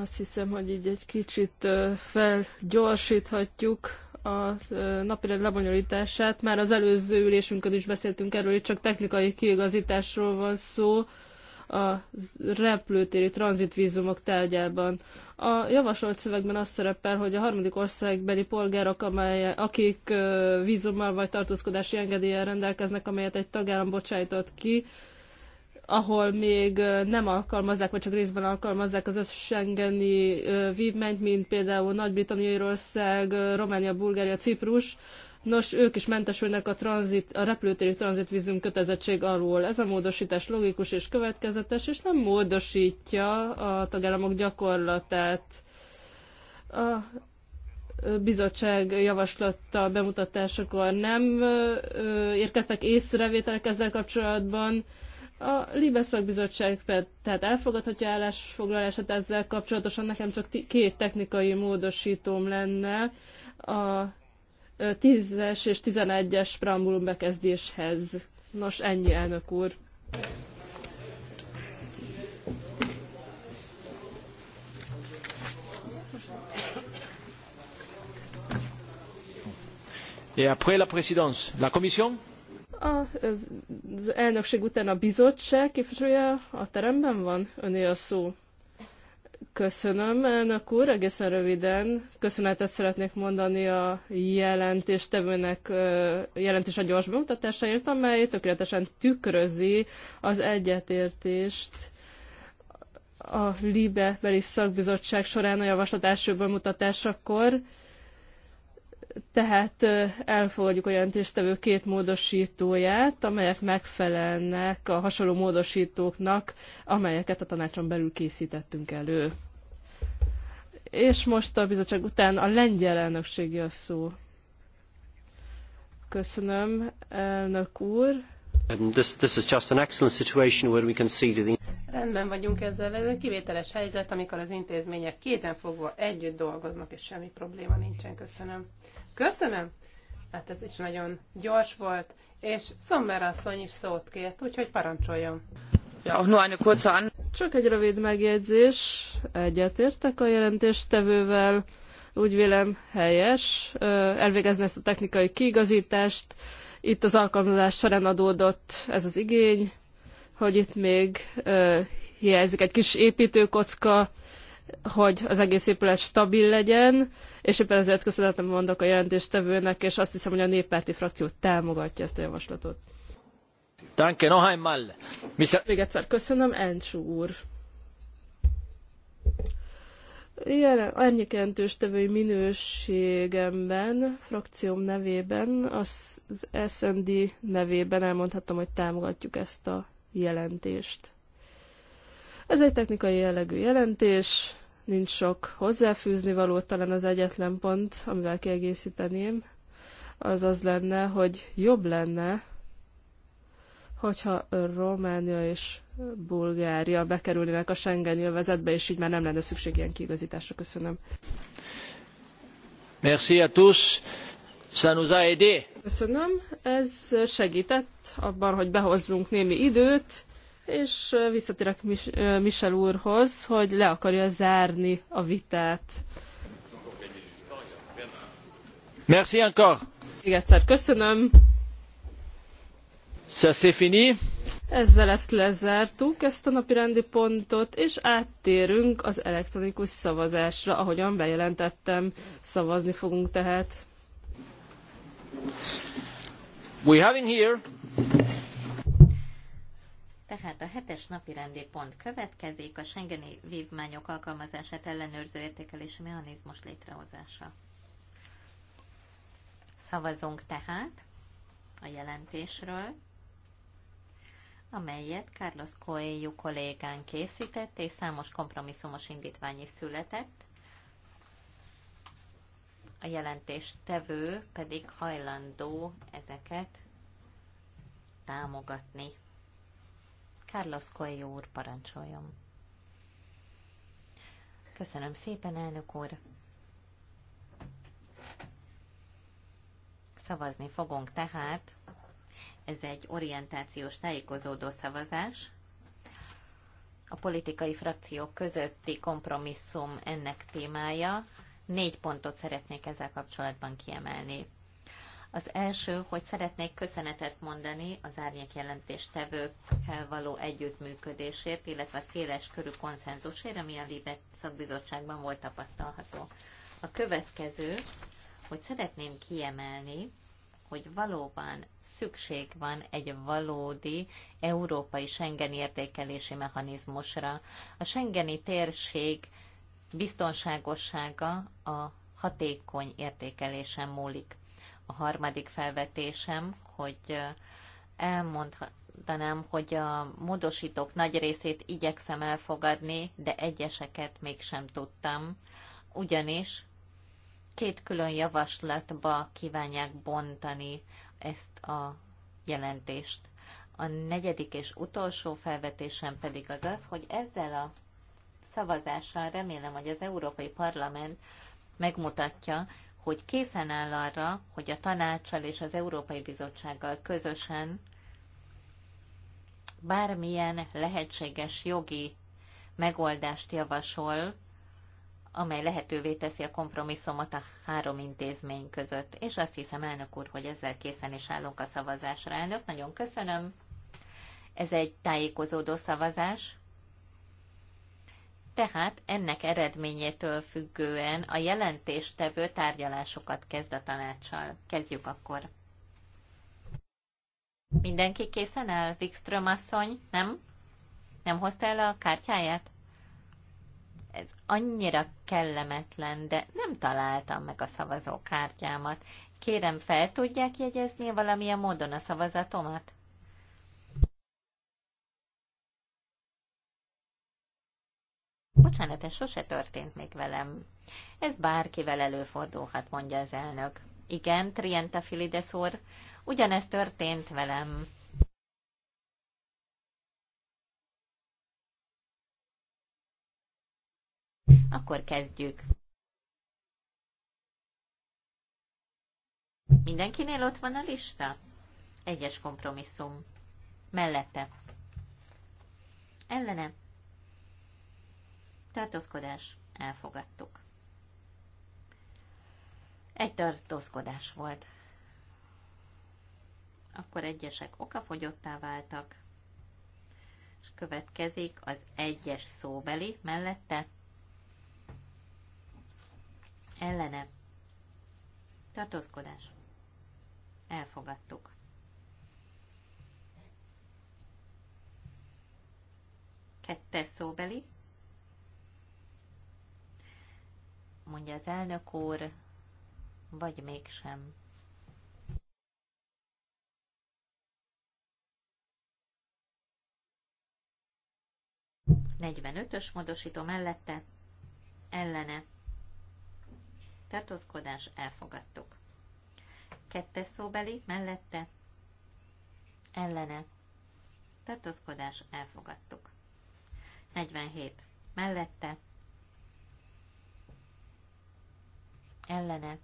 Azt hiszem, hogy így egy kicsit felgyorsíthatjuk a napirend lebonyolítását. Már az előző ülésünkön is beszéltünk erről, hogy csak technikai kiigazításról van szó a repülőtéri tranzitvízumok tárgyában. A javasolt szövegben az szerepel, hogy a harmadik országbeli polgárok, amely, akik vízummal vagy tartózkodási engedéllyel rendelkeznek, amelyet egy tagállam bocsájtott ki, ahol még nem alkalmazzák, vagy csak részben alkalmazzák az összes Schengeni vívmányt, mint például Nagy-Britannia, Írország, Románia, Bulgária, Ciprus, Nos, ők is mentesülnek a, tranzit, a repülőtéri tranzitvízum kötelezettség alól. Ez a módosítás logikus és következetes, és nem módosítja a tagállamok gyakorlatát. A bizottság javaslata bemutatásakor nem érkeztek észrevételek ezzel kapcsolatban. A Libeszak Bizottság tehát elfogadhatja állásfoglalását ezzel kapcsolatosan. Nekem csak két technikai módosítóm lenne. A 10-es és 11-es preambulum bekezdéshez. Nos, ennyi, elnök úr. Et après la présidence, la commission Az elnökség után a bizottság képviselője a teremben van? Öné a szó. Köszönöm, elnök úr, egészen röviden. Köszönetet szeretnék mondani a jelentéstevőnek jelentés a gyors bemutatásáért, amely tökéletesen tükrözi az egyetértést a LIBE beli szakbizottság során a javaslat első bemutatásakor. Tehát elfogadjuk a jelentéstevő két módosítóját, amelyek megfelelnek a hasonló módosítóknak, amelyeket a tanácson belül készítettünk elő. És most a bizottság után a lengyel elnökség jön szó. Köszönöm, elnök úr. Um, this, this is just an excellent situation where we can see the... Rendben vagyunk ezzel. Ez egy kivételes helyzet, amikor az intézmények kézenfogva együtt dolgoznak, és semmi probléma nincsen. Köszönöm. Köszönöm! Hát ez is nagyon gyors volt, és Szommer asszony is szót kért, úgyhogy parancsoljon. Ja, nur eine kurze an... Csak egy rövid megjegyzés. Egyetértek a jelentéstevővel. Úgy vélem helyes elvégezni ezt a technikai kiigazítást. Itt az alkalmazás során adódott ez az igény, hogy itt még hiányzik egy kis építőkocka, hogy az egész épület stabil legyen, és éppen ezért köszönetem mondok a jelentéstevőnek, és azt hiszem, hogy a néppárti frakció támogatja ezt a javaslatot. Danke noch einmal. Mr. Még egyszer köszönöm, Encsú úr. Jelen árnyékjelentős minőségemben, frakcióm nevében, az, az SND nevében elmondhatom, hogy támogatjuk ezt a jelentést. Ez egy technikai jellegű jelentés, nincs sok hozzáfűzni való, talán az egyetlen pont, amivel kiegészíteném, az az lenne, hogy jobb lenne, hogyha Románia és Bulgária bekerülnének a Schengen jövezetbe, és így már nem lenne szükség ilyen kiigazításra. Köszönöm. Merci à tous. Ça nous a aidé. Köszönöm. Ez segített abban, hogy behozzunk némi időt, és visszatérek Michel úrhoz, hogy le akarja zárni a vitát. Merci encore. Még egyszer köszönöm. Ça c'est fini. Ezzel ezt lezártuk, ezt a napi rendi pontot, és áttérünk az elektronikus szavazásra, ahogyan bejelentettem, szavazni fogunk tehát. We have in here. Tehát a hetes napi rendi pont következik a Schengeni vívmányok alkalmazását ellenőrző értékelési mechanizmus létrehozása. Szavazunk tehát a jelentésről amelyet Carlos Coelho kollégán készített, és számos kompromisszumos indítvány is született. A jelentéstevő pedig hajlandó ezeket támogatni. Carlos Coelho úr, parancsoljon! Köszönöm szépen, elnök úr! Szavazni fogunk tehát ez egy orientációs tájékozódó szavazás. A politikai frakciók közötti kompromisszum ennek témája. Négy pontot szeretnék ezzel kapcsolatban kiemelni. Az első, hogy szeretnék köszönetet mondani az árnyék jelentéstevőkkel való együttműködésért, illetve a széles körű konszenzusért, ami a Libet szakbizottságban volt tapasztalható. A következő, hogy szeretném kiemelni, hogy valóban szükség van egy valódi európai Schengeni értékelési mechanizmusra. A Schengeni térség biztonságossága a hatékony értékelésen múlik. A harmadik felvetésem, hogy elmondanám, hogy a módosítók nagy részét igyekszem elfogadni, de egyeseket mégsem tudtam, ugyanis két külön javaslatba kívánják bontani ezt a jelentést. A negyedik és utolsó felvetésem pedig az az, hogy ezzel a szavazással remélem, hogy az Európai Parlament megmutatja, hogy készen áll arra, hogy a tanácssal és az Európai Bizottsággal közösen bármilyen lehetséges jogi megoldást javasol amely lehetővé teszi a kompromisszumot a három intézmény között. És azt hiszem, elnök úr, hogy ezzel készen is állunk a szavazásra. Elnök, nagyon köszönöm. Ez egy tájékozódó szavazás. Tehát ennek eredményétől függően a jelentéstevő tárgyalásokat kezd a tanácssal. Kezdjük akkor. Mindenki készen áll, Wikström asszony, nem? Nem hozta el a kártyáját? ez annyira kellemetlen, de nem találtam meg a szavazókártyámat. Kérem, fel tudják jegyezni valamilyen módon a szavazatomat? Bocsánat, ez sose történt még velem. Ez bárkivel előfordulhat, mondja az elnök. Igen, Trienta Filides úr, ugyanezt történt velem. Akkor kezdjük. Mindenkinél ott van a lista? Egyes kompromisszum. Mellette. Ellene. Tartózkodás. Elfogadtuk. Egy tartózkodás volt. Akkor egyesek okafogyottá váltak, és következik az egyes szóbeli mellette ellene tartózkodás elfogadtuk. Kettes szóbeli, mondja az elnök úr, vagy mégsem. Negyvenötös módosító mellette ellene tartózkodás elfogadtuk. Kettes szóbeli mellette ellene tartózkodás elfogadtuk. 47 mellette ellene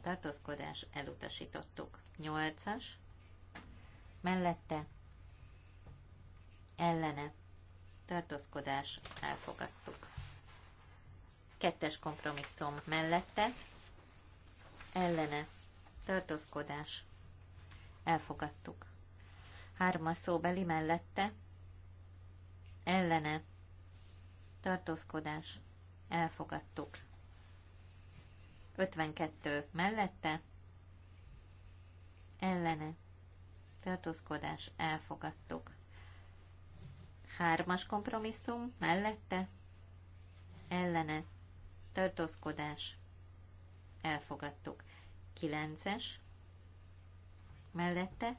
tartózkodás elutasítottuk. 8-as mellette ellene tartózkodás elfogadtuk. Kettes kompromisszum mellette ellene tartózkodás elfogadtuk. Hármas szóbeli mellette ellene tartózkodás elfogadtuk. 52 mellette ellene tartózkodás elfogadtuk. Hármas kompromisszum mellette ellene tartózkodás, elfogadtuk. 9-es, mellette,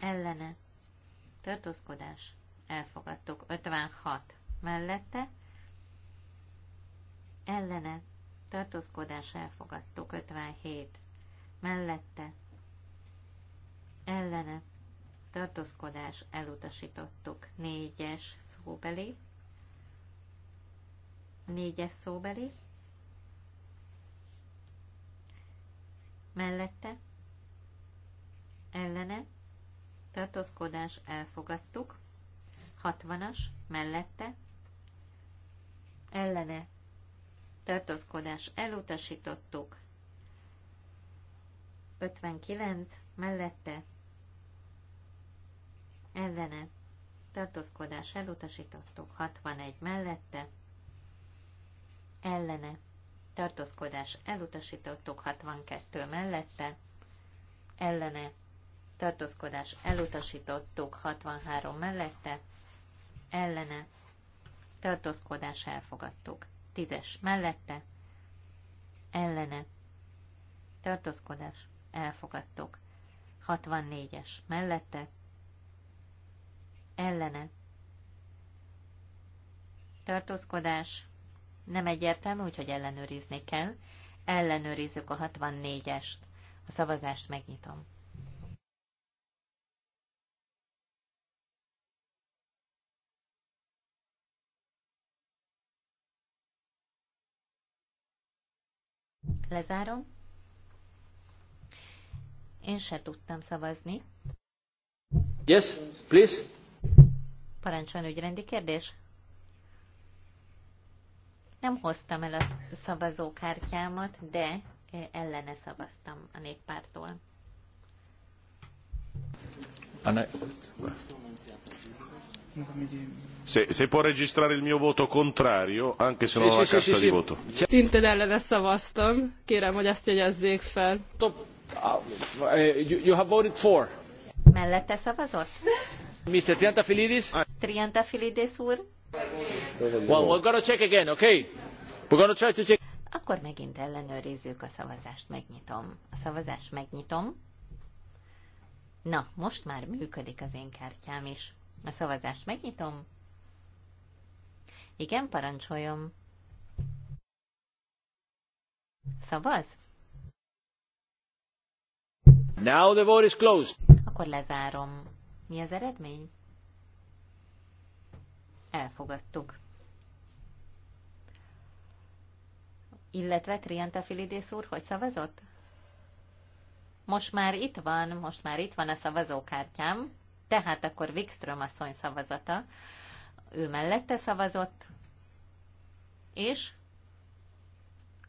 ellene, tartózkodás, elfogadtuk. 56, mellette, ellene, tartózkodás, elfogadtuk. 57, mellette, ellene, tartózkodás, elutasítottuk. 4-es, szóbeli, négyes szóbeli, mellette, ellene, tartózkodás elfogadtuk, 60-as, mellette, ellene, tartózkodás elutasítottuk, 59, mellette, ellene, tartózkodás elutasítottuk, 61 mellette, ellene tartózkodás elutasítottuk 62 mellette, ellene tartózkodás elutasítottuk 63 mellette, ellene tartózkodás elfogadtuk 10-es mellette, ellene tartózkodás elfogadtuk 64-es mellette, ellene tartózkodás nem egyértelmű, úgyhogy ellenőrizni kell. Ellenőrizzük a 64-est. A szavazást megnyitom. Lezárom. Én se tudtam szavazni. Yes, please. Parancsoljon ügyrendi kérdés. Nem hoztam el a szavazókártyámat, de eh, ellene szavaztam a néppártól. Se, se può registrare il mio voto contrario, anche se non ho la carta di voto. Szintén ellene szavaztam. Kérem, hogy ezt jegyezzék fel. Top. Uh, you, you have voted for. Mellette szavazott? Mr. Trianta Filidis úr? Well, we're gonna check again, okay? We're gonna try to check. Akkor megint ellenőrizzük a szavazást, megnyitom. A szavazást megnyitom. Na, most már működik az én kártyám is. A szavazást megnyitom. Igen, parancsoljon. Szavaz? Now the vote is closed. Akkor lezárom. Mi az eredmény? elfogadtuk. Illetve Trienta Filidész úr, hogy szavazott? Most már itt van, most már itt van a szavazókártyám, tehát akkor Wikström asszony szavazata. Ő mellette szavazott, és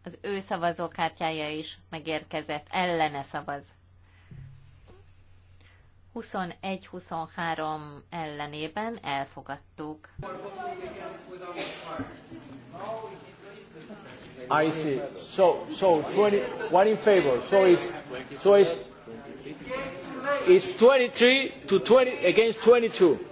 az ő szavazókártyája is megérkezett, ellene szavaz. 21-23 ellenében elfogadtuk. I see. So, so 20, one in favor. So it's, so it's, it's 23 to 20 against 22.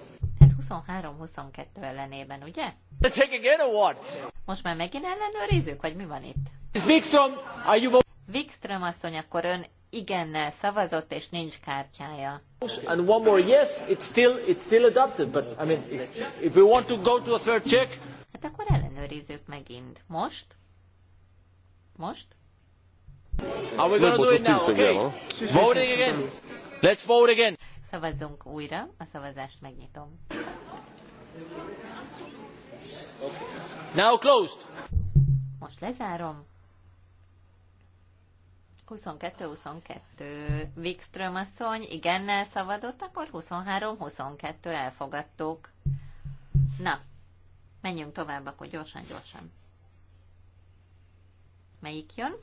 Hát 23-22 ellenében, ugye? Let's take again a one. Most már megint ellenőrizzük, vagy mi van itt? It's Wikström, are you... Wikström asszony, akkor ön igennel szavazott, és nincs kártyája. And one more yes, it's still, it's still adopted, but I mean, if we want to go to a third check... Hát akkor ellenőrizzük megint. Most? Most? Are we gonna do it now? Okay. Voting again. Let's vote again. Szavazzunk újra, a szavazást megnyitom. Now closed. Most lezárom. 22-22 Wikström asszony igennel szavadott, akkor 23-22 elfogadtuk. Na, menjünk tovább, akkor gyorsan-gyorsan. Melyik jön?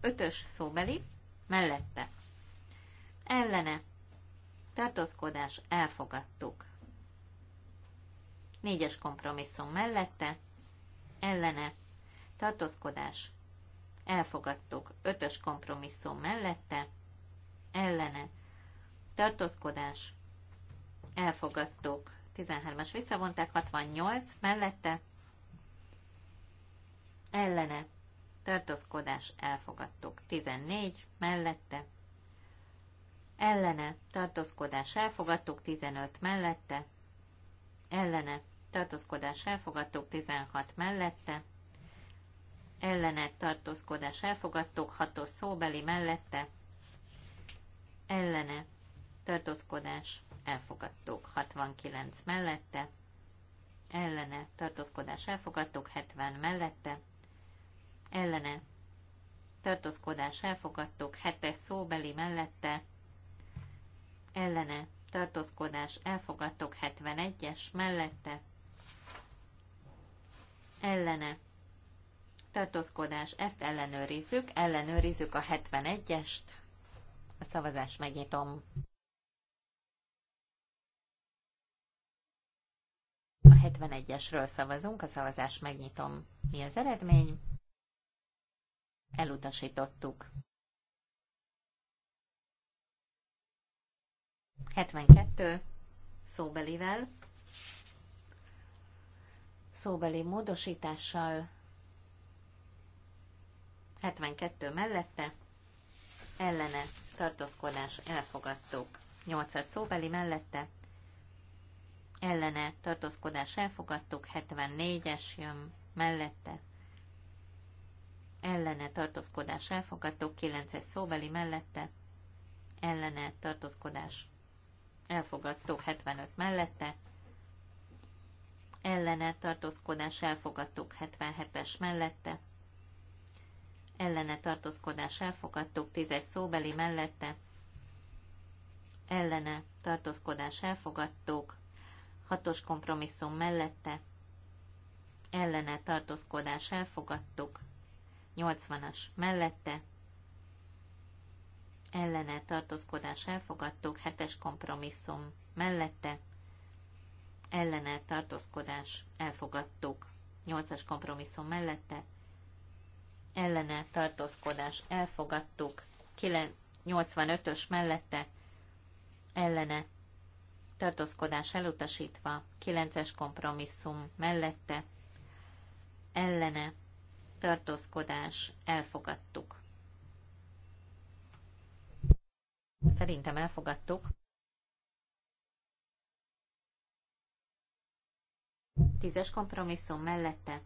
Ötös szóbeli, mellette. Ellene. Tartózkodás, elfogadtuk. Négyes kompromisszum mellette. Ellene. Tartózkodás, elfogadtuk. Ötös kompromisszum mellette, ellene, tartózkodás, elfogadtuk. 13-as visszavonták, 68 mellette, ellene, tartózkodás, elfogadtuk. 14 mellette, ellene, tartózkodás, elfogadtuk. 15 mellette, ellene, tartózkodás, elfogadtuk. 16 mellette, ellene tartózkodás elfogadtuk, hatos szóbeli mellette ellene tartózkodás elfogadtuk, 69 mellette ellene tartózkodás elfogadtuk, 70 mellette ellene tartózkodás elfogadtuk, 7-es szóbeli mellette ellene tartózkodás elfogadtuk, 71-es mellette ellene tartózkodás, ezt ellenőrizzük, ellenőrizzük a 71-est, a szavazás megnyitom. A 71-esről szavazunk, a szavazás megnyitom. Mi az eredmény? Elutasítottuk. 72 szóbelivel, szóbeli módosítással 72 mellette, ellene tartózkodás elfogadtuk. 800 szóbeli mellette, ellene tartózkodás elfogadtuk, 74-es jön mellette, ellene tartózkodás elfogadtuk, 9-es szóbeli mellette, ellene tartózkodás elfogadtuk, 75 mellette, ellene tartózkodás elfogadtuk, 77-es mellette, ellene tartózkodás elfogadtuk, tízes szóbeli mellette ellene tartózkodás elfogadtuk, hatos kompromisszum mellette ellene tartózkodás elfogadtuk, 80-as mellette ellene tartózkodás elfogadtuk, hetes kompromisszum mellette ellene tartózkodás elfogadtuk, 8-as kompromisszum mellette ellene tartózkodás elfogadtuk, 85-ös mellette ellene tartózkodás elutasítva, 9-es kompromisszum mellette ellene tartózkodás elfogadtuk. Szerintem elfogadtuk. 10-es kompromisszum mellette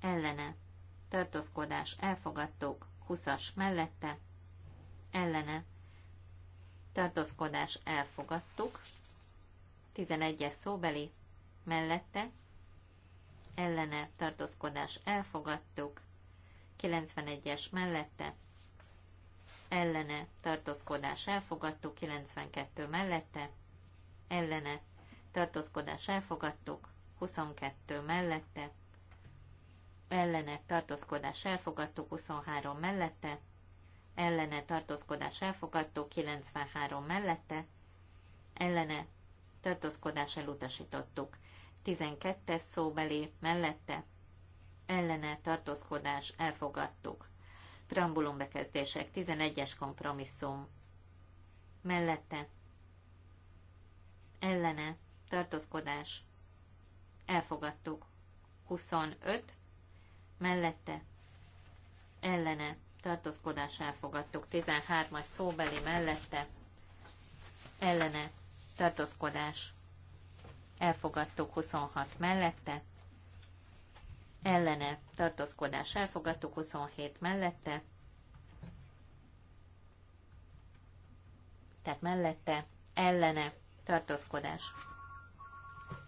ellene tartózkodás elfogadtuk, 20-as mellette, ellene, tartózkodás elfogadtuk, 11-es szóbeli, mellette, ellene, tartózkodás elfogadtuk, 91-es mellette, ellene, tartózkodás elfogadtuk, 92 mellette, ellene, tartózkodás elfogadtuk, 22 mellette, ellene tartózkodás elfogadtuk, 23 mellette, ellene tartózkodás elfogadtuk, 93 mellette, ellene tartózkodás elutasítottuk, 12 szóbeli mellette, ellene tartózkodás elfogadtuk. Trambulum bekezdések, 11-es kompromisszum mellette, ellene tartózkodás elfogadtuk, 25 mellette ellene tartózkodás elfogadtuk. 13-as szóbeli mellette ellene tartózkodás elfogadtuk. 26 mellette ellene tartózkodás elfogadtuk. 27 mellette tehát mellette ellene tartózkodás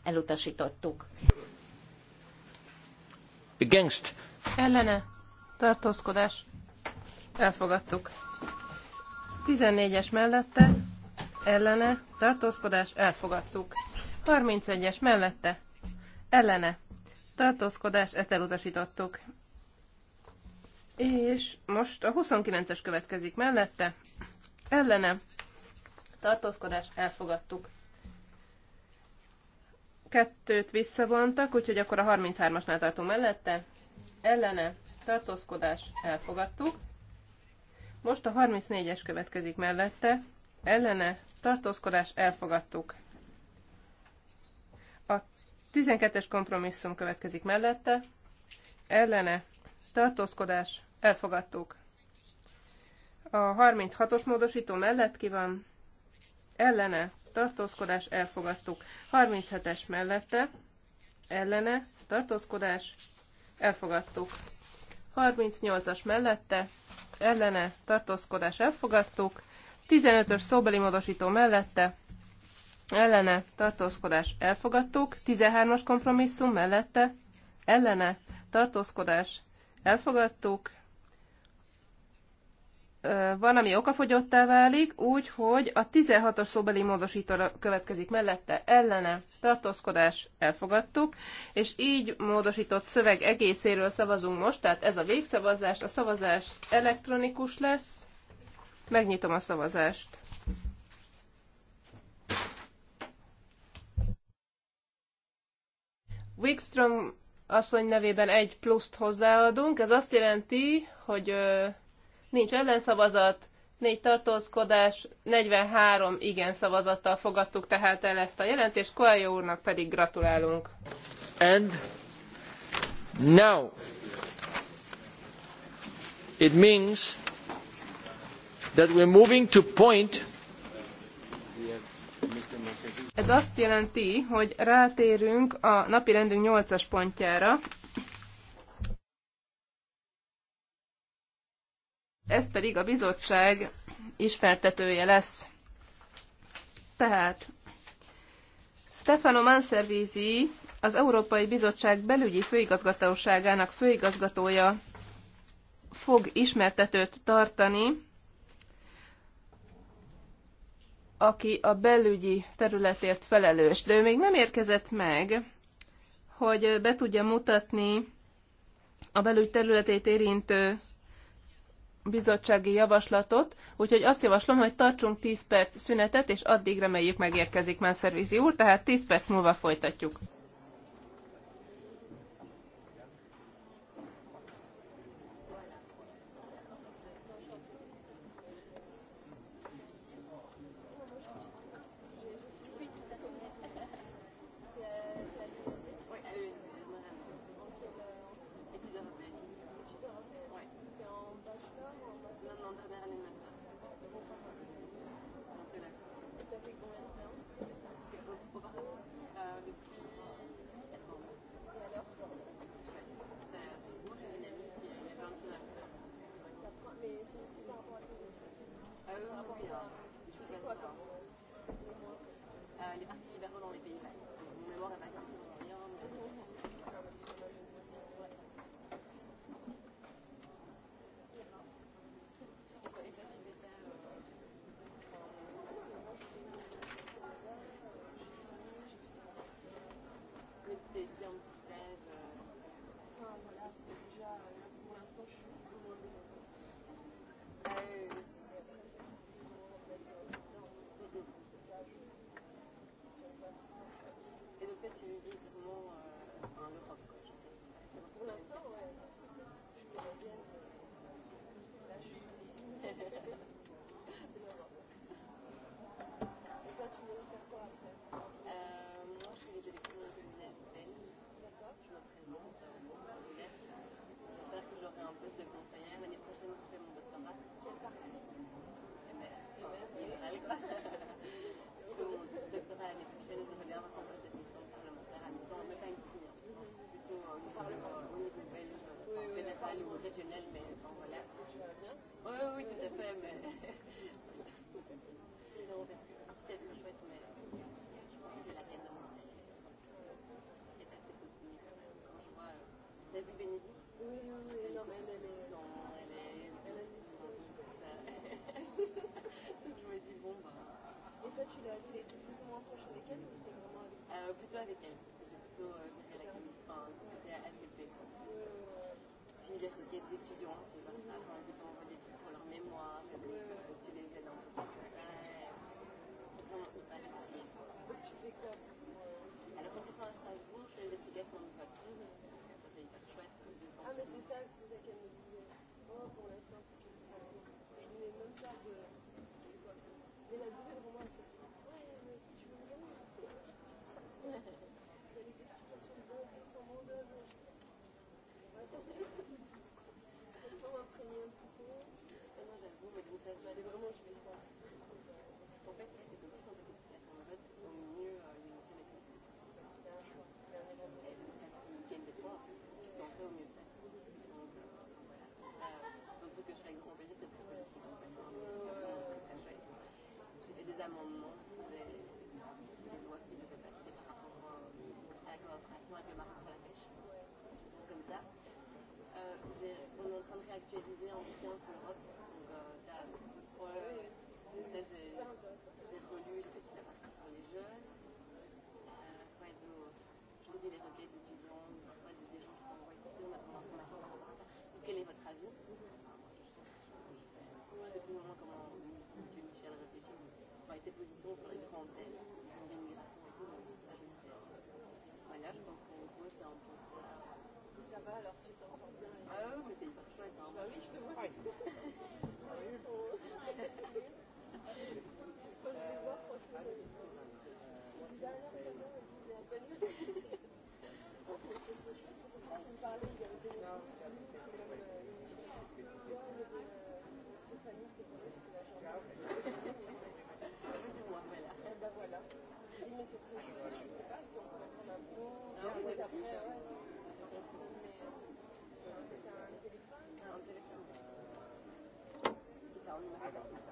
elutasítottuk. Against Ellene. Tartózkodás. Elfogadtuk. 14-es mellette. Ellene. Tartózkodás. Elfogadtuk. 31-es mellette. Ellene. Tartózkodás. Ezt elutasítottuk. És most a 29-es következik mellette. Ellene. Tartózkodás. Elfogadtuk. Kettőt visszavontak, úgyhogy akkor a 33-asnál tartunk mellette ellene tartózkodás elfogadtuk. Most a 34-es következik mellette, ellene tartózkodás elfogadtuk. A 12-es kompromisszum következik mellette, ellene tartózkodás elfogadtuk. A 36-os módosító mellett ki van, ellene tartózkodás elfogadtuk. 37-es mellette, ellene tartózkodás elfogadtuk. 38-as mellette, ellene, tartózkodás, elfogadtuk. 15-ös szóbeli módosító mellette, ellene, tartózkodás, elfogadtuk. 13-as kompromisszum mellette, ellene, tartózkodás, elfogadtuk van, ami okafogyottá válik, úgy, hogy a 16-os szóbeli módosító következik mellette ellene tartózkodás elfogadtuk, és így módosított szöveg egészéről szavazunk most, tehát ez a végszavazás, a szavazás elektronikus lesz. Megnyitom a szavazást. Wikström asszony nevében egy pluszt hozzáadunk, ez azt jelenti, hogy Nincs ellenszavazat, négy tartózkodás, 43 igen szavazattal fogadtuk tehát el ezt a jelentést, Koeljo úrnak pedig gratulálunk. And now it means that we're moving to point ez azt jelenti, hogy rátérünk a napirendünk 8-as pontjára, Ez pedig a bizottság ismertetője lesz. Tehát Stefano Manservizi, az Európai Bizottság belügyi főigazgatóságának főigazgatója fog ismertetőt tartani, aki a belügyi területért felelős, de ő még nem érkezett meg, hogy be tudja mutatni a belügy területét érintő bizottsági javaslatot, úgyhogy azt javaslom, hogy tartsunk 10 perc szünetet, és addig reméljük megérkezik Manservizi úr, tehát 10 perc múlva folytatjuk. toi, tu l'as été plus ou moins proche avec elle ou c'était vraiment avec elle euh, Plutôt avec elle, parce j'ai plutôt euh, géré la question, enfin, c'était assez fait. Quoi. Euh... Puis les requêtes d'étudiants, tu vois, mm -hmm. avant de t'envoyer des trucs pour leur mémoire, mm -hmm. ouais. euh, tu les aides en fait. Ouais. C'est vraiment hyper utile. Donc tu fais quoi euh... Alors quand ils sont à Strasbourg, je fais les applications de vote. Mm -hmm. Ça c'est hyper chouette. Ah mais c'est ça, c'est ça qu'elle me disait. Oh, pour l'instant, parce Comment après un petit peu Alors j'avoue, mais vous savez, vraiment, je vais assez actualisé en bouquin sur l'Europe. Donc, euh, tu as ce contrôle. Euh, là, j'ai, j'ai relu, j'ai fait toute la partie sur les jeunes. Euh, quoi d'autre Je relis les requêtes d'étudiants, parfois des, des gens qui t'envoient écouter, on a ton information par rapport à ça. Donc, quel est votre avis Je sais plus vraiment comment M. Michel réfléchit, enfin, ses positions sur les grands thèmes, l'immigration et tout, donc ça, je sais. Voilà, je pense qu'en gros, c'est un peu ça. Et ça va alors, tu t'en sens bien ば見してもらって。そう。Quand je I don't know.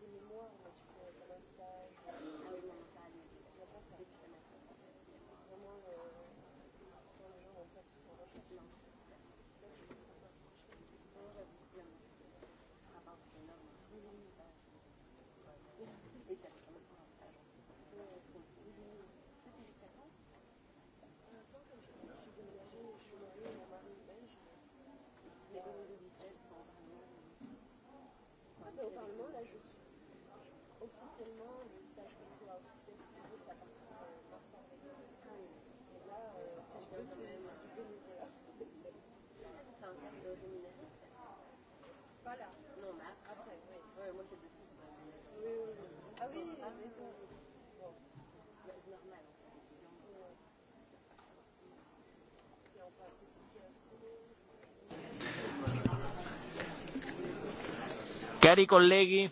de mémoire, je forcément le de ça Et là, euh, si je veux, c'est du c'est un de Non, mais après. après oui. Ouais, moi c'est de 6. Oui, oui, oui. Ah oui, ah, Bon. c'est normal en fait, étudiant. Ouais. Et Cari colleghi,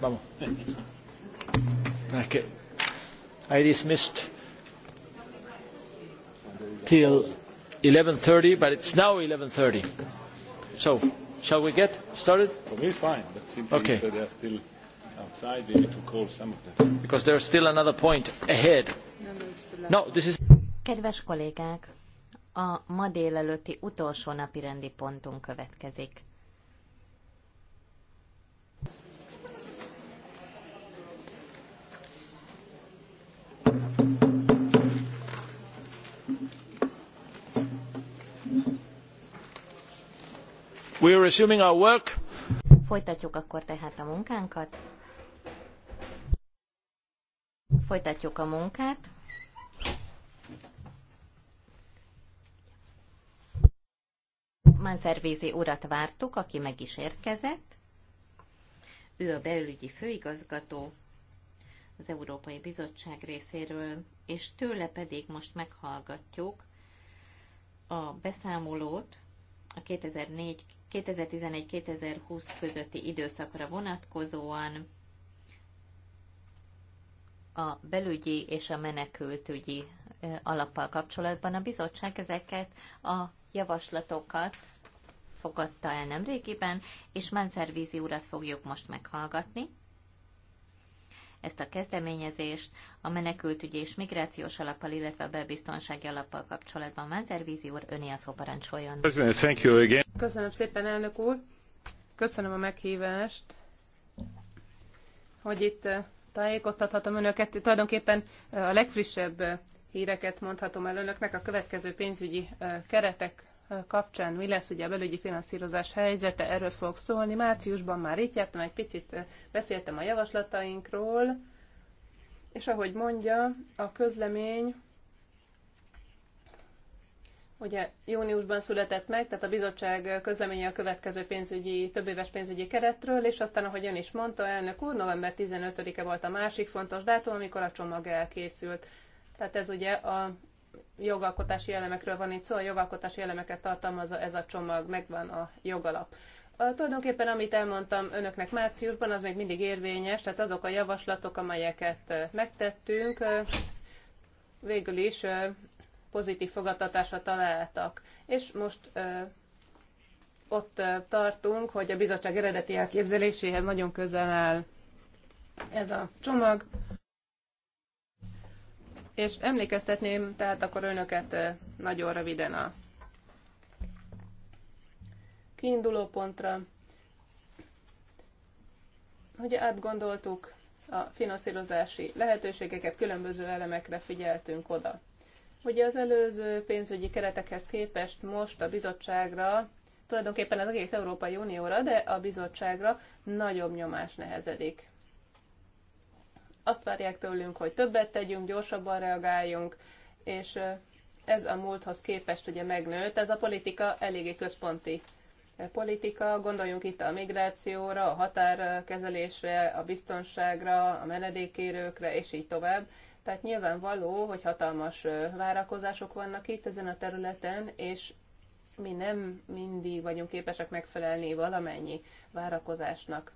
Vamos. Okay. I dismissed till 11.30, but it's now 11.30. So. Shall we get started? For me, fine, but simply okay. so they are still outside, They need to call some of them. Because there is still another point ahead. no this is... Kedves kollégák, a ma délelőtti utolsó napi rendi pontunk következik. We are resuming our work. Folytatjuk akkor tehát a munkánkat. Folytatjuk a munkát. Manzervézi urat vártuk, aki meg is érkezett. Ő a belügyi főigazgató az Európai Bizottság részéről, és tőle pedig most meghallgatjuk a beszámolót a 2004 2011-2020 közötti időszakra vonatkozóan a belügyi és a menekültügyi alappal kapcsolatban. A bizottság ezeket a javaslatokat fogadta el nemrégiben, és Vízi urat fogjuk most meghallgatni ezt a kezdeményezést a menekültügyi és migrációs alappal, illetve a belbiztonsági alappal kapcsolatban. Mázer Vízi úr, öné a szó parancsoljon. Köszönöm szépen, elnök úr. Köszönöm a meghívást, hogy itt eh, tájékoztathatom önöket. Tulajdonképpen eh, a legfrissebb eh, híreket mondhatom el önöknek a következő pénzügyi keretek kapcsán mi lesz ugye a belügyi finanszírozás helyzete, erről fogok szólni. Márciusban már itt jártam, egy picit beszéltem a javaslatainkról, és ahogy mondja, a közlemény ugye júniusban született meg, tehát a bizottság közleménye a következő pénzügyi, többéves pénzügyi keretről, és aztán, ahogy ön is mondta, elnök úr, november 15-e volt a másik fontos dátum, amikor a csomag elkészült. Tehát ez ugye a jogalkotási elemekről van itt szó, szóval a jogalkotási elemeket tartalmazza ez a csomag, megvan a jogalap. A, tulajdonképpen amit elmondtam önöknek márciusban, az még mindig érvényes, tehát azok a javaslatok, amelyeket megtettünk, végül is pozitív fogadtatásra találtak. És most ott tartunk, hogy a bizottság eredeti elképzeléséhez nagyon közel áll ez a csomag. És emlékeztetném tehát akkor önöket nagyon röviden a kiinduló pontra. Ugye átgondoltuk a finanszírozási lehetőségeket, különböző elemekre figyeltünk oda. Ugye az előző pénzügyi keretekhez képest most a bizottságra, tulajdonképpen az egész Európai Unióra, de a bizottságra nagyobb nyomás nehezedik. Azt várják tőlünk, hogy többet tegyünk, gyorsabban reagáljunk, és ez a múlthoz képest ugye megnőtt. Ez a politika eléggé központi e, politika, gondoljunk itt a migrációra, a határkezelésre, a biztonságra, a menedékkérőkre, és így tovább. Tehát nyilvánvaló, hogy hatalmas várakozások vannak itt ezen a területen, és mi nem mindig vagyunk képesek megfelelni valamennyi várakozásnak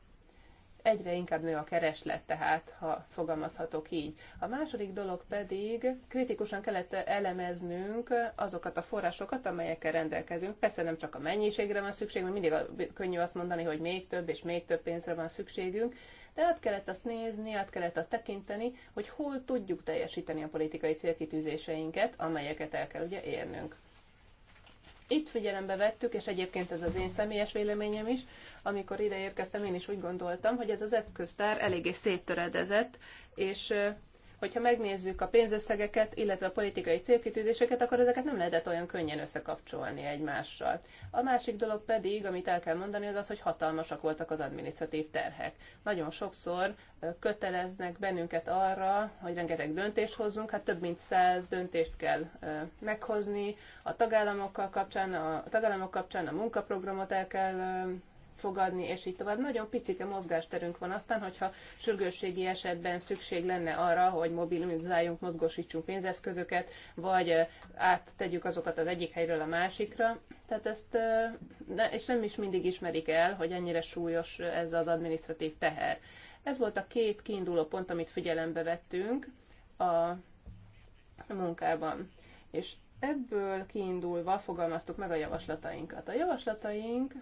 egyre inkább nő a kereslet, tehát ha fogalmazhatok így. A második dolog pedig kritikusan kellett elemeznünk azokat a forrásokat, amelyekkel rendelkezünk. Persze nem csak a mennyiségre van szükség, mert mindig könnyű azt mondani, hogy még több és még több pénzre van szükségünk, de át kellett azt nézni, át kellett azt tekinteni, hogy hol tudjuk teljesíteni a politikai célkitűzéseinket, amelyeket el kell ugye érnünk. Itt figyelembe vettük, és egyébként ez az én személyes véleményem is, amikor ide érkeztem, én is úgy gondoltam, hogy ez az eszköztár eléggé széttöredezett, és Hogyha megnézzük a pénzösszegeket, illetve a politikai célkitűzéseket, akkor ezeket nem lehetett olyan könnyen összekapcsolni egymással. A másik dolog pedig, amit el kell mondani, az az, hogy hatalmasak voltak az administratív terhek. Nagyon sokszor köteleznek bennünket arra, hogy rengeteg döntést hozzunk, hát több mint száz döntést kell meghozni. A tagállamokkal kapcsán, a, tagállamok kapcsán a munkaprogramot el kell fogadni, és így tovább. Nagyon picike mozgásterünk van aztán, hogyha sürgősségi esetben szükség lenne arra, hogy mobilizáljunk, mozgósítsunk pénzeszközöket, vagy áttegyük azokat az egyik helyről a másikra. Tehát ezt, de, és nem is mindig ismerik el, hogy ennyire súlyos ez az administratív teher. Ez volt a két kiinduló pont, amit figyelembe vettünk a munkában. És ebből kiindulva fogalmaztuk meg a javaslatainkat. A javaslataink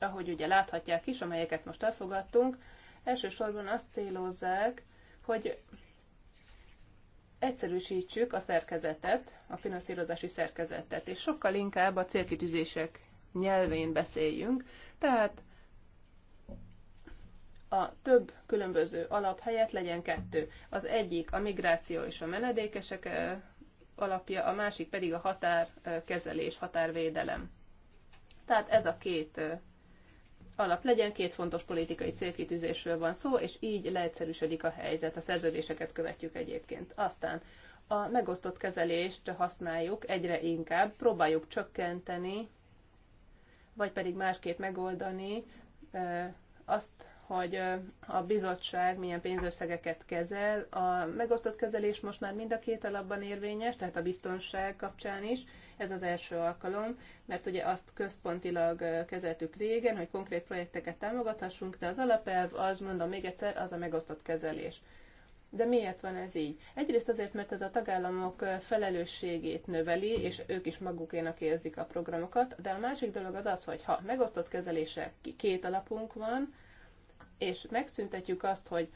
ahogy ugye láthatják is, amelyeket most elfogadtunk, elsősorban azt célozzák, hogy egyszerűsítsük a szerkezetet, a finanszírozási szerkezetet, és sokkal inkább a célkitűzések nyelvén beszéljünk. Tehát a több különböző alap helyett legyen kettő. Az egyik a migráció és a menedékesek alapja, a másik pedig a határkezelés, határvédelem. Tehát ez a két alap legyen, két fontos politikai célkitűzésről van szó, és így leegyszerűsödik a helyzet, a szerződéseket követjük egyébként. Aztán a megosztott kezelést használjuk egyre inkább, próbáljuk csökkenteni, vagy pedig másképp megoldani azt, hogy a bizottság milyen pénzösszegeket kezel. A megosztott kezelés most már mind a két alapban érvényes, tehát a biztonság kapcsán is, ez az első alkalom, mert ugye azt központilag kezeltük régen, hogy konkrét projekteket támogathassunk, de az alapelv, az mondom még egyszer, az a megosztott kezelés. De miért van ez így? Egyrészt azért, mert ez a tagállamok felelősségét növeli, és ők is magukénak érzik a programokat, de a másik dolog az az, hogy ha megosztott kezelése két alapunk van, és megszüntetjük azt, hogy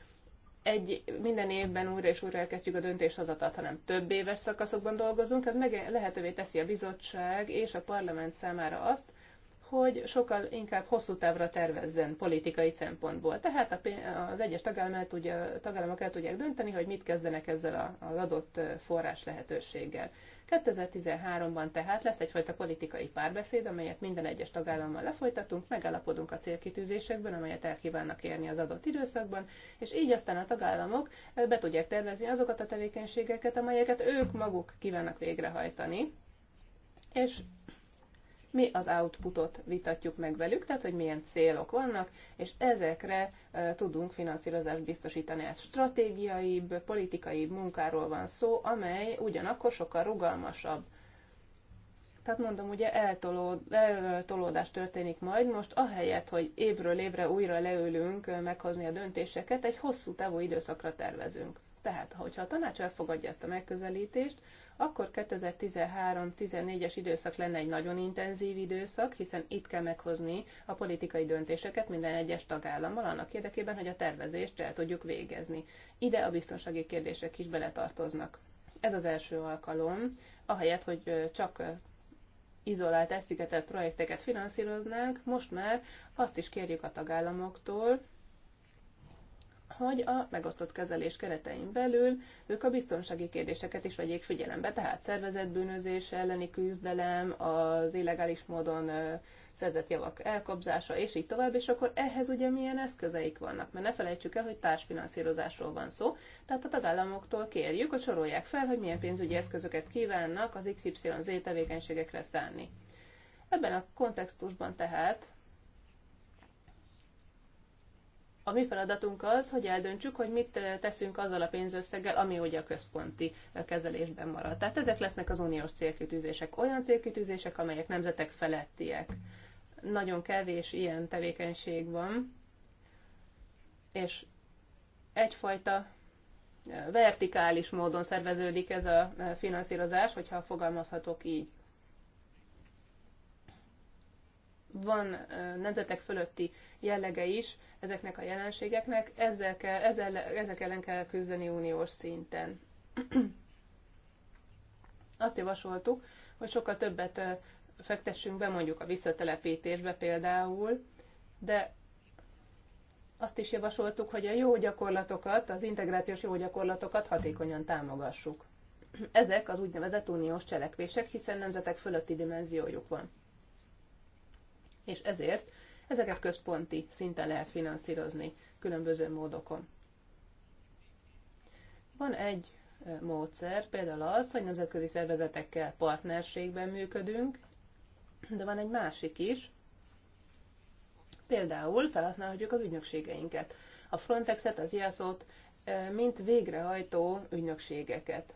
egy, minden évben újra és újra elkezdjük a döntéshozatat, hanem több éves szakaszokban dolgozunk, ez meg lehetővé teszi a bizottság és a parlament számára azt, hogy sokkal inkább hosszú távra tervezzen politikai szempontból. Tehát a, az egyes tudja, tagállamok el tudják dönteni, hogy mit kezdenek ezzel az adott forrás lehetőséggel. 2013-ban tehát lesz egyfajta politikai párbeszéd, amelyet minden egyes tagállammal lefolytatunk, megállapodunk a célkitűzésekben, amelyet el kívánnak érni az adott időszakban, és így aztán a tagállamok eh, be tudják tervezni azokat a tevékenységeket, amelyeket ők maguk kívánnak végrehajtani. És mi az outputot vitatjuk meg velük, tehát hogy milyen célok vannak, és ezekre tudunk finanszírozást biztosítani. Ez stratégiai, politikai munkáról van szó, amely ugyanakkor sokkal rugalmasabb. Tehát mondom, ugye eltolódás történik majd, most ahelyett, hogy évről évre újra leülünk meghozni a döntéseket, egy hosszú távú időszakra tervezünk. Tehát, hogyha a tanács elfogadja ezt a megközelítést, akkor 2013-14-es időszak lenne egy nagyon intenzív időszak, hiszen itt kell meghozni a politikai döntéseket minden egyes tagállammal annak érdekében, hogy a tervezést el tudjuk végezni. Ide a biztonsági kérdések is beletartoznak. Ez az első alkalom, ahelyett, hogy csak izolált, elszigetelt projekteket finanszíroznánk, most már azt is kérjük a tagállamoktól, hogy a megosztott kezelés keretein belül ők a biztonsági kérdéseket is vegyék figyelembe, tehát szervezetbűnözés elleni küzdelem, az illegális módon szerzett javak elkobzása, és így tovább, és akkor ehhez ugye milyen eszközeik vannak, mert ne felejtsük el, hogy társfinanszírozásról van szó, tehát a tagállamoktól kérjük, hogy sorolják fel, hogy milyen pénzügyi eszközöket kívánnak az XYZ tevékenységekre szánni. Ebben a kontextusban tehát a mi feladatunk az, hogy eldöntsük, hogy mit eh, teszünk azzal a pénzösszeggel, ami ugye a központi eh, kezelésben marad. Tehát ezek lesznek az uniós célkitűzések, olyan célkitűzések, amelyek nemzetek felettiek. Nagyon kevés ilyen tevékenység van, és egyfajta eh, vertikális módon szerveződik ez a finanszírozás, hogyha fogalmazhatok így. Van nemzetek fölötti jellege is ezeknek a jelenségeknek, ezzel kell, ezzel, ezek ellen kell küzdeni uniós szinten. Azt javasoltuk, hogy sokkal többet fektessünk be mondjuk a visszatelepítésbe például, de azt is javasoltuk, hogy a jó gyakorlatokat, az integrációs jó gyakorlatokat hatékonyan támogassuk. Ezek az úgynevezett uniós cselekvések, hiszen nemzetek fölötti dimenziójuk van. És ezért Ezeket központi szinten lehet finanszírozni különböző módokon. Van egy módszer, például az, hogy nemzetközi szervezetekkel partnerségben működünk, de van egy másik is, például felhasználhatjuk az ügynökségeinket, a Frontexet, az IASZ-ot, mint végrehajtó ügynökségeket.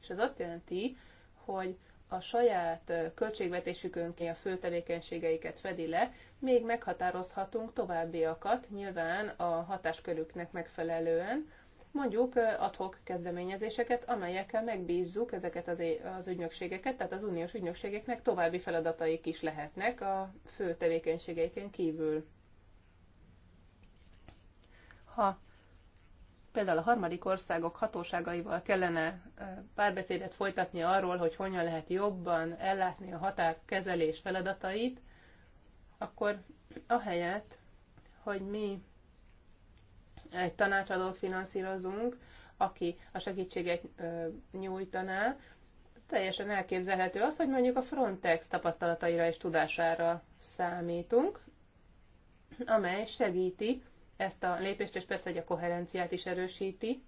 És ez azt jelenti, hogy a saját költségvetésükön a fő tevékenységeiket fedi le, még meghatározhatunk továbbiakat, nyilván a hatáskörüknek megfelelően, mondjuk adhok kezdeményezéseket, amelyekkel megbízzuk ezeket az, az ügynökségeket, tehát az uniós ügynökségeknek további feladataik is lehetnek a fő tevékenységeiken kívül. Ha például a harmadik országok hatóságaival kellene párbeszédet folytatni arról, hogy hogyan lehet jobban ellátni a határkezelés feladatait, akkor ahelyett, hogy mi egy tanácsadót finanszírozunk, aki a segítséget nyújtaná, teljesen elképzelhető az, hogy mondjuk a Frontex tapasztalataira és tudására számítunk, amely segíti ezt a lépést, és persze, hogy a koherenciát is erősíti,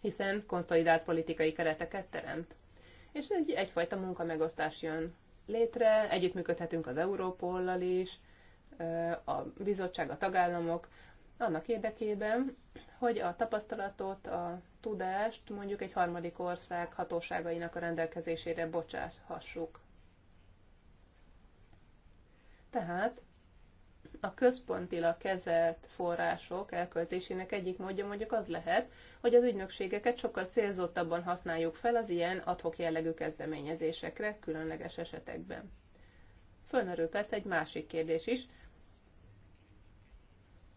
hiszen konszolidált politikai kereteket teremt. És egy, egyfajta munkamegosztás jön létre, együttműködhetünk az Európollal is, a bizottság, a tagállamok, annak érdekében, hogy a tapasztalatot, a tudást mondjuk egy harmadik ország hatóságainak a rendelkezésére bocsáthassuk. Tehát a központilag kezelt források elköltésének egyik módja mondjuk az lehet, hogy az ügynökségeket sokkal célzottabban használjuk fel az ilyen adhok jellegű kezdeményezésekre, különleges esetekben. Fölmerül persze egy másik kérdés is,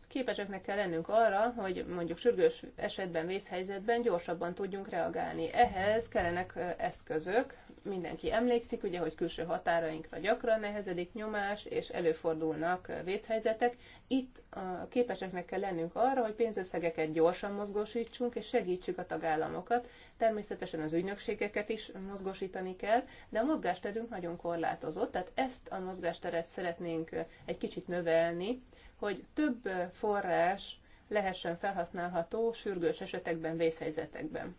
képeseknek kell lennünk arra, hogy mondjuk sürgős esetben, vészhelyzetben gyorsabban tudjunk reagálni. Ehhez kellenek eszközök. Mindenki emlékszik, ugye, hogy külső határainkra gyakran nehezedik nyomás, és előfordulnak vészhelyzetek. Itt a képeseknek kell lennünk arra, hogy pénzösszegeket gyorsan mozgósítsunk, és segítsük a tagállamokat, Természetesen az ügynökségeket is mozgosítani kell, de a mozgásterünk nagyon korlátozott, tehát ezt a mozgásteret szeretnénk egy kicsit növelni, hogy több forrás lehessen felhasználható sürgős esetekben, vészhelyzetekben.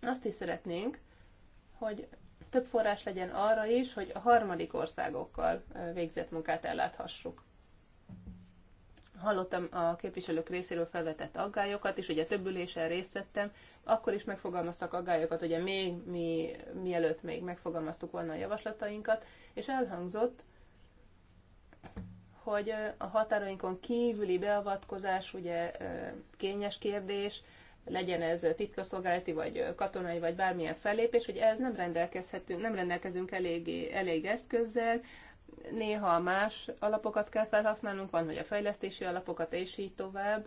Azt is szeretnénk, hogy több forrás legyen arra is, hogy a harmadik országokkal végzett munkát elláthassuk hallottam a képviselők részéről felvetett aggályokat, és ugye több ülésen részt vettem, akkor is megfogalmaztak aggályokat, ugye még mi, mielőtt még megfogalmaztuk volna a javaslatainkat, és elhangzott, hogy a határainkon kívüli beavatkozás ugye kényes kérdés, legyen ez titkosszolgálati, vagy katonai, vagy bármilyen fellépés, hogy ez nem rendelkezhetünk, nem rendelkezünk elég, elég eszközzel, néha más alapokat kell felhasználnunk, van, hogy a fejlesztési alapokat, és így tovább,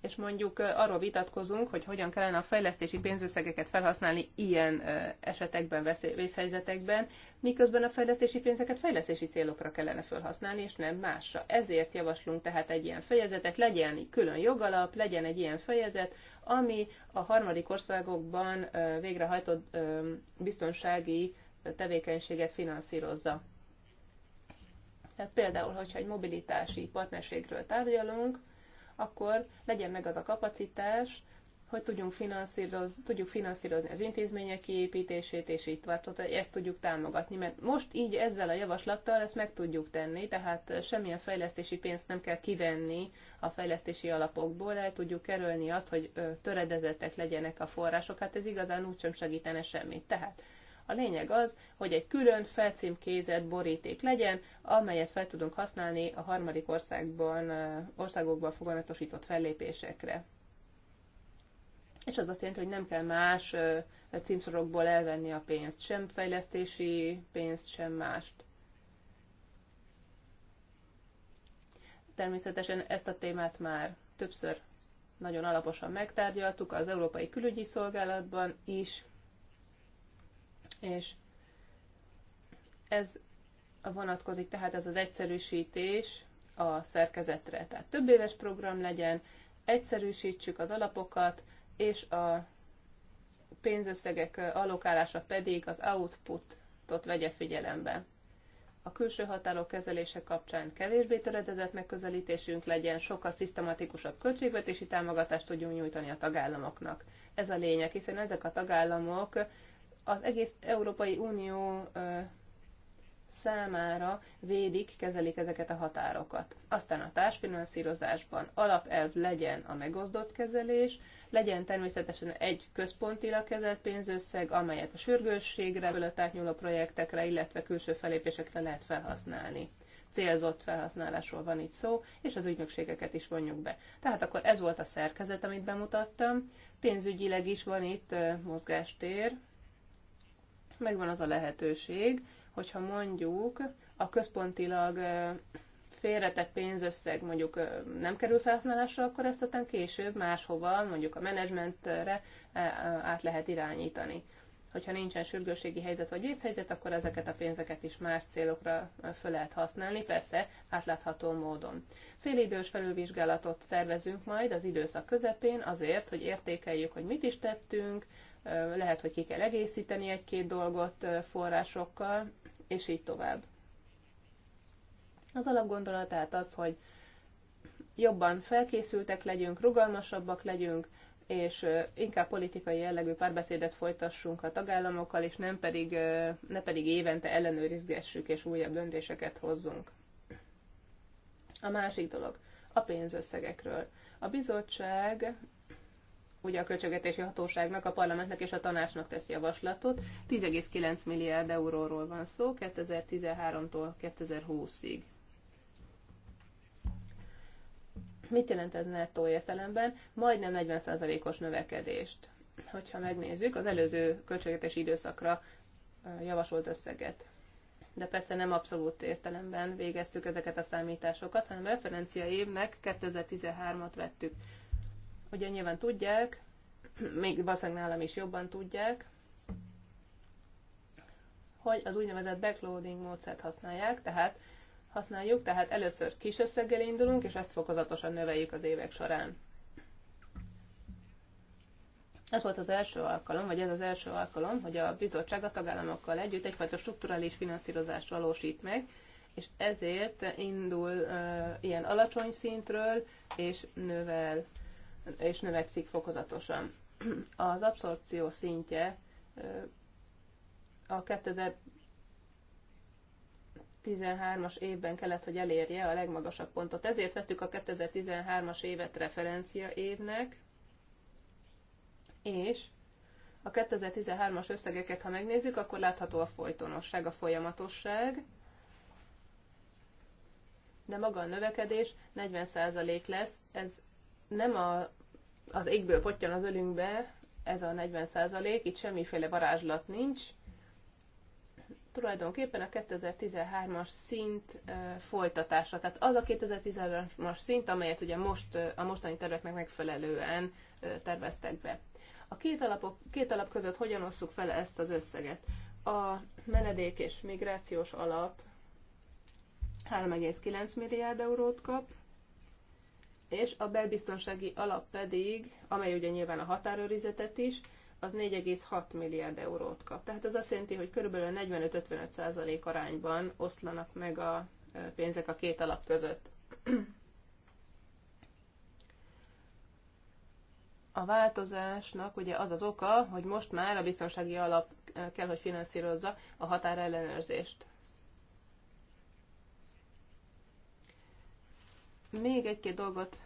és mondjuk arról vitatkozunk, hogy hogyan kellene a fejlesztési pénzösszegeket felhasználni ilyen esetekben, vészhelyzetekben, miközben a fejlesztési pénzeket fejlesztési célokra kellene felhasználni, és nem másra. Ezért javaslunk tehát egy ilyen fejezetet, legyen külön jogalap, legyen egy ilyen fejezet, ami a harmadik országokban végrehajtott biztonsági tevékenységet finanszírozza. Tehát például, hogyha egy mobilitási partnerségről tárgyalunk, akkor legyen meg az a kapacitás, hogy tudjunk finanszírozni, tudjuk finanszírozni az intézmények kiépítését, és így tovább, tehát ezt tudjuk támogatni, mert most így ezzel a javaslattal ezt meg tudjuk tenni, tehát semmilyen fejlesztési pénzt nem kell kivenni a fejlesztési alapokból, el tudjuk kerülni azt, hogy töredezettek legyenek a források, hát ez igazán úgysem segítene semmit. Tehát a lényeg az, hogy egy külön felcímkézett boríték legyen, amelyet fel tudunk használni a harmadik országban, országokban foganatosított fellépésekre. És az azt jelenti, hogy nem kell más címszorokból elvenni a pénzt, sem fejlesztési pénzt, sem mást. Természetesen ezt a témát már többször nagyon alaposan megtárgyaltuk az Európai Külügyi Szolgálatban is, és ez vonatkozik tehát ez az egyszerűsítés a szerkezetre. Tehát több éves program legyen, egyszerűsítsük az alapokat, és a pénzösszegek alokálása pedig az outputot vegye figyelembe. A külső határok kezelése kapcsán kevésbé töredezett megközelítésünk legyen, sokkal szisztematikusabb költségvetési támogatást tudjunk nyújtani a tagállamoknak. Ez a lényeg, hiszen ezek a tagállamok az egész Európai Unió számára védik, kezelik ezeket a határokat. Aztán a társfinanszírozásban alapelv legyen a megozdott kezelés, legyen természetesen egy központilag kezelt pénzösszeg, amelyet a sürgősségre, fölött átnyúló projektekre, illetve külső felépésekre lehet felhasználni. Célzott felhasználásról van itt szó, és az ügynökségeket is vonjuk be. Tehát akkor ez volt a szerkezet, amit bemutattam. Pénzügyileg is van itt mozgástér, megvan az a lehetőség, hogyha mondjuk a központilag félretett pénzösszeg mondjuk nem kerül felhasználásra, akkor ezt aztán később máshova, mondjuk a menedzsmentre át lehet irányítani. Hogyha nincsen sürgőségi helyzet vagy vészhelyzet, akkor ezeket a pénzeket is más célokra föl lehet használni, persze átlátható módon. Félidős felülvizsgálatot tervezünk majd az időszak közepén azért, hogy értékeljük, hogy mit is tettünk, lehet, hogy ki kell egészíteni egy-két dolgot forrásokkal, és így tovább. Az alapgondolat tehát az, hogy jobban felkészültek legyünk, rugalmasabbak legyünk, és inkább politikai jellegű párbeszédet folytassunk a tagállamokkal, és nem pedig, ne pedig évente ellenőrizgessük és újabb döntéseket hozzunk. A másik dolog, a pénzösszegekről. A bizottság ugye a költségvetési hatóságnak, a parlamentnek és a tanácsnak tesz javaslatot. 10,9 milliárd euróról van szó 2013-tól 2020-ig. Mit jelent ez nettó értelemben? Majdnem 40%-os növekedést. Hogyha megnézzük az előző költségvetési időszakra javasolt összeget. De persze nem abszolút értelemben végeztük ezeket a számításokat, hanem referencia évnek 2013-at vettük. Ugye nyilván tudják, még valószínűleg nálam is jobban tudják, hogy az úgynevezett backloading módszert használják, tehát használjuk, tehát először kis összeggel indulunk, és ezt fokozatosan növeljük az évek során. Ez volt az első alkalom, vagy ez az első alkalom, hogy a bizottság a tagállamokkal együtt egyfajta strukturális finanszírozást valósít meg, és ezért indul uh, ilyen alacsony szintről, és növel és növekszik fokozatosan. Az abszorpció szintje a 2013-as évben kellett, hogy elérje a legmagasabb pontot. Ezért vettük a 2013-as évet referencia évnek, és a 2013-as összegeket, ha megnézzük, akkor látható a folytonosság, a folyamatosság, de maga a növekedés 40% lesz, ez nem a, az égből potyan az ölünkbe, ez a 40 százalék, itt semmiféle varázslat nincs. Tulajdonképpen a 2013-as szint folytatása, tehát az a 2013-as szint, amelyet ugye most a mostani terveknek megfelelően terveztek be. A két, alapok, két alap között hogyan osszuk fel ezt az összeget? A menedék és migrációs alap 3,9 milliárd eurót kap, és a belbiztonsági alap pedig, amely ugye nyilván a határőrizetet is, az 4,6 milliárd eurót kap. Tehát ez azt jelenti, hogy körülbelül 45-55 százalék arányban oszlanak meg a pénzek a két alap között. A változásnak ugye az az oka, hogy most már a biztonsági alap kell, hogy finanszírozza a határellenőrzést. Még egy-két dolgot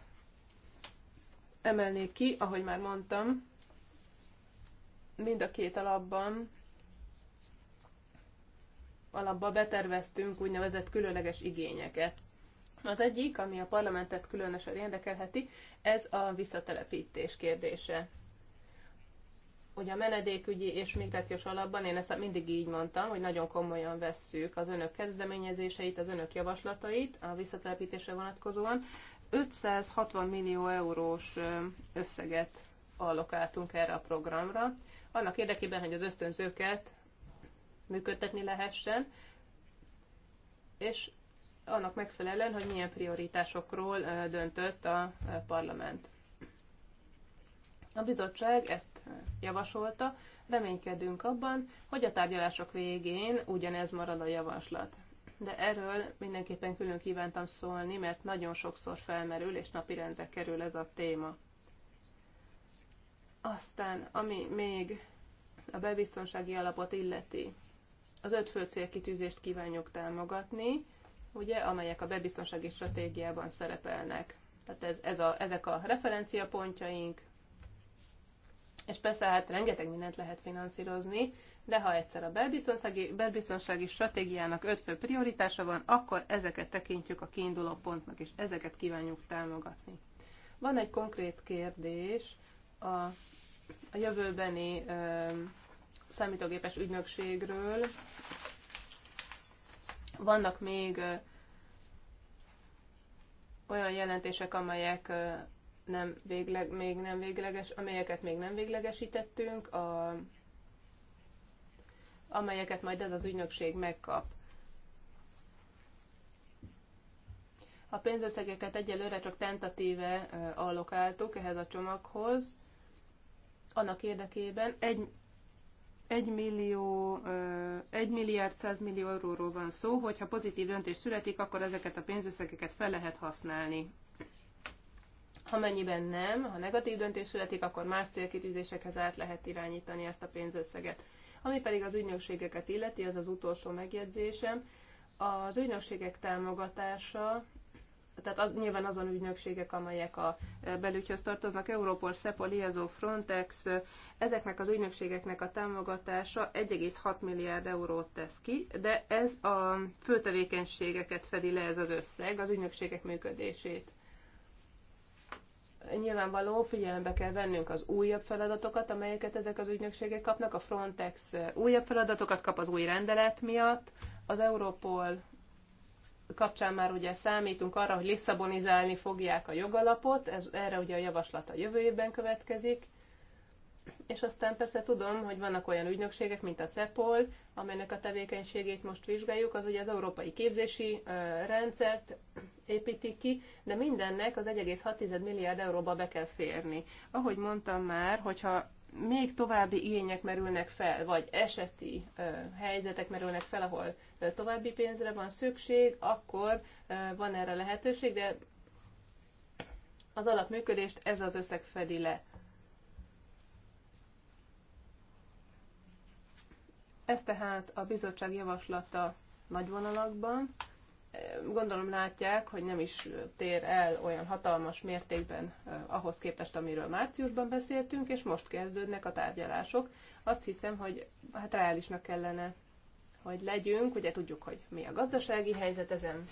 emelnék ki, ahogy már mondtam, mind a két alapban alapba beterveztünk úgynevezett különleges igényeket. Az egyik, ami a parlamentet különösen érdekelheti, ez a visszatelepítés kérdése hogy a menedékügyi és migrációs alapban, én ezt mindig így mondtam, hogy nagyon komolyan vesszük az önök kezdeményezéseit, az önök javaslatait a visszatelepítésre vonatkozóan. 560 millió eurós összeget allokáltunk erre a programra, annak érdekében, hogy az ösztönzőket működtetni lehessen, és annak megfelelően, hogy milyen prioritásokról döntött a parlament. A bizottság ezt javasolta, reménykedünk abban, hogy a tárgyalások végén ugyanez marad a javaslat. De erről mindenképpen külön kívántam szólni, mert nagyon sokszor felmerül és napirendre kerül ez a téma. Aztán, ami még a belbiztonsági alapot illeti, az öt fő célkitűzést kívánjuk támogatni, ugye, amelyek a belbiztonsági stratégiában szerepelnek. Tehát ez, ez a, ezek a referenciapontjaink, és persze hát rengeteg mindent lehet finanszírozni, de ha egyszer a belbiztonsági, belbiztonsági stratégiának öt fő prioritása van, akkor ezeket tekintjük a kiinduló pontnak, és ezeket kívánjuk támogatni. Van egy konkrét kérdés a, a jövőbeni ö, számítógépes ügynökségről. Vannak még ö, olyan jelentések, amelyek ö, nem végleg, még nem végleges, amelyeket még nem véglegesítettünk, a, amelyeket majd ez az ügynökség megkap. A pénzösszegeket egyelőre csak tentatíve allokáltuk ehhez a csomaghoz, annak érdekében egy, egy millió, egy milliárd száz millió euróról van szó, hogyha pozitív döntés születik, akkor ezeket a pénzösszegeket fel lehet használni ha mennyiben nem, ha negatív döntés születik, akkor más célkitűzésekhez át lehet irányítani ezt a pénzösszeget. Ami pedig az ügynökségeket illeti, az az utolsó megjegyzésem, az ügynökségek támogatása, tehát az, nyilván azon ügynökségek, amelyek a e, belügyhöz tartoznak, Europol, Szepol, IAZO, Frontex, e, ezeknek az ügynökségeknek a támogatása 1,6 milliárd eurót tesz ki, de ez a főtevékenységeket fedi le ez az összeg, az ügynökségek működését nyilvánvaló figyelembe kell vennünk az újabb feladatokat, amelyeket ezek az ügynökségek kapnak. A Frontex eh, újabb feladatokat kap az új rendelet miatt. Az Europol kapcsán már ugye számítunk arra, hogy lisszabonizálni fogják a jogalapot, ez, erre ugye a javaslat a jövő évben következik és aztán persze tudom, hogy vannak olyan ügynökségek, mint a CEPOL, amelynek a tevékenységét most vizsgáljuk, az ugye az európai képzési rendszert építik ki, de mindennek az 1,6 milliárd euróba be kell férni. Ahogy mondtam már, hogyha még további igények merülnek fel, vagy eseti ö, helyzetek merülnek fel, ahol ö, további pénzre van szükség, akkor ö, van erre lehetőség, de az alapműködést ez az összeg fedi le. Ez tehát a bizottság javaslata nagy vonalakban. Gondolom látják, hogy nem is tér el olyan hatalmas mértékben ahhoz képest, amiről márciusban beszéltünk, és most kezdődnek a tárgyalások. Azt hiszem, hogy hát reálisnak kellene, hogy legyünk. Ugye tudjuk, hogy mi a gazdasági helyzet, ezen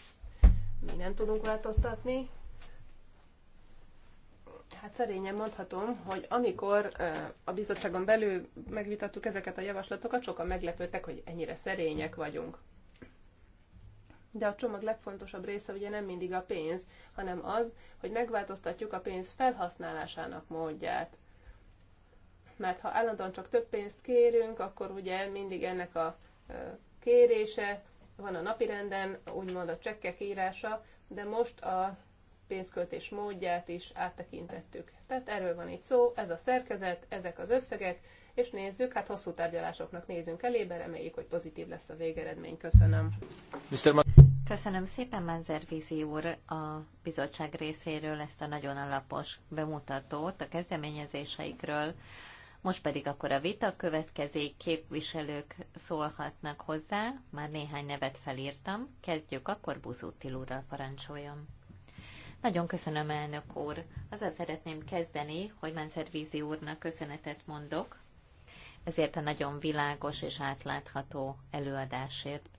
mi nem tudunk változtatni, Hát szerényen mondhatom, hogy amikor a bizottságon belül megvitattuk ezeket a javaslatokat, sokan meglepődtek, hogy ennyire szerények vagyunk. De a csomag legfontosabb része ugye nem mindig a pénz, hanem az, hogy megváltoztatjuk a pénz felhasználásának módját. Mert ha állandóan csak több pénzt kérünk, akkor ugye mindig ennek a kérése van a napirenden, úgymond a csekkek írása, de most a pénzköltés módját is áttekintettük. Tehát erről van itt szó, ez a szerkezet, ezek az összegek, és nézzük, hát hosszú tárgyalásoknak nézünk elébe, reméljük, hogy pozitív lesz a végeredmény. Köszönöm. Mr. Ma- Köszönöm szépen, Manzer Vizi úr, a bizottság részéről ezt a nagyon alapos bemutatót a kezdeményezéseikről. Most pedig akkor a vita következik, képviselők szólhatnak hozzá, már néhány nevet felírtam, kezdjük akkor buzó Tilúrral parancsoljon. Nagyon köszönöm, elnök úr. Azzal szeretném kezdeni, hogy Vízi úrnak köszönetet mondok, ezért a nagyon világos és átlátható előadásért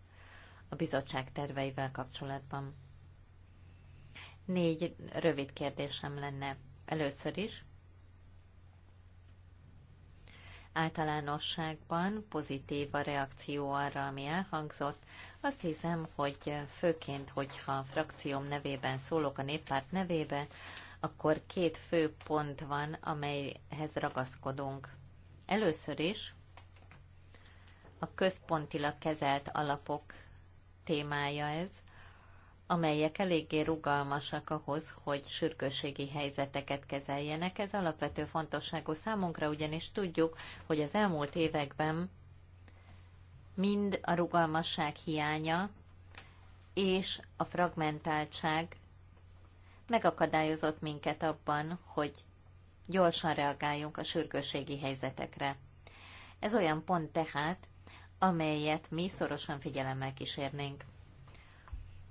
a bizottság terveivel kapcsolatban. Négy rövid kérdésem lenne. Először is, általánosságban pozitív a reakció arra, ami elhangzott, azt hiszem, hogy főként, hogyha a frakcióm nevében szólok a néppárt nevében, akkor két fő pont van, amelyhez ragaszkodunk. Először is a központilag kezelt alapok témája ez, amelyek eléggé rugalmasak ahhoz, hogy sürgősségi helyzeteket kezeljenek. Ez alapvető fontosságú számunkra, ugyanis tudjuk, hogy az elmúlt években mind a rugalmasság hiánya és a fragmentáltság megakadályozott minket abban, hogy gyorsan reagáljunk a sürgőségi helyzetekre. Ez olyan pont tehát, amelyet mi szorosan figyelemmel kísérnénk.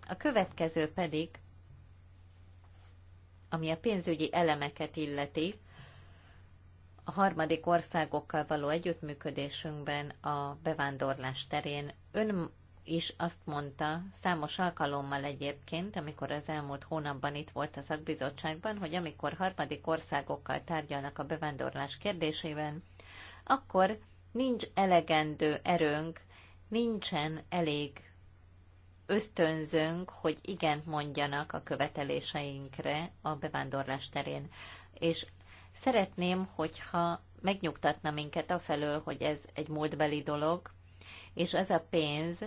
A következő pedig, ami a pénzügyi elemeket illeti, a harmadik országokkal való együttműködésünkben a bevándorlás terén ön is azt mondta, számos alkalommal egyébként, amikor az elmúlt hónapban itt volt a szakbizottságban, hogy amikor harmadik országokkal tárgyalnak a bevándorlás kérdésében, akkor nincs elegendő erőnk, nincsen elég ösztönzünk, hogy igent mondjanak a követeléseinkre a bevándorlás terén. És Szeretném, hogyha megnyugtatna minket afelől, hogy ez egy múltbeli dolog, és ez a pénz,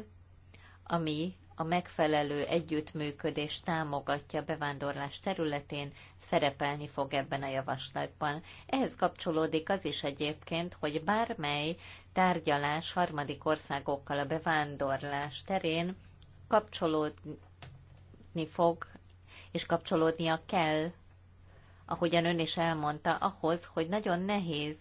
ami a megfelelő együttműködés támogatja bevándorlás területén, szerepelni fog ebben a javaslatban. Ehhez kapcsolódik az is egyébként, hogy bármely tárgyalás harmadik országokkal a bevándorlás terén kapcsolódni fog, és kapcsolódnia kell ahogyan ön is elmondta, ahhoz, hogy nagyon nehéz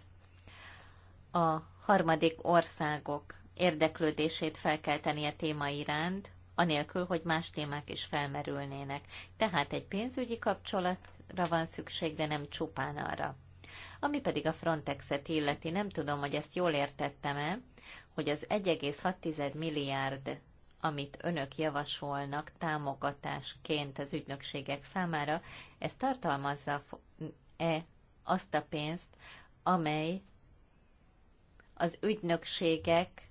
a harmadik országok érdeklődését felkelteni a téma iránt, anélkül, hogy más témák is felmerülnének. Tehát egy pénzügyi kapcsolatra van szükség, de nem csupán arra. Ami pedig a Frontexet illeti, nem tudom, hogy ezt jól értettem-e, hogy az 1,6 milliárd amit önök javasolnak támogatásként az ügynökségek számára, ez tartalmazza-e azt a pénzt, amely az ügynökségek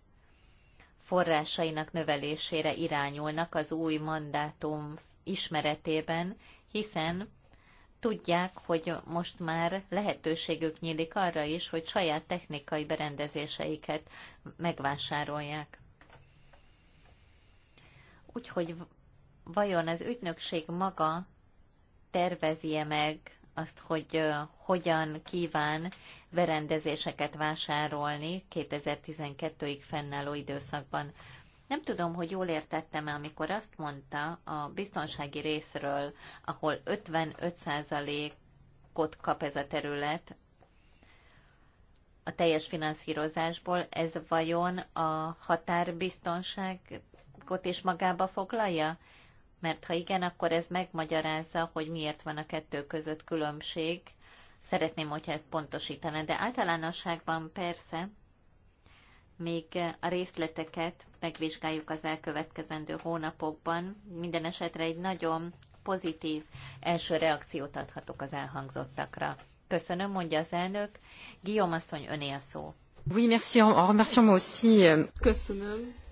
forrásainak növelésére irányulnak az új mandátum ismeretében, hiszen tudják, hogy most már lehetőségük nyílik arra is, hogy saját technikai berendezéseiket megvásárolják. Úgyhogy vajon az ügynökség maga tervezi-e meg azt, hogy hogyan kíván berendezéseket vásárolni 2012-ig fennálló időszakban. Nem tudom, hogy jól értettem-e, amikor azt mondta a biztonsági részről, ahol 55%-ot kap ez a terület a teljes finanszírozásból, ez vajon a határbiztonság világot is magába foglalja? Mert ha igen, akkor ez megmagyarázza, hogy miért van a kettő között különbség. Szeretném, hogyha ezt pontosítaná, de általánosságban persze még a részleteket megvizsgáljuk az elkövetkezendő hónapokban. Minden esetre egy nagyon pozitív első reakciót adhatok az elhangzottakra. Köszönöm, mondja az elnök. Guillaume asszony, öné a szó. Oui, merci. moi aussi. Euh, Köszönöm.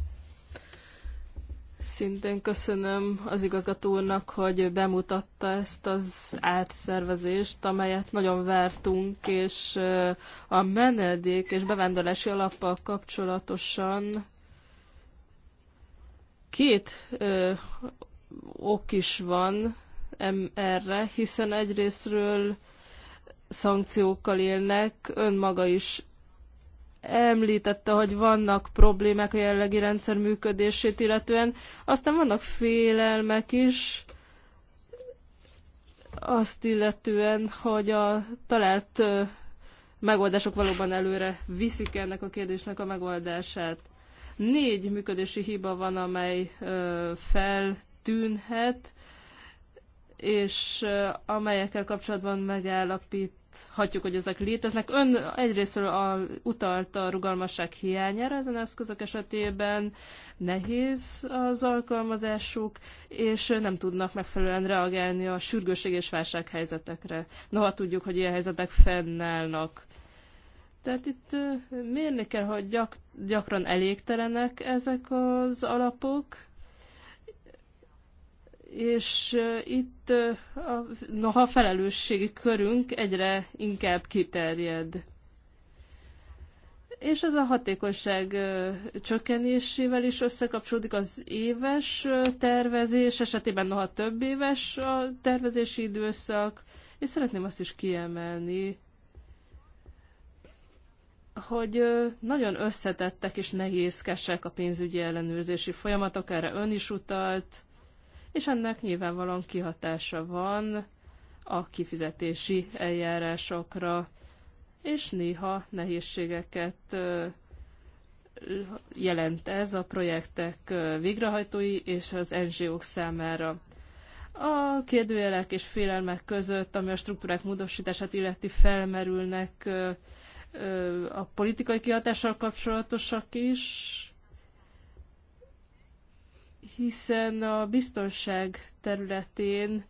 Szintén köszönöm az igazgató úrnak, hogy bemutatta ezt az átszervezést, amelyet nagyon vártunk, és a menedék és bevándorlási alappal kapcsolatosan két ö, ok is van erre, hiszen egyrésztről szankciókkal élnek, ön maga is említette, hogy vannak problémák a jellegi rendszer működését illetően. Aztán vannak félelmek is, azt illetően, hogy a talált megoldások valóban előre viszik ennek a kérdésnek a megoldását. Négy működési hiba van, amely feltűnhet, és amelyekkel kapcsolatban megállapít láthatjuk, hogy ezek léteznek. Ön egyrésztről a, utalt a rugalmasság hiányára ezen eszközök esetében, nehéz az alkalmazásuk, és nem tudnak megfelelően reagálni a sürgőség és válsághelyzetekre. Noha tudjuk, hogy ilyen helyzetek fennállnak. Tehát itt mérni kell, hogy gyak, gyakran elégtelenek ezek az alapok, és itt a, noha a felelősségi körünk egyre inkább kiterjed. És ez a hatékonyság csökkenésével is összekapcsolódik az éves tervezés, esetében noha több éves a tervezési időszak, és szeretném azt is kiemelni, hogy nagyon összetettek és nehézkesek a pénzügyi ellenőrzési folyamatok, erre ön is utalt, és ennek nyilvánvalóan kihatása van a kifizetési eljárásokra, és néha nehézségeket jelent ez a projektek végrehajtói és az NGO-k számára. A kérdőjelek és félelmek között, ami a struktúrák módosítását illeti, felmerülnek a politikai kihatással kapcsolatosak is, hiszen a biztonság területén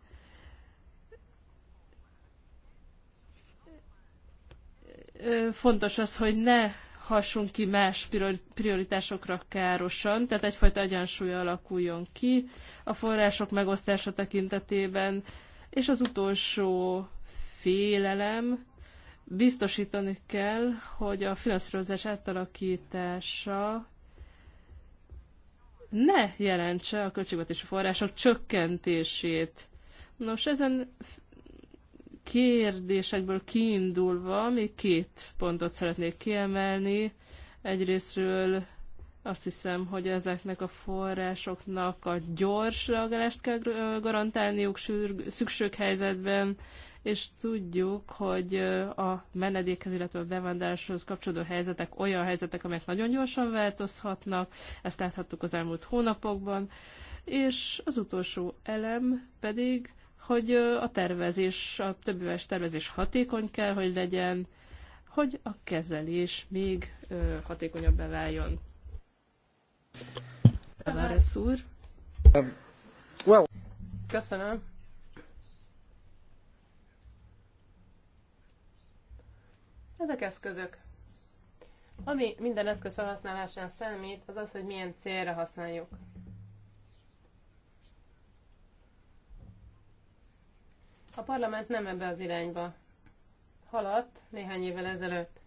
fontos az, hogy ne hassunk ki más prioritásokra károsan, tehát egyfajta egyensúly alakuljon ki a források megosztása tekintetében, és az utolsó félelem, biztosítani kell, hogy a finanszírozás átalakítása ne jelentse a költségvetési források csökkentését. Nos, ezen kérdésekből kiindulva még két pontot szeretnék kiemelni. Egyrésztről azt hiszem, hogy ezeknek a forrásoknak a gyors reagálást kell garantálniuk szükséghelyzetben, és tudjuk, hogy a menedékhez, illetve a bevándorláshoz kapcsolódó helyzetek olyan helyzetek, amelyek nagyon gyorsan változhatnak, ezt láthattuk az elmúlt hónapokban, és az utolsó elem pedig, hogy a tervezés, a éves tervezés hatékony kell, hogy legyen, hogy a kezelés még hatékonyabbá váljon. Tavares úr. Köszönöm. Ezek eszközök. Ami minden eszköz felhasználásán számít, az az, hogy milyen célra használjuk. A parlament nem ebbe az irányba haladt néhány évvel ezelőtt.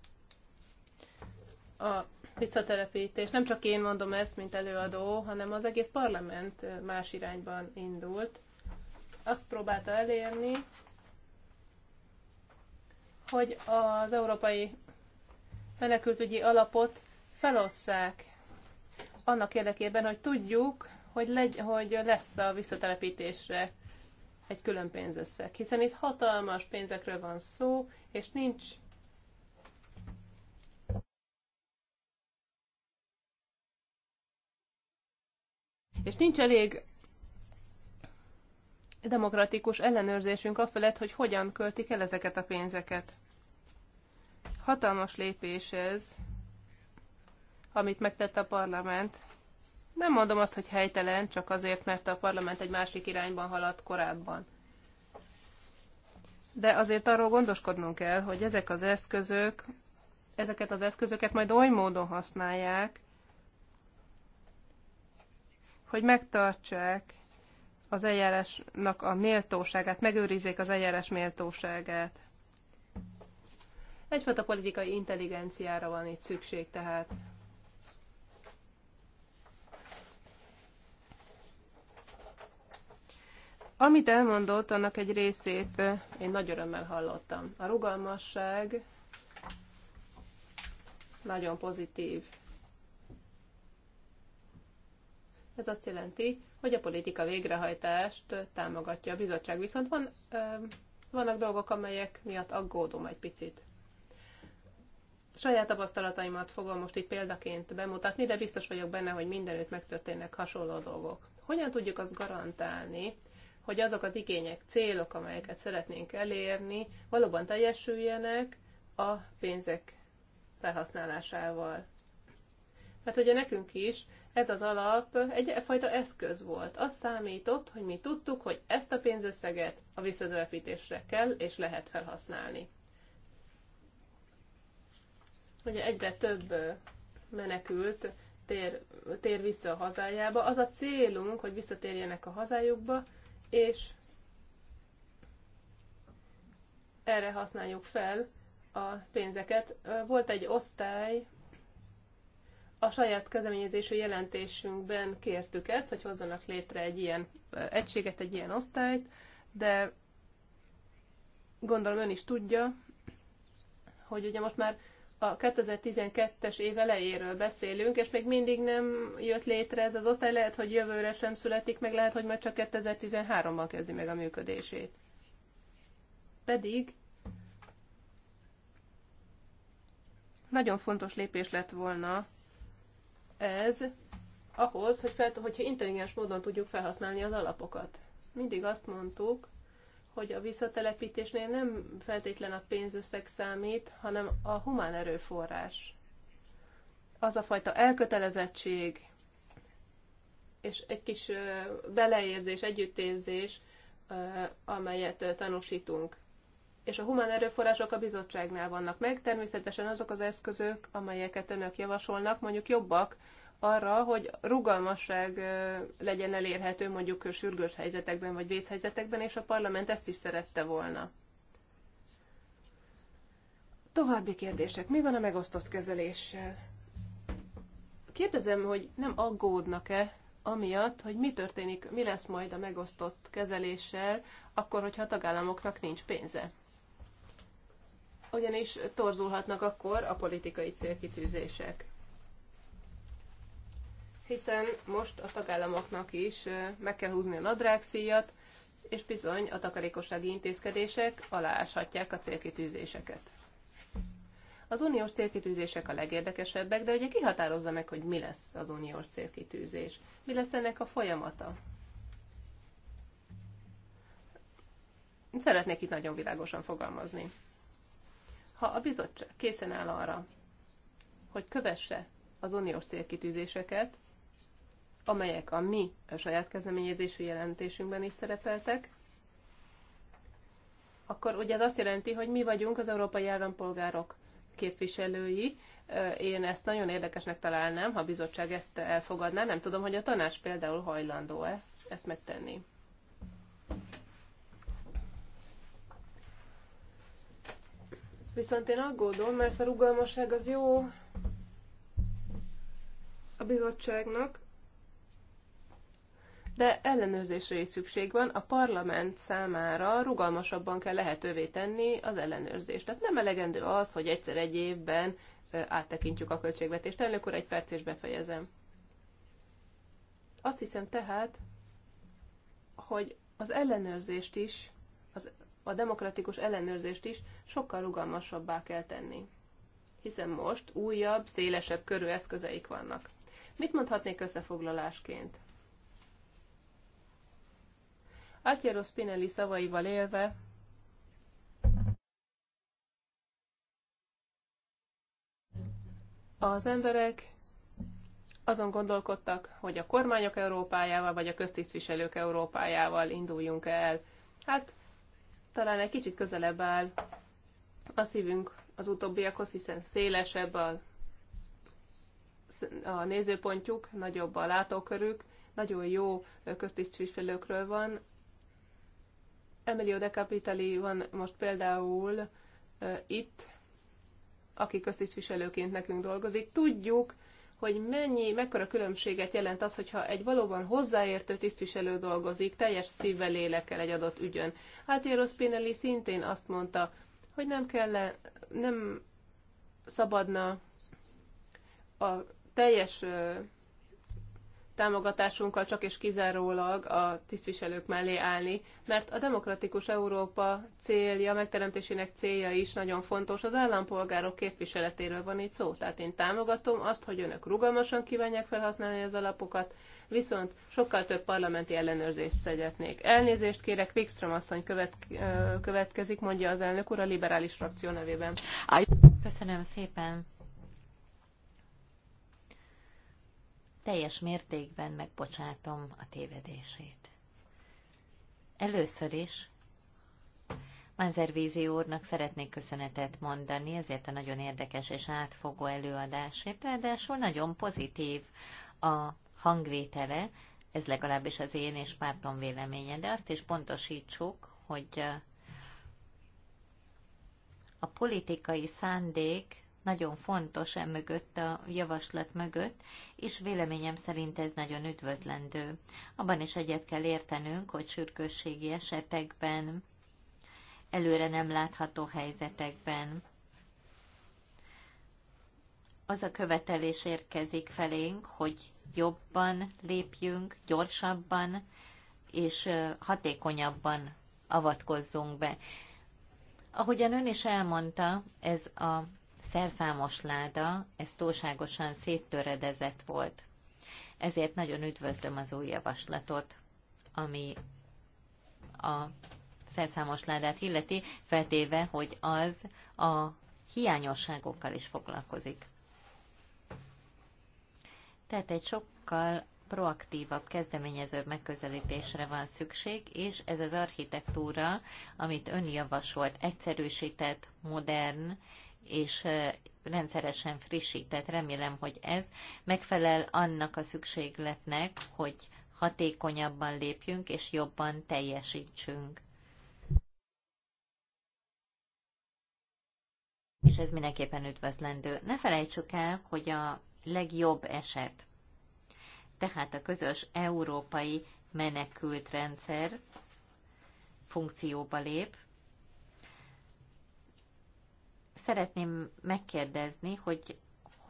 A visszatelepítés, nem csak én mondom ezt, mint előadó, hanem az egész parlament más irányban indult. Azt próbálta elérni, hogy az európai menekültügyi alapot felosszák annak érdekében, hogy tudjuk, hogy, legy, hogy lesz a visszatelepítésre egy külön pénzösszeg. Hiszen itt hatalmas pénzekről van szó, és nincs és nincs elég demokratikus ellenőrzésünk felett, hogy hogyan költik el ezeket a pénzeket. Hatalmas lépés ez, amit megtett a parlament. Nem mondom azt, hogy helytelen, csak azért, mert a parlament egy másik irányban haladt korábban. De azért arról gondoskodnunk kell, hogy ezek az eszközök, ezeket az eszközöket majd oly módon használják, hogy megtartsák az eljárásnak a méltóságát, megőrizzék az eljárás méltóságát. Egyfajta politikai intelligenciára van itt szükség tehát. Amit elmondott, annak egy részét eh, én nagy örömmel hallottam. A rugalmasság nagyon pozitív Ez azt jelenti, hogy a politika végrehajtást támogatja a bizottság. Viszont van, vannak dolgok, amelyek miatt aggódom egy picit. Saját tapasztalataimat fogom most itt példaként bemutatni, de biztos vagyok benne, hogy mindenütt megtörténnek hasonló dolgok. Hogyan tudjuk azt garantálni, hogy azok az igények, célok, amelyeket szeretnénk elérni, valóban teljesüljenek a pénzek felhasználásával? Mert ugye nekünk is ez az alap egyfajta eszköz volt. Az számított, hogy mi tudtuk, hogy ezt a pénzösszeget a visszatelepítésre kell és lehet felhasználni. Ugye egyre több menekült tér, tér vissza a hazájába. Az a célunk, hogy visszatérjenek a hazájukba, és erre használjuk fel a pénzeket. Volt egy osztály, a saját kezdeményezésű jelentésünkben kértük ezt, hogy hozzanak létre egy ilyen egységet, egy ilyen osztályt, de gondolom ön is tudja, hogy ugye most már a 2012-es év elejéről beszélünk, és még mindig nem jött létre ez az osztály, lehet, hogy jövőre sem születik, meg lehet, hogy majd csak 2013-ban kezdi meg a működését. Pedig nagyon fontos lépés lett volna ez ahhoz, hogy fel, hogyha intelligens módon tudjuk felhasználni az alapokat. Mindig azt mondtuk, hogy a visszatelepítésnél nem feltétlen a pénzösszeg számít, hanem a humán erőforrás. Az a fajta elkötelezettség, és egy kis beleérzés, együttérzés, amelyet tanúsítunk és a humán erőforrások a bizottságnál vannak meg. Természetesen azok az eszközök, amelyeket önök javasolnak, mondjuk jobbak arra, hogy rugalmasság legyen elérhető mondjuk sürgős helyzetekben vagy vészhelyzetekben, és a parlament ezt is szerette volna. További kérdések. Mi van a megosztott kezeléssel? Kérdezem, hogy nem aggódnak-e amiatt, hogy mi történik, mi lesz majd a megosztott kezeléssel, akkor, hogyha a tagállamoknak nincs pénze ugyanis torzulhatnak akkor a politikai célkitűzések. Hiszen most a tagállamoknak is meg kell húzni a nadrágszíjat, és bizony a takarékossági intézkedések alááshatják a célkitűzéseket. Az uniós célkitűzések a legérdekesebbek, de ugye kihatározza meg, hogy mi lesz az uniós célkitűzés. Mi lesz ennek a folyamata? Szeretnék itt nagyon világosan fogalmazni. Ha a bizottság készen áll arra, hogy kövesse az uniós célkitűzéseket, amelyek a mi a saját kezdeményezésű jelentésünkben is szerepeltek, akkor ugye ez azt jelenti, hogy mi vagyunk az európai állampolgárok képviselői. Én ezt nagyon érdekesnek találnám, ha a bizottság ezt elfogadná. Nem tudom, hogy a tanács például hajlandó-e ezt megtenni. Viszont én aggódom, mert a rugalmasság az jó a bizottságnak, de ellenőrzésre is szükség van. A parlament számára rugalmasabban kell lehetővé tenni az ellenőrzést. Tehát nem elegendő az, hogy egyszer egy évben áttekintjük a költségvetést. Elnök úr, egy perc és befejezem. Azt hiszem tehát, hogy az ellenőrzést is az a demokratikus ellenőrzést is sokkal rugalmasabbá kell tenni. Hiszen most újabb, szélesebb körű eszközeik vannak. Mit mondhatnék összefoglalásként? Altiero Spinelli szavaival élve, az emberek azon gondolkodtak, hogy a kormányok Európájával vagy a köztisztviselők Európájával induljunk el. Hát talán egy kicsit közelebb áll a szívünk az utóbbiakhoz, hiszen szélesebb a, a nézőpontjuk, nagyobb a látókörük, nagyon jó köztisztviselőkről van. Emilio de Capitali van most például itt, aki köztisztviselőként nekünk dolgozik. Tudjuk, hogy mennyi, mekkora különbséget jelent az, hogyha egy valóban hozzáértő tisztviselő dolgozik teljes szívvel lélekkel egy adott ügyön. Hát Spinelli szintén azt mondta, hogy nem kell, nem szabadna a teljes támogatásunkkal csak és kizárólag a tisztviselők mellé állni, mert a demokratikus Európa célja, megteremtésének célja is nagyon fontos. Az állampolgárok képviseletéről van itt szó, tehát én támogatom azt, hogy önök rugalmasan kívánják felhasználni az alapokat, viszont sokkal több parlamenti ellenőrzést szegyetnék. Elnézést kérek, Wikström asszony követ, következik, mondja az elnök úr a liberális frakció nevében. Köszönöm szépen. teljes mértékben megbocsátom a tévedését. Először is Manzervízi úrnak szeretnék köszönetet mondani ezért a nagyon érdekes és átfogó előadásért, ráadásul nagyon pozitív a hangvétele, ez legalábbis az én és pártom véleménye, de azt is pontosítsuk, hogy a politikai szándék nagyon fontos e mögött a javaslat mögött, és véleményem szerint ez nagyon üdvözlendő. Abban is egyet kell értenünk, hogy sürgősségi esetekben, előre nem látható helyzetekben az a követelés érkezik felénk, hogy jobban lépjünk, gyorsabban és hatékonyabban avatkozzunk be. Ahogyan ön is elmondta, ez a szerszámos láda, ez túlságosan széttöredezett volt. Ezért nagyon üdvözlöm az új javaslatot, ami a szerszámos ládát illeti, feltéve, hogy az a hiányosságokkal is foglalkozik. Tehát egy sokkal proaktívabb, kezdeményezőbb megközelítésre van szükség, és ez az architektúra, amit ön javasolt, egyszerűsített, modern és rendszeresen frissített. remélem, hogy ez megfelel annak a szükségletnek, hogy hatékonyabban lépjünk és jobban teljesítsünk. És ez mindenképpen üdvözlendő. Ne felejtsük el, hogy a legjobb eset, tehát a közös európai menekültrendszer funkcióba lép, Szeretném megkérdezni, hogy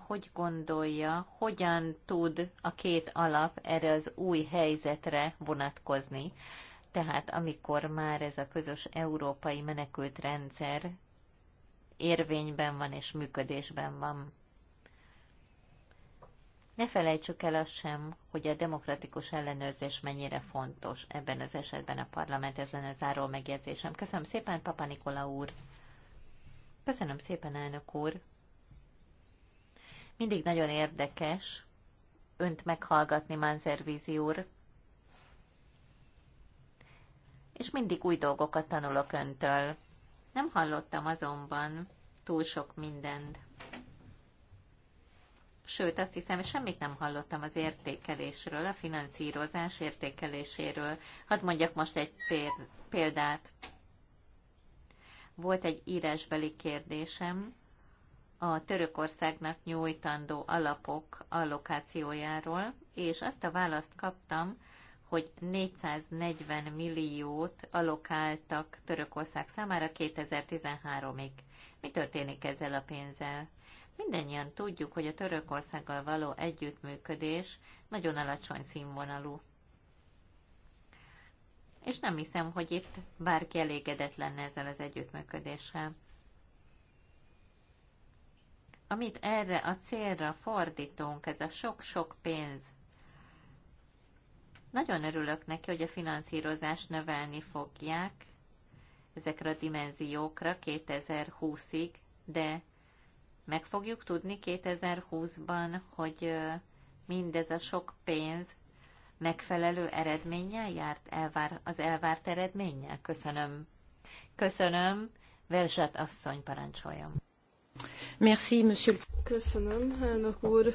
hogy gondolja, hogyan tud a két alap erre az új helyzetre vonatkozni. Tehát amikor már ez a közös európai menekült rendszer érvényben van és működésben van. Ne felejtsük el azt sem, hogy a demokratikus ellenőrzés mennyire fontos. Ebben az esetben a parlament, ez lenne záró megjegyzésem. Köszönöm szépen, Papa Nikola úr! Köszönöm szépen, elnök úr. Mindig nagyon érdekes önt meghallgatni, Manzervízi úr. És mindig új dolgokat tanulok öntől. Nem hallottam azonban túl sok mindent. Sőt, azt hiszem, semmit nem hallottam az értékelésről, a finanszírozás értékeléséről. Hadd mondjak most egy példát. Volt egy írásbeli kérdésem a Törökországnak nyújtandó alapok allokációjáról, és azt a választ kaptam, hogy 440 milliót alokáltak Törökország számára 2013-ig. Mi történik ezzel a pénzzel? Mindennyian tudjuk, hogy a Törökországgal való együttműködés nagyon alacsony színvonalú és nem hiszem, hogy itt bárki elégedett lenne ezzel az együttműködéssel. Amit erre a célra fordítunk, ez a sok-sok pénz, nagyon örülök neki, hogy a finanszírozást növelni fogják ezekre a dimenziókra 2020-ig, de meg fogjuk tudni 2020-ban, hogy mindez a sok pénz megfelelő eredménnyel járt elvár, az elvárt eredménnyel? Köszönöm. Köszönöm. Verset asszony parancsoljam. Merci, monsieur. Köszönöm, elnök úr.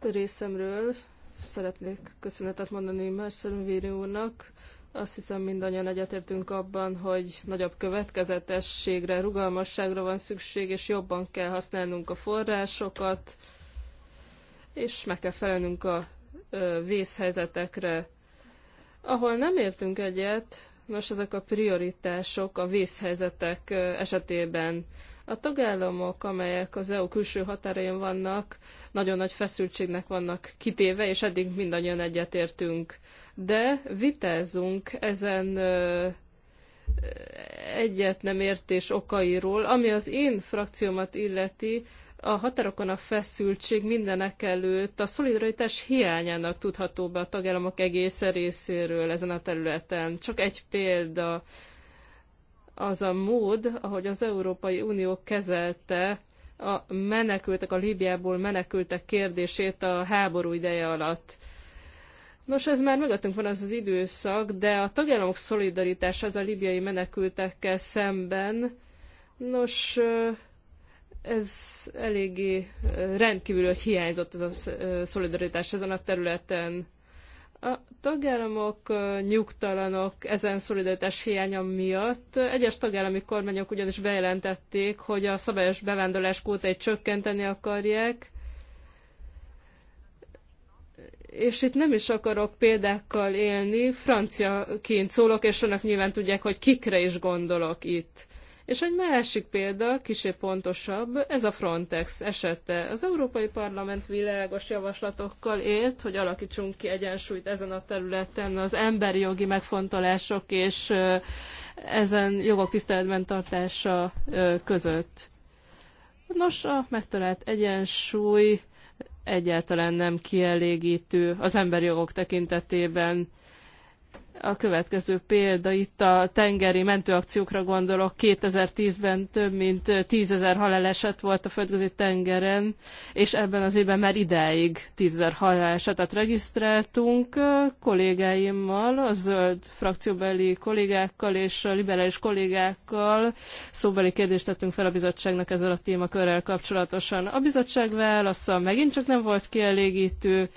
Részemről szeretnék köszönetet mondani Marcel Véri úrnak. Azt hiszem mindannyian egyetértünk abban, hogy nagyobb következetességre, rugalmasságra van szükség, és jobban kell használnunk a forrásokat, és meg kell felelnünk a vészhelyzetekre. Ahol nem értünk egyet, nos ezek a prioritások a vészhelyzetek esetében. A tagállamok, amelyek az EU külső határain vannak, nagyon nagy feszültségnek vannak kitéve, és eddig mindannyian egyetértünk. De vitázzunk ezen egyet nem értés okairól, ami az én frakciómat illeti, a határokon a feszültség mindenek előtt a szolidaritás hiányának tudható be a tagállamok egész részéről ezen a területen. Csak egy példa az a mód, ahogy az Európai Unió kezelte a menekültek, a Líbiából menekültek kérdését a háború ideje alatt. Nos, ez már mögöttünk van az az időszak, de a tagállamok szolidaritása az a libiai menekültekkel szemben, nos, ez eléggé rendkívül, hogy hiányzott ez a szolidaritás ezen a területen. A tagállamok nyugtalanok ezen szolidaritás hiánya miatt. Egyes tagállami kormányok ugyanis bejelentették, hogy a szabályos bevándorlás kótait csökkenteni akarják, és itt nem is akarok példákkal élni, franciaként szólok, és önök nyilván tudják, hogy kikre is gondolok itt. És egy másik példa, kicsi pontosabb, ez a Frontex esete. Az Európai Parlament világos javaslatokkal élt, hogy alakítsunk ki egyensúlyt ezen a területen az emberi jogi megfontolások és ezen jogok tiszteletben tartása között. Nos, a megtalált egyensúly egyáltalán nem kielégítő az emberi jogok tekintetében a következő példa itt a tengeri mentőakciókra gondolok. 2010-ben több mint tízezer haláleset volt a földközi tengeren, és ebben az évben már ideig tízezer halálesetet regisztráltunk kollégáimmal, a zöld frakcióbeli kollégákkal és a liberális kollégákkal. Szóbeli kérdést tettünk fel a bizottságnak ezzel a témakörrel kapcsolatosan. A bizottság válasza megint csak nem volt kielégítő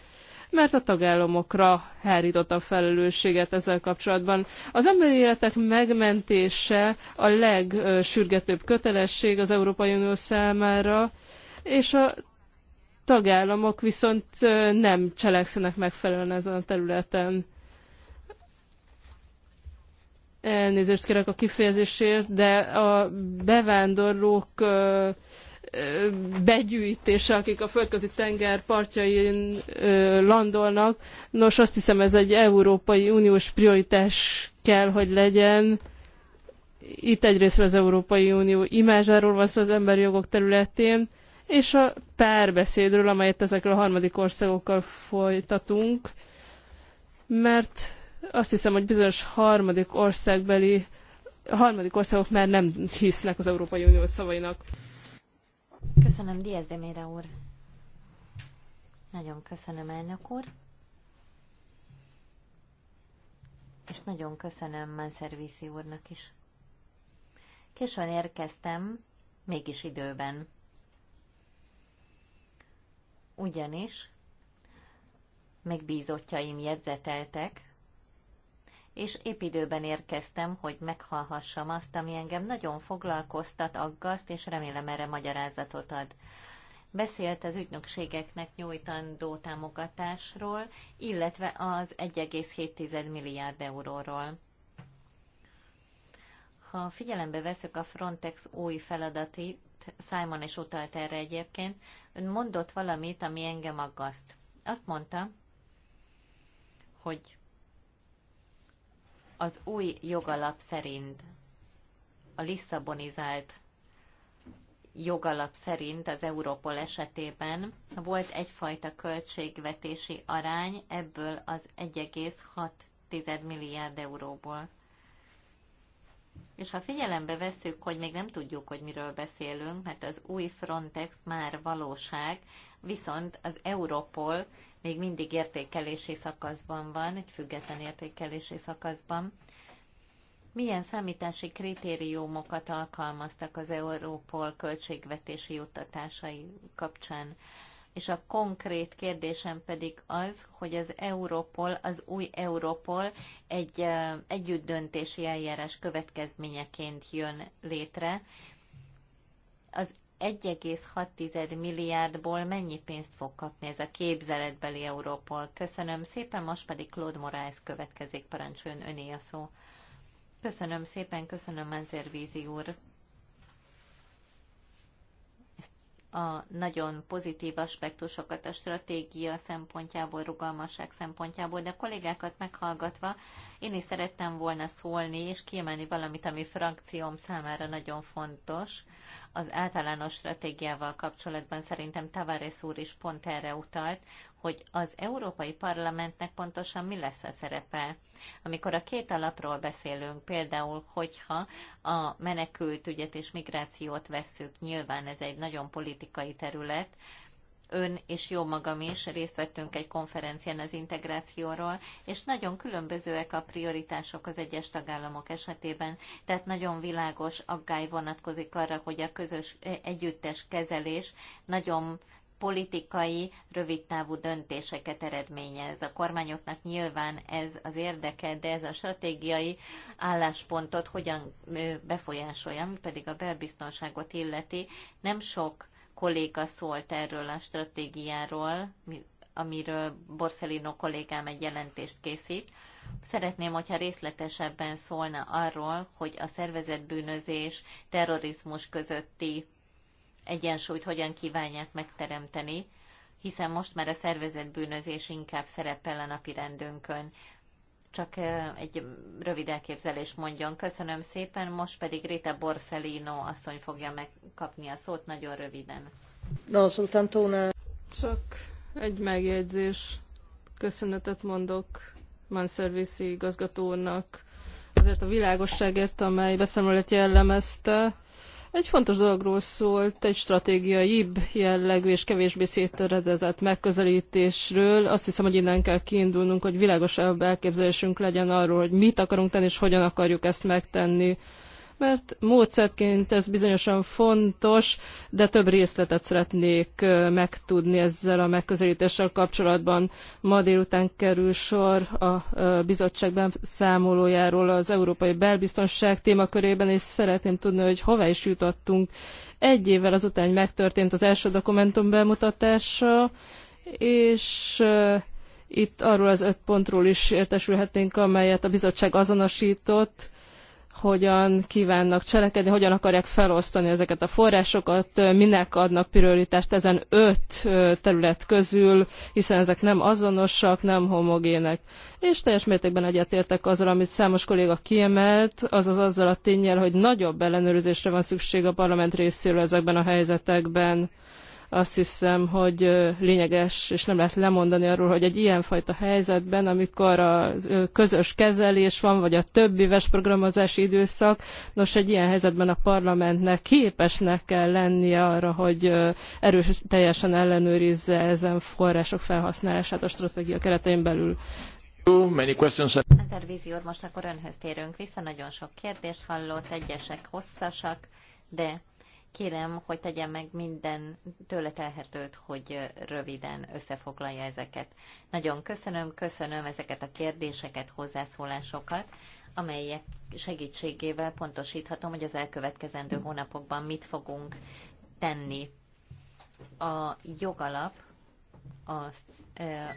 mert a tagállamokra hárított a felelősséget ezzel kapcsolatban. Az emberi életek megmentése a legsürgetőbb kötelesség az Európai Unió számára, és a tagállamok viszont nem cselekszenek megfelelően ezen a területen. Elnézést kérek a kifejezésért, de a bevándorlók begyűjtése, akik a földközi tenger partjain landolnak. Nos, azt hiszem ez egy Európai Uniós prioritás kell, hogy legyen. Itt egyrészt az Európai Unió imázsáról van szó az emberi jogok területén, és a párbeszédről, amelyet ezekről a harmadik országokkal folytatunk, mert azt hiszem, hogy bizonyos harmadik országbeli harmadik országok már nem hisznek az Európai Unió szavainak. Köszönöm, Diaz Demére úr. Nagyon köszönöm, elnök úr. És nagyon köszönöm Manszervisi úrnak is. Későn érkeztem, mégis időben. Ugyanis megbízottjaim jegyzeteltek, és épp időben érkeztem, hogy meghallhassam azt, ami engem nagyon foglalkoztat, aggaszt, és remélem erre magyarázatot ad. Beszélt az ügynökségeknek nyújtandó támogatásról, illetve az 1,7 milliárd euróról. Ha figyelembe veszük a Frontex új feladatit, Simon is utalt erre egyébként, ön mondott valamit, ami engem aggaszt. Azt mondta, hogy az új jogalap szerint, a Lisszabonizált jogalap szerint az Európol esetében volt egyfajta költségvetési arány ebből az 1,6 milliárd euróból. És ha figyelembe vesszük, hogy még nem tudjuk, hogy miről beszélünk, mert az új Frontex már valóság, viszont az Europol még mindig értékelési szakaszban van, egy független értékelési szakaszban. Milyen számítási kritériumokat alkalmaztak az Európol költségvetési juttatásai kapcsán? És a konkrét kérdésem pedig az, hogy az Európol, az új Európol egy együttdöntési eljárás következményeként jön létre. Az 1,6 milliárdból mennyi pénzt fog kapni ez a képzeletbeli Európol. Köszönöm szépen, most pedig Claude Moraes következik, parancsoljon öné a szó. Köszönöm szépen, köszönöm Manzervízi úr a nagyon pozitív aspektusokat a stratégia szempontjából, rugalmasság szempontjából, de a kollégákat meghallgatva én is szerettem volna szólni és kiemelni valamit, ami frakcióm számára nagyon fontos. Az általános stratégiával kapcsolatban szerintem Tavares úr is pont erre utalt, hogy az Európai Parlamentnek pontosan mi lesz a szerepe. Amikor a két alapról beszélünk, például, hogyha a menekült ügyet és migrációt vesszük, nyilván ez egy nagyon politikai terület, ön és jó magam is részt vettünk egy konferencián az integrációról, és nagyon különbözőek a prioritások az egyes tagállamok esetében, tehát nagyon világos aggály vonatkozik arra, hogy a közös együttes kezelés nagyon politikai, rövidtávú döntéseket eredményez. A kormányoknak nyilván ez az érdeke, de ez a stratégiai álláspontot hogyan befolyásolja, ami pedig a belbiztonságot illeti. Nem sok kolléga szólt erről a stratégiáról, amiről Borszelino kollégám egy jelentést készít. Szeretném, hogyha részletesebben szólna arról, hogy a szervezetbűnözés, terrorizmus közötti egyensúlyt hogyan kívánják megteremteni, hiszen most már a szervezett bűnözés inkább szerepel a napi rendünkön. Csak egy rövid elképzelés mondjon. Köszönöm szépen, most pedig Rita Borsellino asszony fogja megkapni a szót nagyon röviden. No, Sultantóna. Csak egy megjegyzés. Köszönetet mondok Manservisi igazgatónak azért a világosságért, amely beszámolat jellemezte egy fontos dologról szólt, egy stratégiaibb jellegű és kevésbé széteredezett megközelítésről. Azt hiszem, hogy innen kell kiindulnunk, hogy világosabb elképzelésünk legyen arról, hogy mit akarunk tenni és hogyan akarjuk ezt megtenni mert módszertként ez bizonyosan fontos, de több részletet szeretnék megtudni ezzel a megközelítéssel kapcsolatban. Ma délután kerül sor a bizottságban számolójáról az európai belbiztonság témakörében, és szeretném tudni, hogy hová is jutottunk. Egy évvel azután megtörtént az első dokumentum bemutatása, és itt arról az öt pontról is értesülhetnénk, amelyet a bizottság azonosított, hogyan kívánnak cselekedni, hogyan akarják felosztani ezeket a forrásokat, minek adnak prioritást ezen öt terület közül, hiszen ezek nem azonosak, nem homogének. És teljes mértékben egyetértek azzal, amit számos kolléga kiemelt, azaz azzal a tényel, hogy nagyobb ellenőrzésre van szükség a parlament részéről ezekben a helyzetekben. Azt hiszem, hogy lényeges, és nem lehet lemondani arról, hogy egy ilyenfajta helyzetben, amikor a közös kezelés van, vagy a többi programozási időszak, nos, egy ilyen helyzetben a parlamentnek képesnek kell lennie arra, hogy erős teljesen ellenőrizze ezen források felhasználását a stratégia keretein belül. Intervízi úr, most akkor önhöz térünk vissza. Nagyon sok kérdést hallott, egyesek hosszasak, de Kérem, hogy tegye meg minden tőle telhetőt, hogy röviden összefoglalja ezeket. Nagyon köszönöm, köszönöm ezeket a kérdéseket, hozzászólásokat, amelyek segítségével pontosíthatom, hogy az elkövetkezendő hónapokban mit fogunk tenni. A jogalap az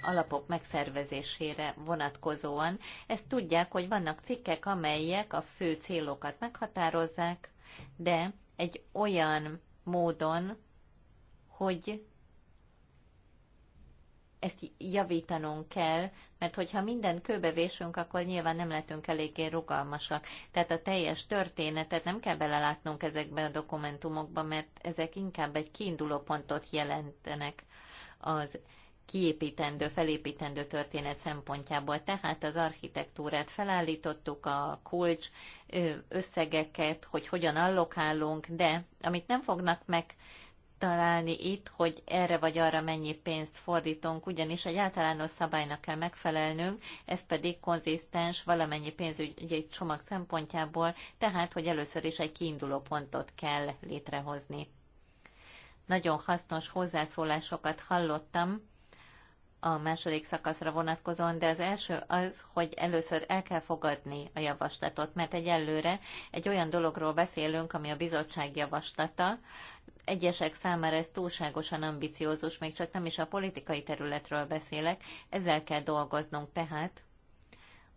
alapok megszervezésére vonatkozóan. Ezt tudják, hogy vannak cikkek, amelyek a fő célokat meghatározzák, de egy olyan módon, hogy ezt javítanunk kell, mert hogyha minden kőbevésünk, akkor nyilván nem lehetünk eléggé rugalmasak. Tehát a teljes történetet nem kell belelátnunk ezekben a dokumentumokban, mert ezek inkább egy kiinduló pontot jelentenek az kiépítendő, felépítendő történet szempontjából. Tehát az architektúrát felállítottuk, a kulcs összegeket, hogy hogyan allokálunk, de amit nem fognak meg találni itt, hogy erre vagy arra mennyi pénzt fordítunk, ugyanis egy általános szabálynak kell megfelelnünk, ez pedig konzisztens valamennyi pénzügyi csomag szempontjából, tehát, hogy először is egy kiinduló pontot kell létrehozni. Nagyon hasznos hozzászólásokat hallottam, a második szakaszra vonatkozóan, de az első az, hogy először el kell fogadni a javaslatot, mert egyelőre egy olyan dologról beszélünk, ami a bizottság javaslata. Egyesek számára ez túlságosan ambiciózus, még csak nem is a politikai területről beszélek, ezzel kell dolgoznunk tehát,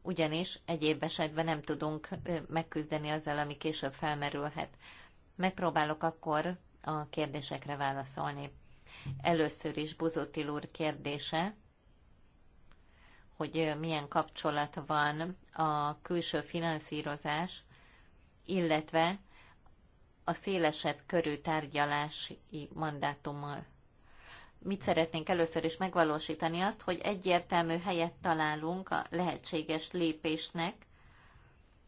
ugyanis egyéb esetben nem tudunk megküzdeni azzal, ami később felmerülhet. Megpróbálok akkor a kérdésekre válaszolni. Először is Buzotil úr kérdése, hogy milyen kapcsolat van a külső finanszírozás, illetve a szélesebb körű tárgyalási mandátummal. Mit szeretnénk először is megvalósítani? Azt, hogy egyértelmű helyet találunk a lehetséges lépésnek,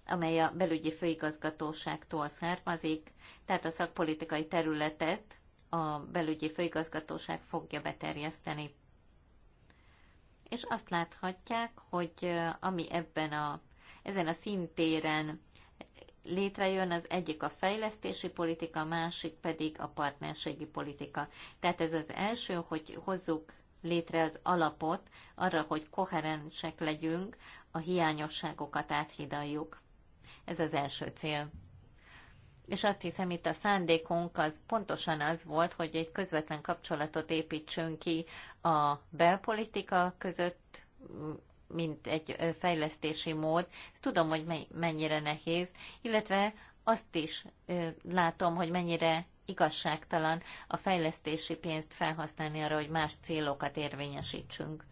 amely a belügyi főigazgatóságtól származik, tehát a szakpolitikai területet a belügyi főigazgatóság fogja beterjeszteni. És azt láthatják, hogy ami ebben a, ezen a szintéren létrejön, az egyik a fejlesztési politika, a másik pedig a partnerségi politika. Tehát ez az első, hogy hozzuk létre az alapot arra, hogy koherensek legyünk, a hiányosságokat áthidaljuk. Ez az első cél és azt hiszem itt a szándékunk az pontosan az volt, hogy egy közvetlen kapcsolatot építsünk ki a belpolitika között, mint egy fejlesztési mód. Ezt tudom, hogy mennyire nehéz, illetve azt is látom, hogy mennyire igazságtalan a fejlesztési pénzt felhasználni arra, hogy más célokat érvényesítsünk.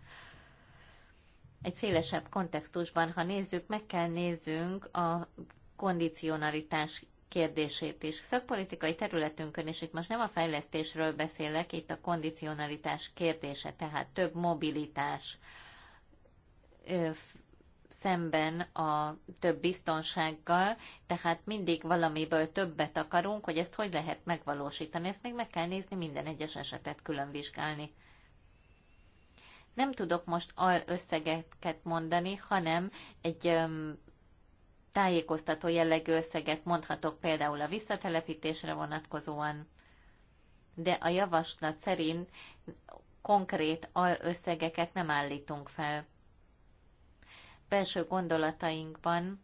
Egy szélesebb kontextusban, ha nézzük, meg kell nézzünk a kondicionalitás kérdését is. Szakpolitikai területünkön, és itt most nem a fejlesztésről beszélek, itt a kondicionalitás kérdése, tehát több mobilitás szemben a több biztonsággal, tehát mindig valamiből többet akarunk, hogy ezt hogy lehet megvalósítani. Ezt még meg kell nézni, minden egyes esetet külön vizsgálni. Nem tudok most al összegeket mondani, hanem egy öm, tájékoztató jellegű összeget mondhatok például a visszatelepítésre vonatkozóan, de a javaslat szerint konkrét összegeket nem állítunk fel. Belső gondolatainkban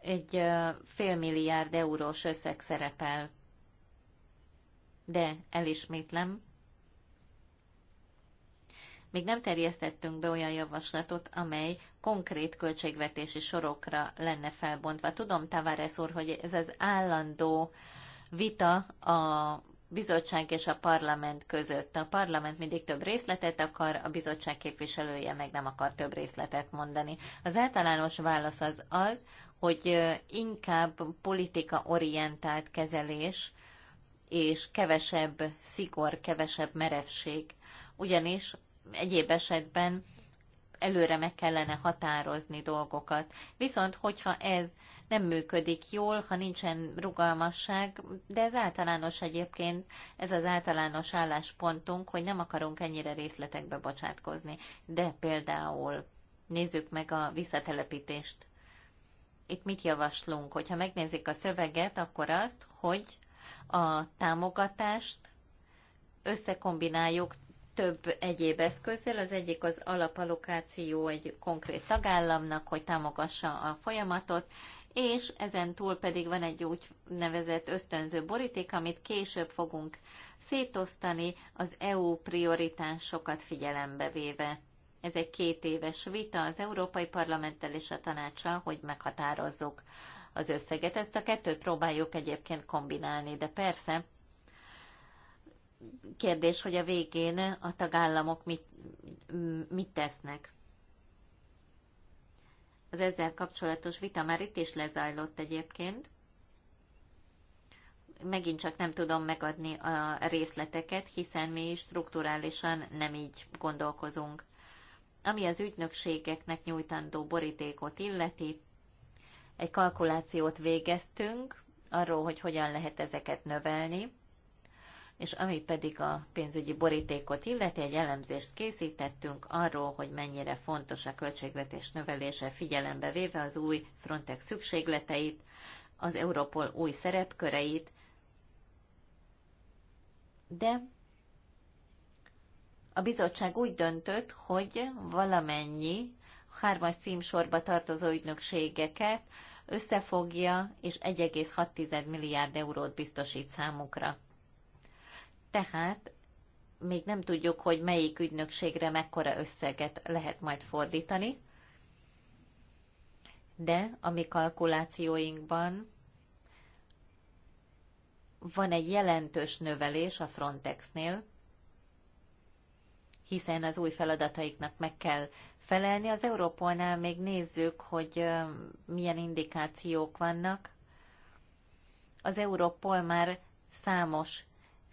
egy félmilliárd eurós összeg szerepel. De elismétlem, még nem terjesztettünk be olyan javaslatot, amely konkrét költségvetési sorokra lenne felbontva. Tudom, Tavares úr, hogy ez az állandó vita a bizottság és a parlament között. A parlament mindig több részletet akar, a bizottság képviselője meg nem akar több részletet mondani. Az általános válasz az az, hogy inkább politika-orientált kezelés és kevesebb szigor, kevesebb merevség, ugyanis egyéb esetben előre meg kellene határozni dolgokat. Viszont, hogyha ez nem működik jól, ha nincsen rugalmasság, de ez általános egyébként, ez az általános álláspontunk, hogy nem akarunk ennyire részletekbe bocsátkozni. De például nézzük meg a visszatelepítést. Itt mit javaslunk? Hogyha megnézik a szöveget, akkor azt, hogy a támogatást összekombináljuk több egyéb eszközzel. Az egyik az alapalokáció egy konkrét tagállamnak, hogy támogassa a folyamatot, és ezen túl pedig van egy úgynevezett ösztönző boríték, amit később fogunk szétosztani az EU prioritásokat figyelembe véve. Ez egy két éves vita az Európai Parlamenttel és a tanácssal, hogy meghatározzuk az összeget. Ezt a kettőt próbáljuk egyébként kombinálni, de persze kérdés, hogy a végén a tagállamok mit, mit tesznek. Az ezzel kapcsolatos vita már itt is lezajlott egyébként. Megint csak nem tudom megadni a részleteket, hiszen mi strukturálisan nem így gondolkozunk. Ami az ügynökségeknek nyújtandó borítékot illeti, egy kalkulációt végeztünk arról, hogy hogyan lehet ezeket növelni és ami pedig a pénzügyi borítékot illeti, egy elemzést készítettünk arról, hogy mennyire fontos a költségvetés növelése figyelembe véve az új Frontex szükségleteit, az Europol új szerepköreit, de a bizottság úgy döntött, hogy valamennyi hármas címsorba tartozó ügynökségeket összefogja, és 1,6 milliárd eurót biztosít számukra tehát még nem tudjuk, hogy melyik ügynökségre mekkora összeget lehet majd fordítani, de a mi kalkulációinkban van egy jelentős növelés a Frontexnél, hiszen az új feladataiknak meg kell felelni. Az Európolnál még nézzük, hogy milyen indikációk vannak. Az Európol már számos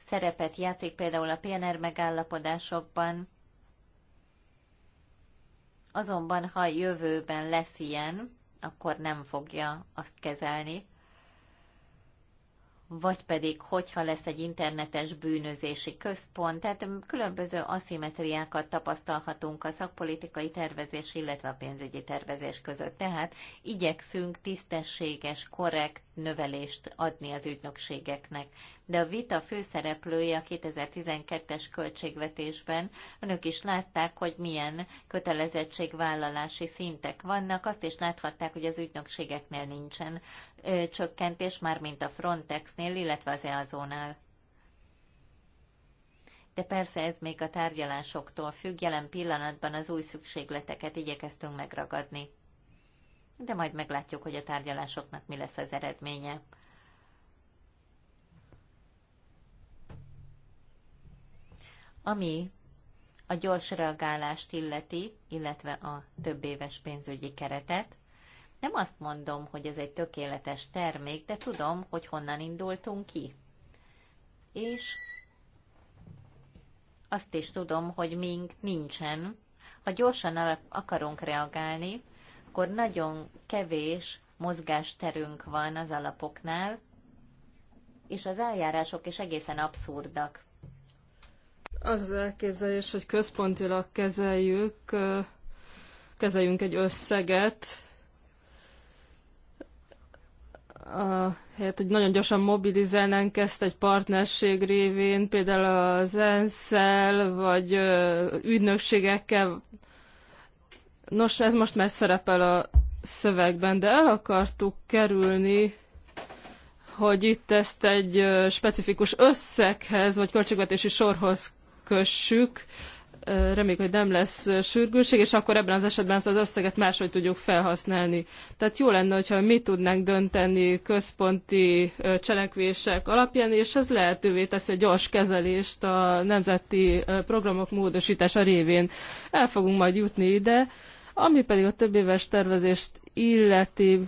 szerepet játszik például a PNR megállapodásokban, azonban ha jövőben lesz ilyen, akkor nem fogja azt kezelni, vagy pedig hogyha lesz egy internetes bűnözési központ, tehát különböző aszimetriákat tapasztalhatunk a szakpolitikai tervezés, illetve a pénzügyi tervezés között. Tehát igyekszünk tisztességes, korrekt növelést adni az ügynökségeknek. De a vita főszereplője a 2012-es költségvetésben, önök is látták, hogy milyen kötelezettségvállalási szintek vannak, azt is láthatták, hogy az ügynökségeknél nincsen csökkentés, már mint a Frontexnél, illetve az EAZO-nál. De persze ez még a tárgyalásoktól függ, jelen pillanatban az új szükségleteket igyekeztünk megragadni. De majd meglátjuk, hogy a tárgyalásoknak mi lesz az eredménye. Ami a gyors reagálást illeti, illetve a több éves pénzügyi keretet, nem azt mondom, hogy ez egy tökéletes termék, de tudom, hogy honnan indultunk ki. És azt is tudom, hogy mink nincsen. Ha gyorsan akarunk reagálni, akkor nagyon kevés mozgásterünk van az alapoknál, és az eljárások is egészen abszurdak. Az az elképzelés, hogy központilag kezeljük, kezeljünk egy összeget, hát, hogy nagyon gyorsan mobilizálnánk ezt egy partnerség révén, például az ensz vagy ügynökségekkel. Nos, ez most már szerepel a szövegben, de el akartuk kerülni, hogy itt ezt egy specifikus összeghez, vagy költségvetési sorhoz kössük, reméljük, hogy nem lesz sürgőség, és akkor ebben az esetben ezt az összeget máshogy tudjuk felhasználni. Tehát jó lenne, hogyha mi tudnánk dönteni központi cselekvések alapján, és ez lehetővé teszi a gyors kezelést a nemzeti programok módosítása révén. El fogunk majd jutni ide, ami pedig a több éves tervezést illeti,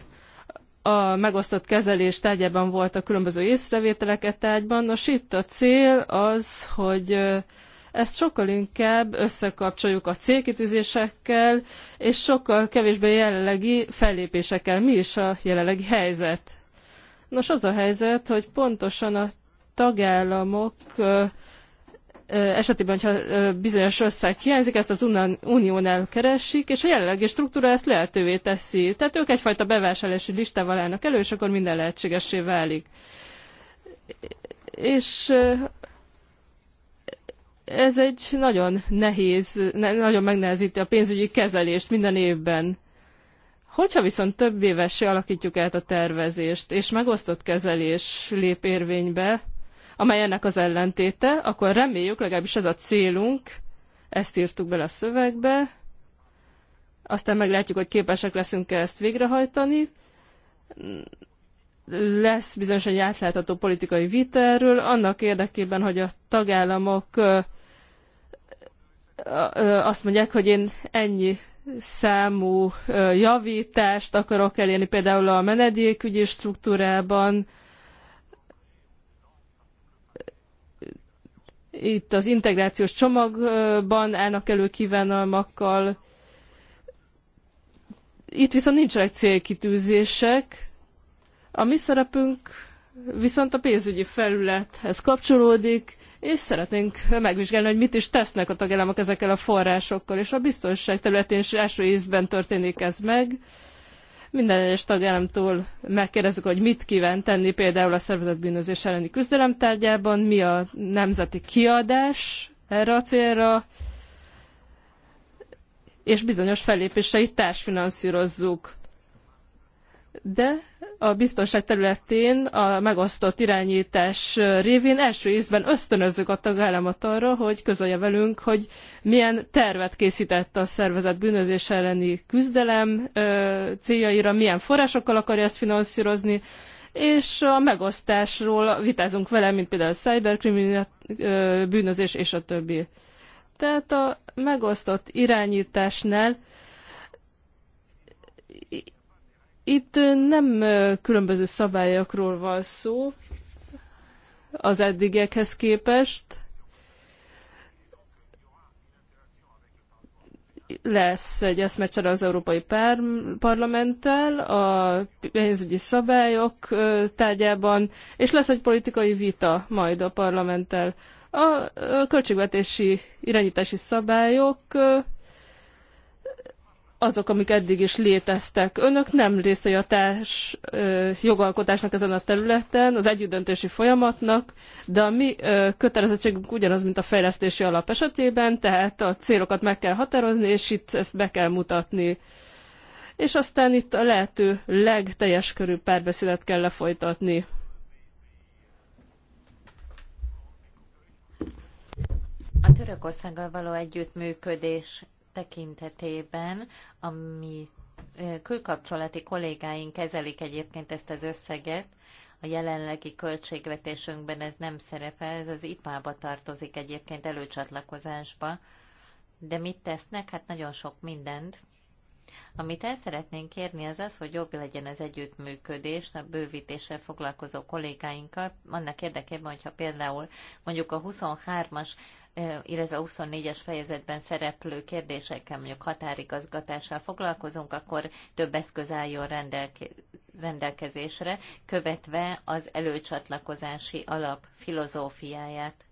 a megosztott kezelés tárgyában voltak különböző észrevételeket tárgyban. Nos, itt a cél az, hogy ezt sokkal inkább összekapcsoljuk a célkitűzésekkel, és sokkal kevésbé jelenlegi fellépésekkel. Mi is a jelenlegi helyzet? Nos, az a helyzet, hogy pontosan a tagállamok esetében, ha bizonyos összeg hiányzik, ezt az uniónál keresik, és a jelenlegi struktúra ezt lehetővé teszi. Tehát ők egyfajta bevásárlási listával állnak elő, és akkor minden lehetségessé válik. És ez egy nagyon nehéz, nagyon megnehezíti a pénzügyi kezelést minden évben. Hogyha viszont több évessé alakítjuk át a tervezést, és megosztott kezelés lép érvénybe, amely ennek az ellentéte, akkor reméljük, legalábbis ez a célunk, ezt írtuk bele a szövegbe, aztán meglátjuk, hogy képesek leszünk-e ezt végrehajtani lesz bizonyos egy átlátható politikai vita erről, annak érdekében, hogy a tagállamok azt mondják, hogy én ennyi számú javítást akarok elérni, például a menedékügyi struktúrában, itt az integrációs csomagban állnak elő kívánalmakkal. Itt viszont nincsenek célkitűzések, a mi szerepünk viszont a pénzügyi felülethez kapcsolódik, és szeretnénk megvizsgálni, hogy mit is tesznek a tagállamok ezekkel a forrásokkal, és a biztonság területén is első ízben történik ez meg. Minden egyes tagállamtól megkérdezzük, hogy mit kíván tenni például a szervezetbűnözés elleni küzdelem tárgyában, mi a nemzeti kiadás erre a célra, és bizonyos fellépéseit társfinanszírozzuk. De a biztonság területén a megosztott irányítás révén első ízben ösztönözzük a tagállamot arra, hogy közölje velünk, hogy milyen tervet készített a szervezet bűnözés elleni küzdelem céljaira, milyen forrásokkal akarja ezt finanszírozni, és a megosztásról vitázunk vele, mint például a cyberkriminál bűnözés és a többi. Tehát a megosztott irányításnál itt nem különböző szabályokról van szó az eddigekhez képest. Lesz egy eszmecsere az Európai Pár Parlamenttel a pénzügyi szabályok tárgyában, és lesz egy politikai vita majd a parlamenttel. A költségvetési irányítási szabályok azok, amik eddig is léteztek. Önök nem részei a társ ö, jogalkotásnak ezen a területen, az együttdöntési folyamatnak, de a mi ö, kötelezettségünk ugyanaz, mint a fejlesztési alap esetében, tehát a célokat meg kell határozni, és itt ezt be kell mutatni. És aztán itt a lehető legteljes körű párbeszédet kell lefolytatni. A Törökországgal való együttműködés tekintetében, ami külkapcsolati kollégáink kezelik egyébként ezt az összeget, a jelenlegi költségvetésünkben ez nem szerepel, ez az IPA-ba tartozik egyébként előcsatlakozásba. De mit tesznek? Hát nagyon sok mindent. Amit el szeretnénk kérni az az, hogy jobb legyen az együttműködés a bővítéssel foglalkozó kollégáinkkal, annak érdekében, hogyha például mondjuk a 23-as illetve 24-es fejezetben szereplő kérdésekkel, mondjuk határigazgatással foglalkozunk, akkor több eszköz álljon rendelkezésre, követve az előcsatlakozási alap filozófiáját.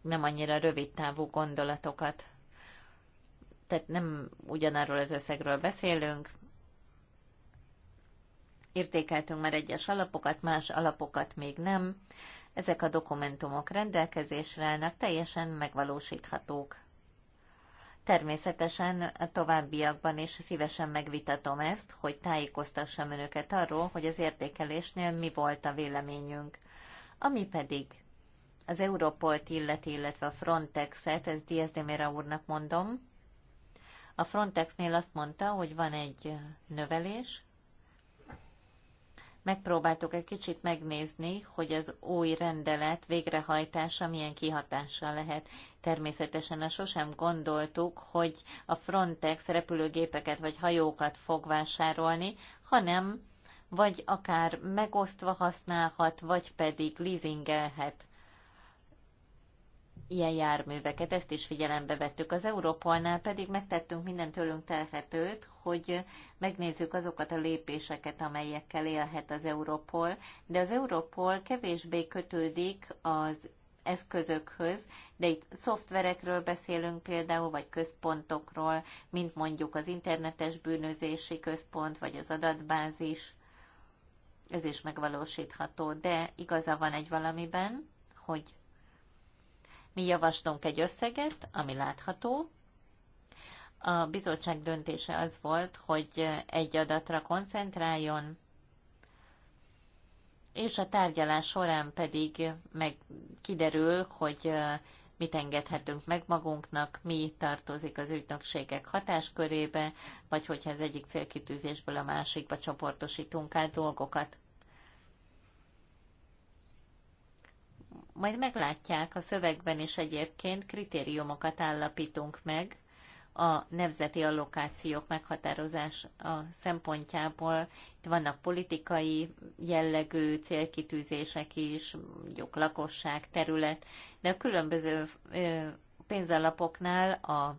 Nem annyira rövid távú gondolatokat. Tehát nem ugyanarról az összegről beszélünk, értékeltünk már egyes alapokat, más alapokat még nem. Ezek a dokumentumok rendelkezésre állnak, teljesen megvalósíthatók. Természetesen a továbbiakban is szívesen megvitatom ezt, hogy tájékoztassam önöket arról, hogy az értékelésnél mi volt a véleményünk. Ami pedig az Europolt illeti, illetve a Frontexet, ez Diaz de Mera úrnak mondom. A Frontexnél azt mondta, hogy van egy növelés, megpróbáltuk egy kicsit megnézni, hogy az új rendelet végrehajtása milyen kihatással lehet. Természetesen sosem gondoltuk, hogy a Frontex repülőgépeket vagy hajókat fog vásárolni, hanem vagy akár megosztva használhat, vagy pedig leasingelhet ilyen járműveket, ezt is figyelembe vettük. Az Európolnál pedig megtettünk minden tőlünk telhetőt, hogy megnézzük azokat a lépéseket, amelyekkel élhet az Európol, de az Európol kevésbé kötődik az eszközökhöz, de itt szoftverekről beszélünk például, vagy központokról, mint mondjuk az internetes bűnözési központ, vagy az adatbázis, ez is megvalósítható, de igaza van egy valamiben, hogy mi javaslunk egy összeget, ami látható. A bizottság döntése az volt, hogy egy adatra koncentráljon, és a tárgyalás során pedig meg kiderül, hogy mit engedhetünk meg magunknak, mi tartozik az ügynökségek hatáskörébe, vagy hogyha az egyik célkitűzésből a másikba csoportosítunk át dolgokat. Majd meglátják a szövegben is egyébként kritériumokat állapítunk meg a nemzeti allokációk meghatározás a szempontjából. Itt vannak politikai jellegű célkitűzések is, mondjuk lakosság, terület, de a különböző pénzalapoknál a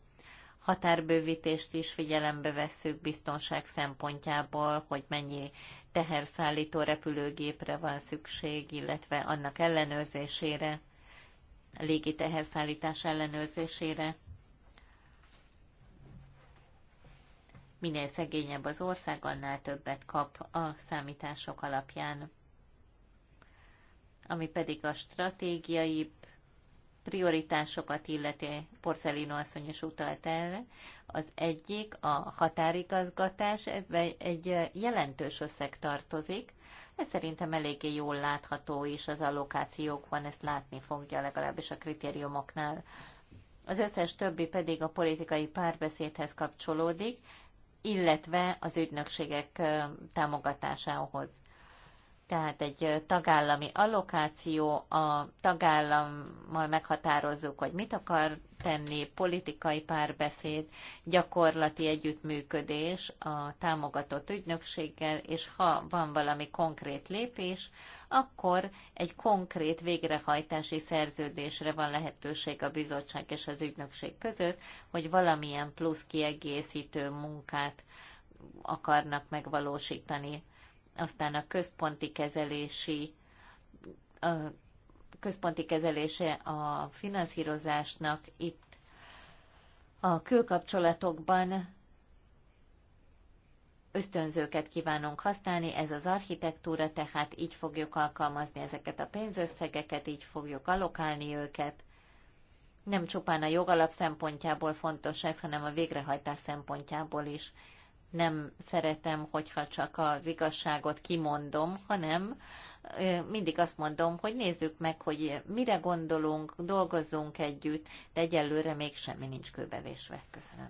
határbővítést is figyelembe veszük biztonság szempontjából, hogy mennyi teherszállító repülőgépre van szükség, illetve annak ellenőrzésére, a légi teherszállítás ellenőrzésére. Minél szegényebb az ország, annál többet kap a számítások alapján. Ami pedig a stratégiai prioritásokat illeti, Porcelino asszony is utalt erre, az egyik a határigazgatás, ebben egy jelentős összeg tartozik, ez szerintem eléggé jól látható is az allokációkban, ezt látni fogja legalábbis a kritériumoknál. Az összes többi pedig a politikai párbeszédhez kapcsolódik, illetve az ügynökségek támogatásához. Tehát egy tagállami allokáció, a tagállammal meghatározzuk, hogy mit akar tenni, politikai párbeszéd, gyakorlati együttműködés a támogatott ügynökséggel, és ha van valami konkrét lépés, akkor egy konkrét végrehajtási szerződésre van lehetőség a bizottság és az ügynökség között, hogy valamilyen plusz kiegészítő munkát akarnak megvalósítani. Aztán a központi kezelési központi kezelése a finanszírozásnak itt a külkapcsolatokban ösztönzőket kívánunk használni, ez az architektúra, tehát így fogjuk alkalmazni ezeket a pénzösszegeket, így fogjuk alokálni őket. Nem csupán a jogalap szempontjából fontos ez, hanem a végrehajtás szempontjából is. Nem szeretem, hogyha csak az igazságot kimondom, hanem mindig azt mondom, hogy nézzük meg, hogy mire gondolunk, dolgozzunk együtt, de egyelőre még semmi nincs kőbevésve. Köszönöm.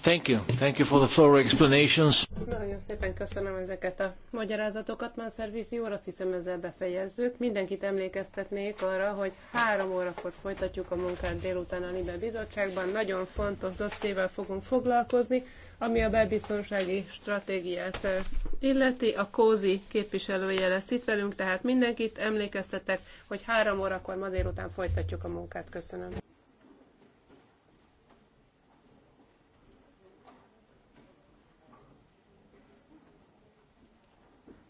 Thank you. Thank you for the thorough explanations. Nagyon szépen köszönöm ezeket a magyarázatokat, már szervizi úr, azt hiszem ezzel befejezzük. Mindenkit emlékeztetnék arra, hogy három órakor folytatjuk a munkát délután a Libe Bizottságban. Nagyon fontos dosszével fogunk foglalkozni. Ami a belbiztonsági stratégiát eh, illeti, a Kózi képviselője lesz itt velünk, tehát mindenkit emlékeztetek, hogy három órakor ma délután folytatjuk a munkát. Köszönöm.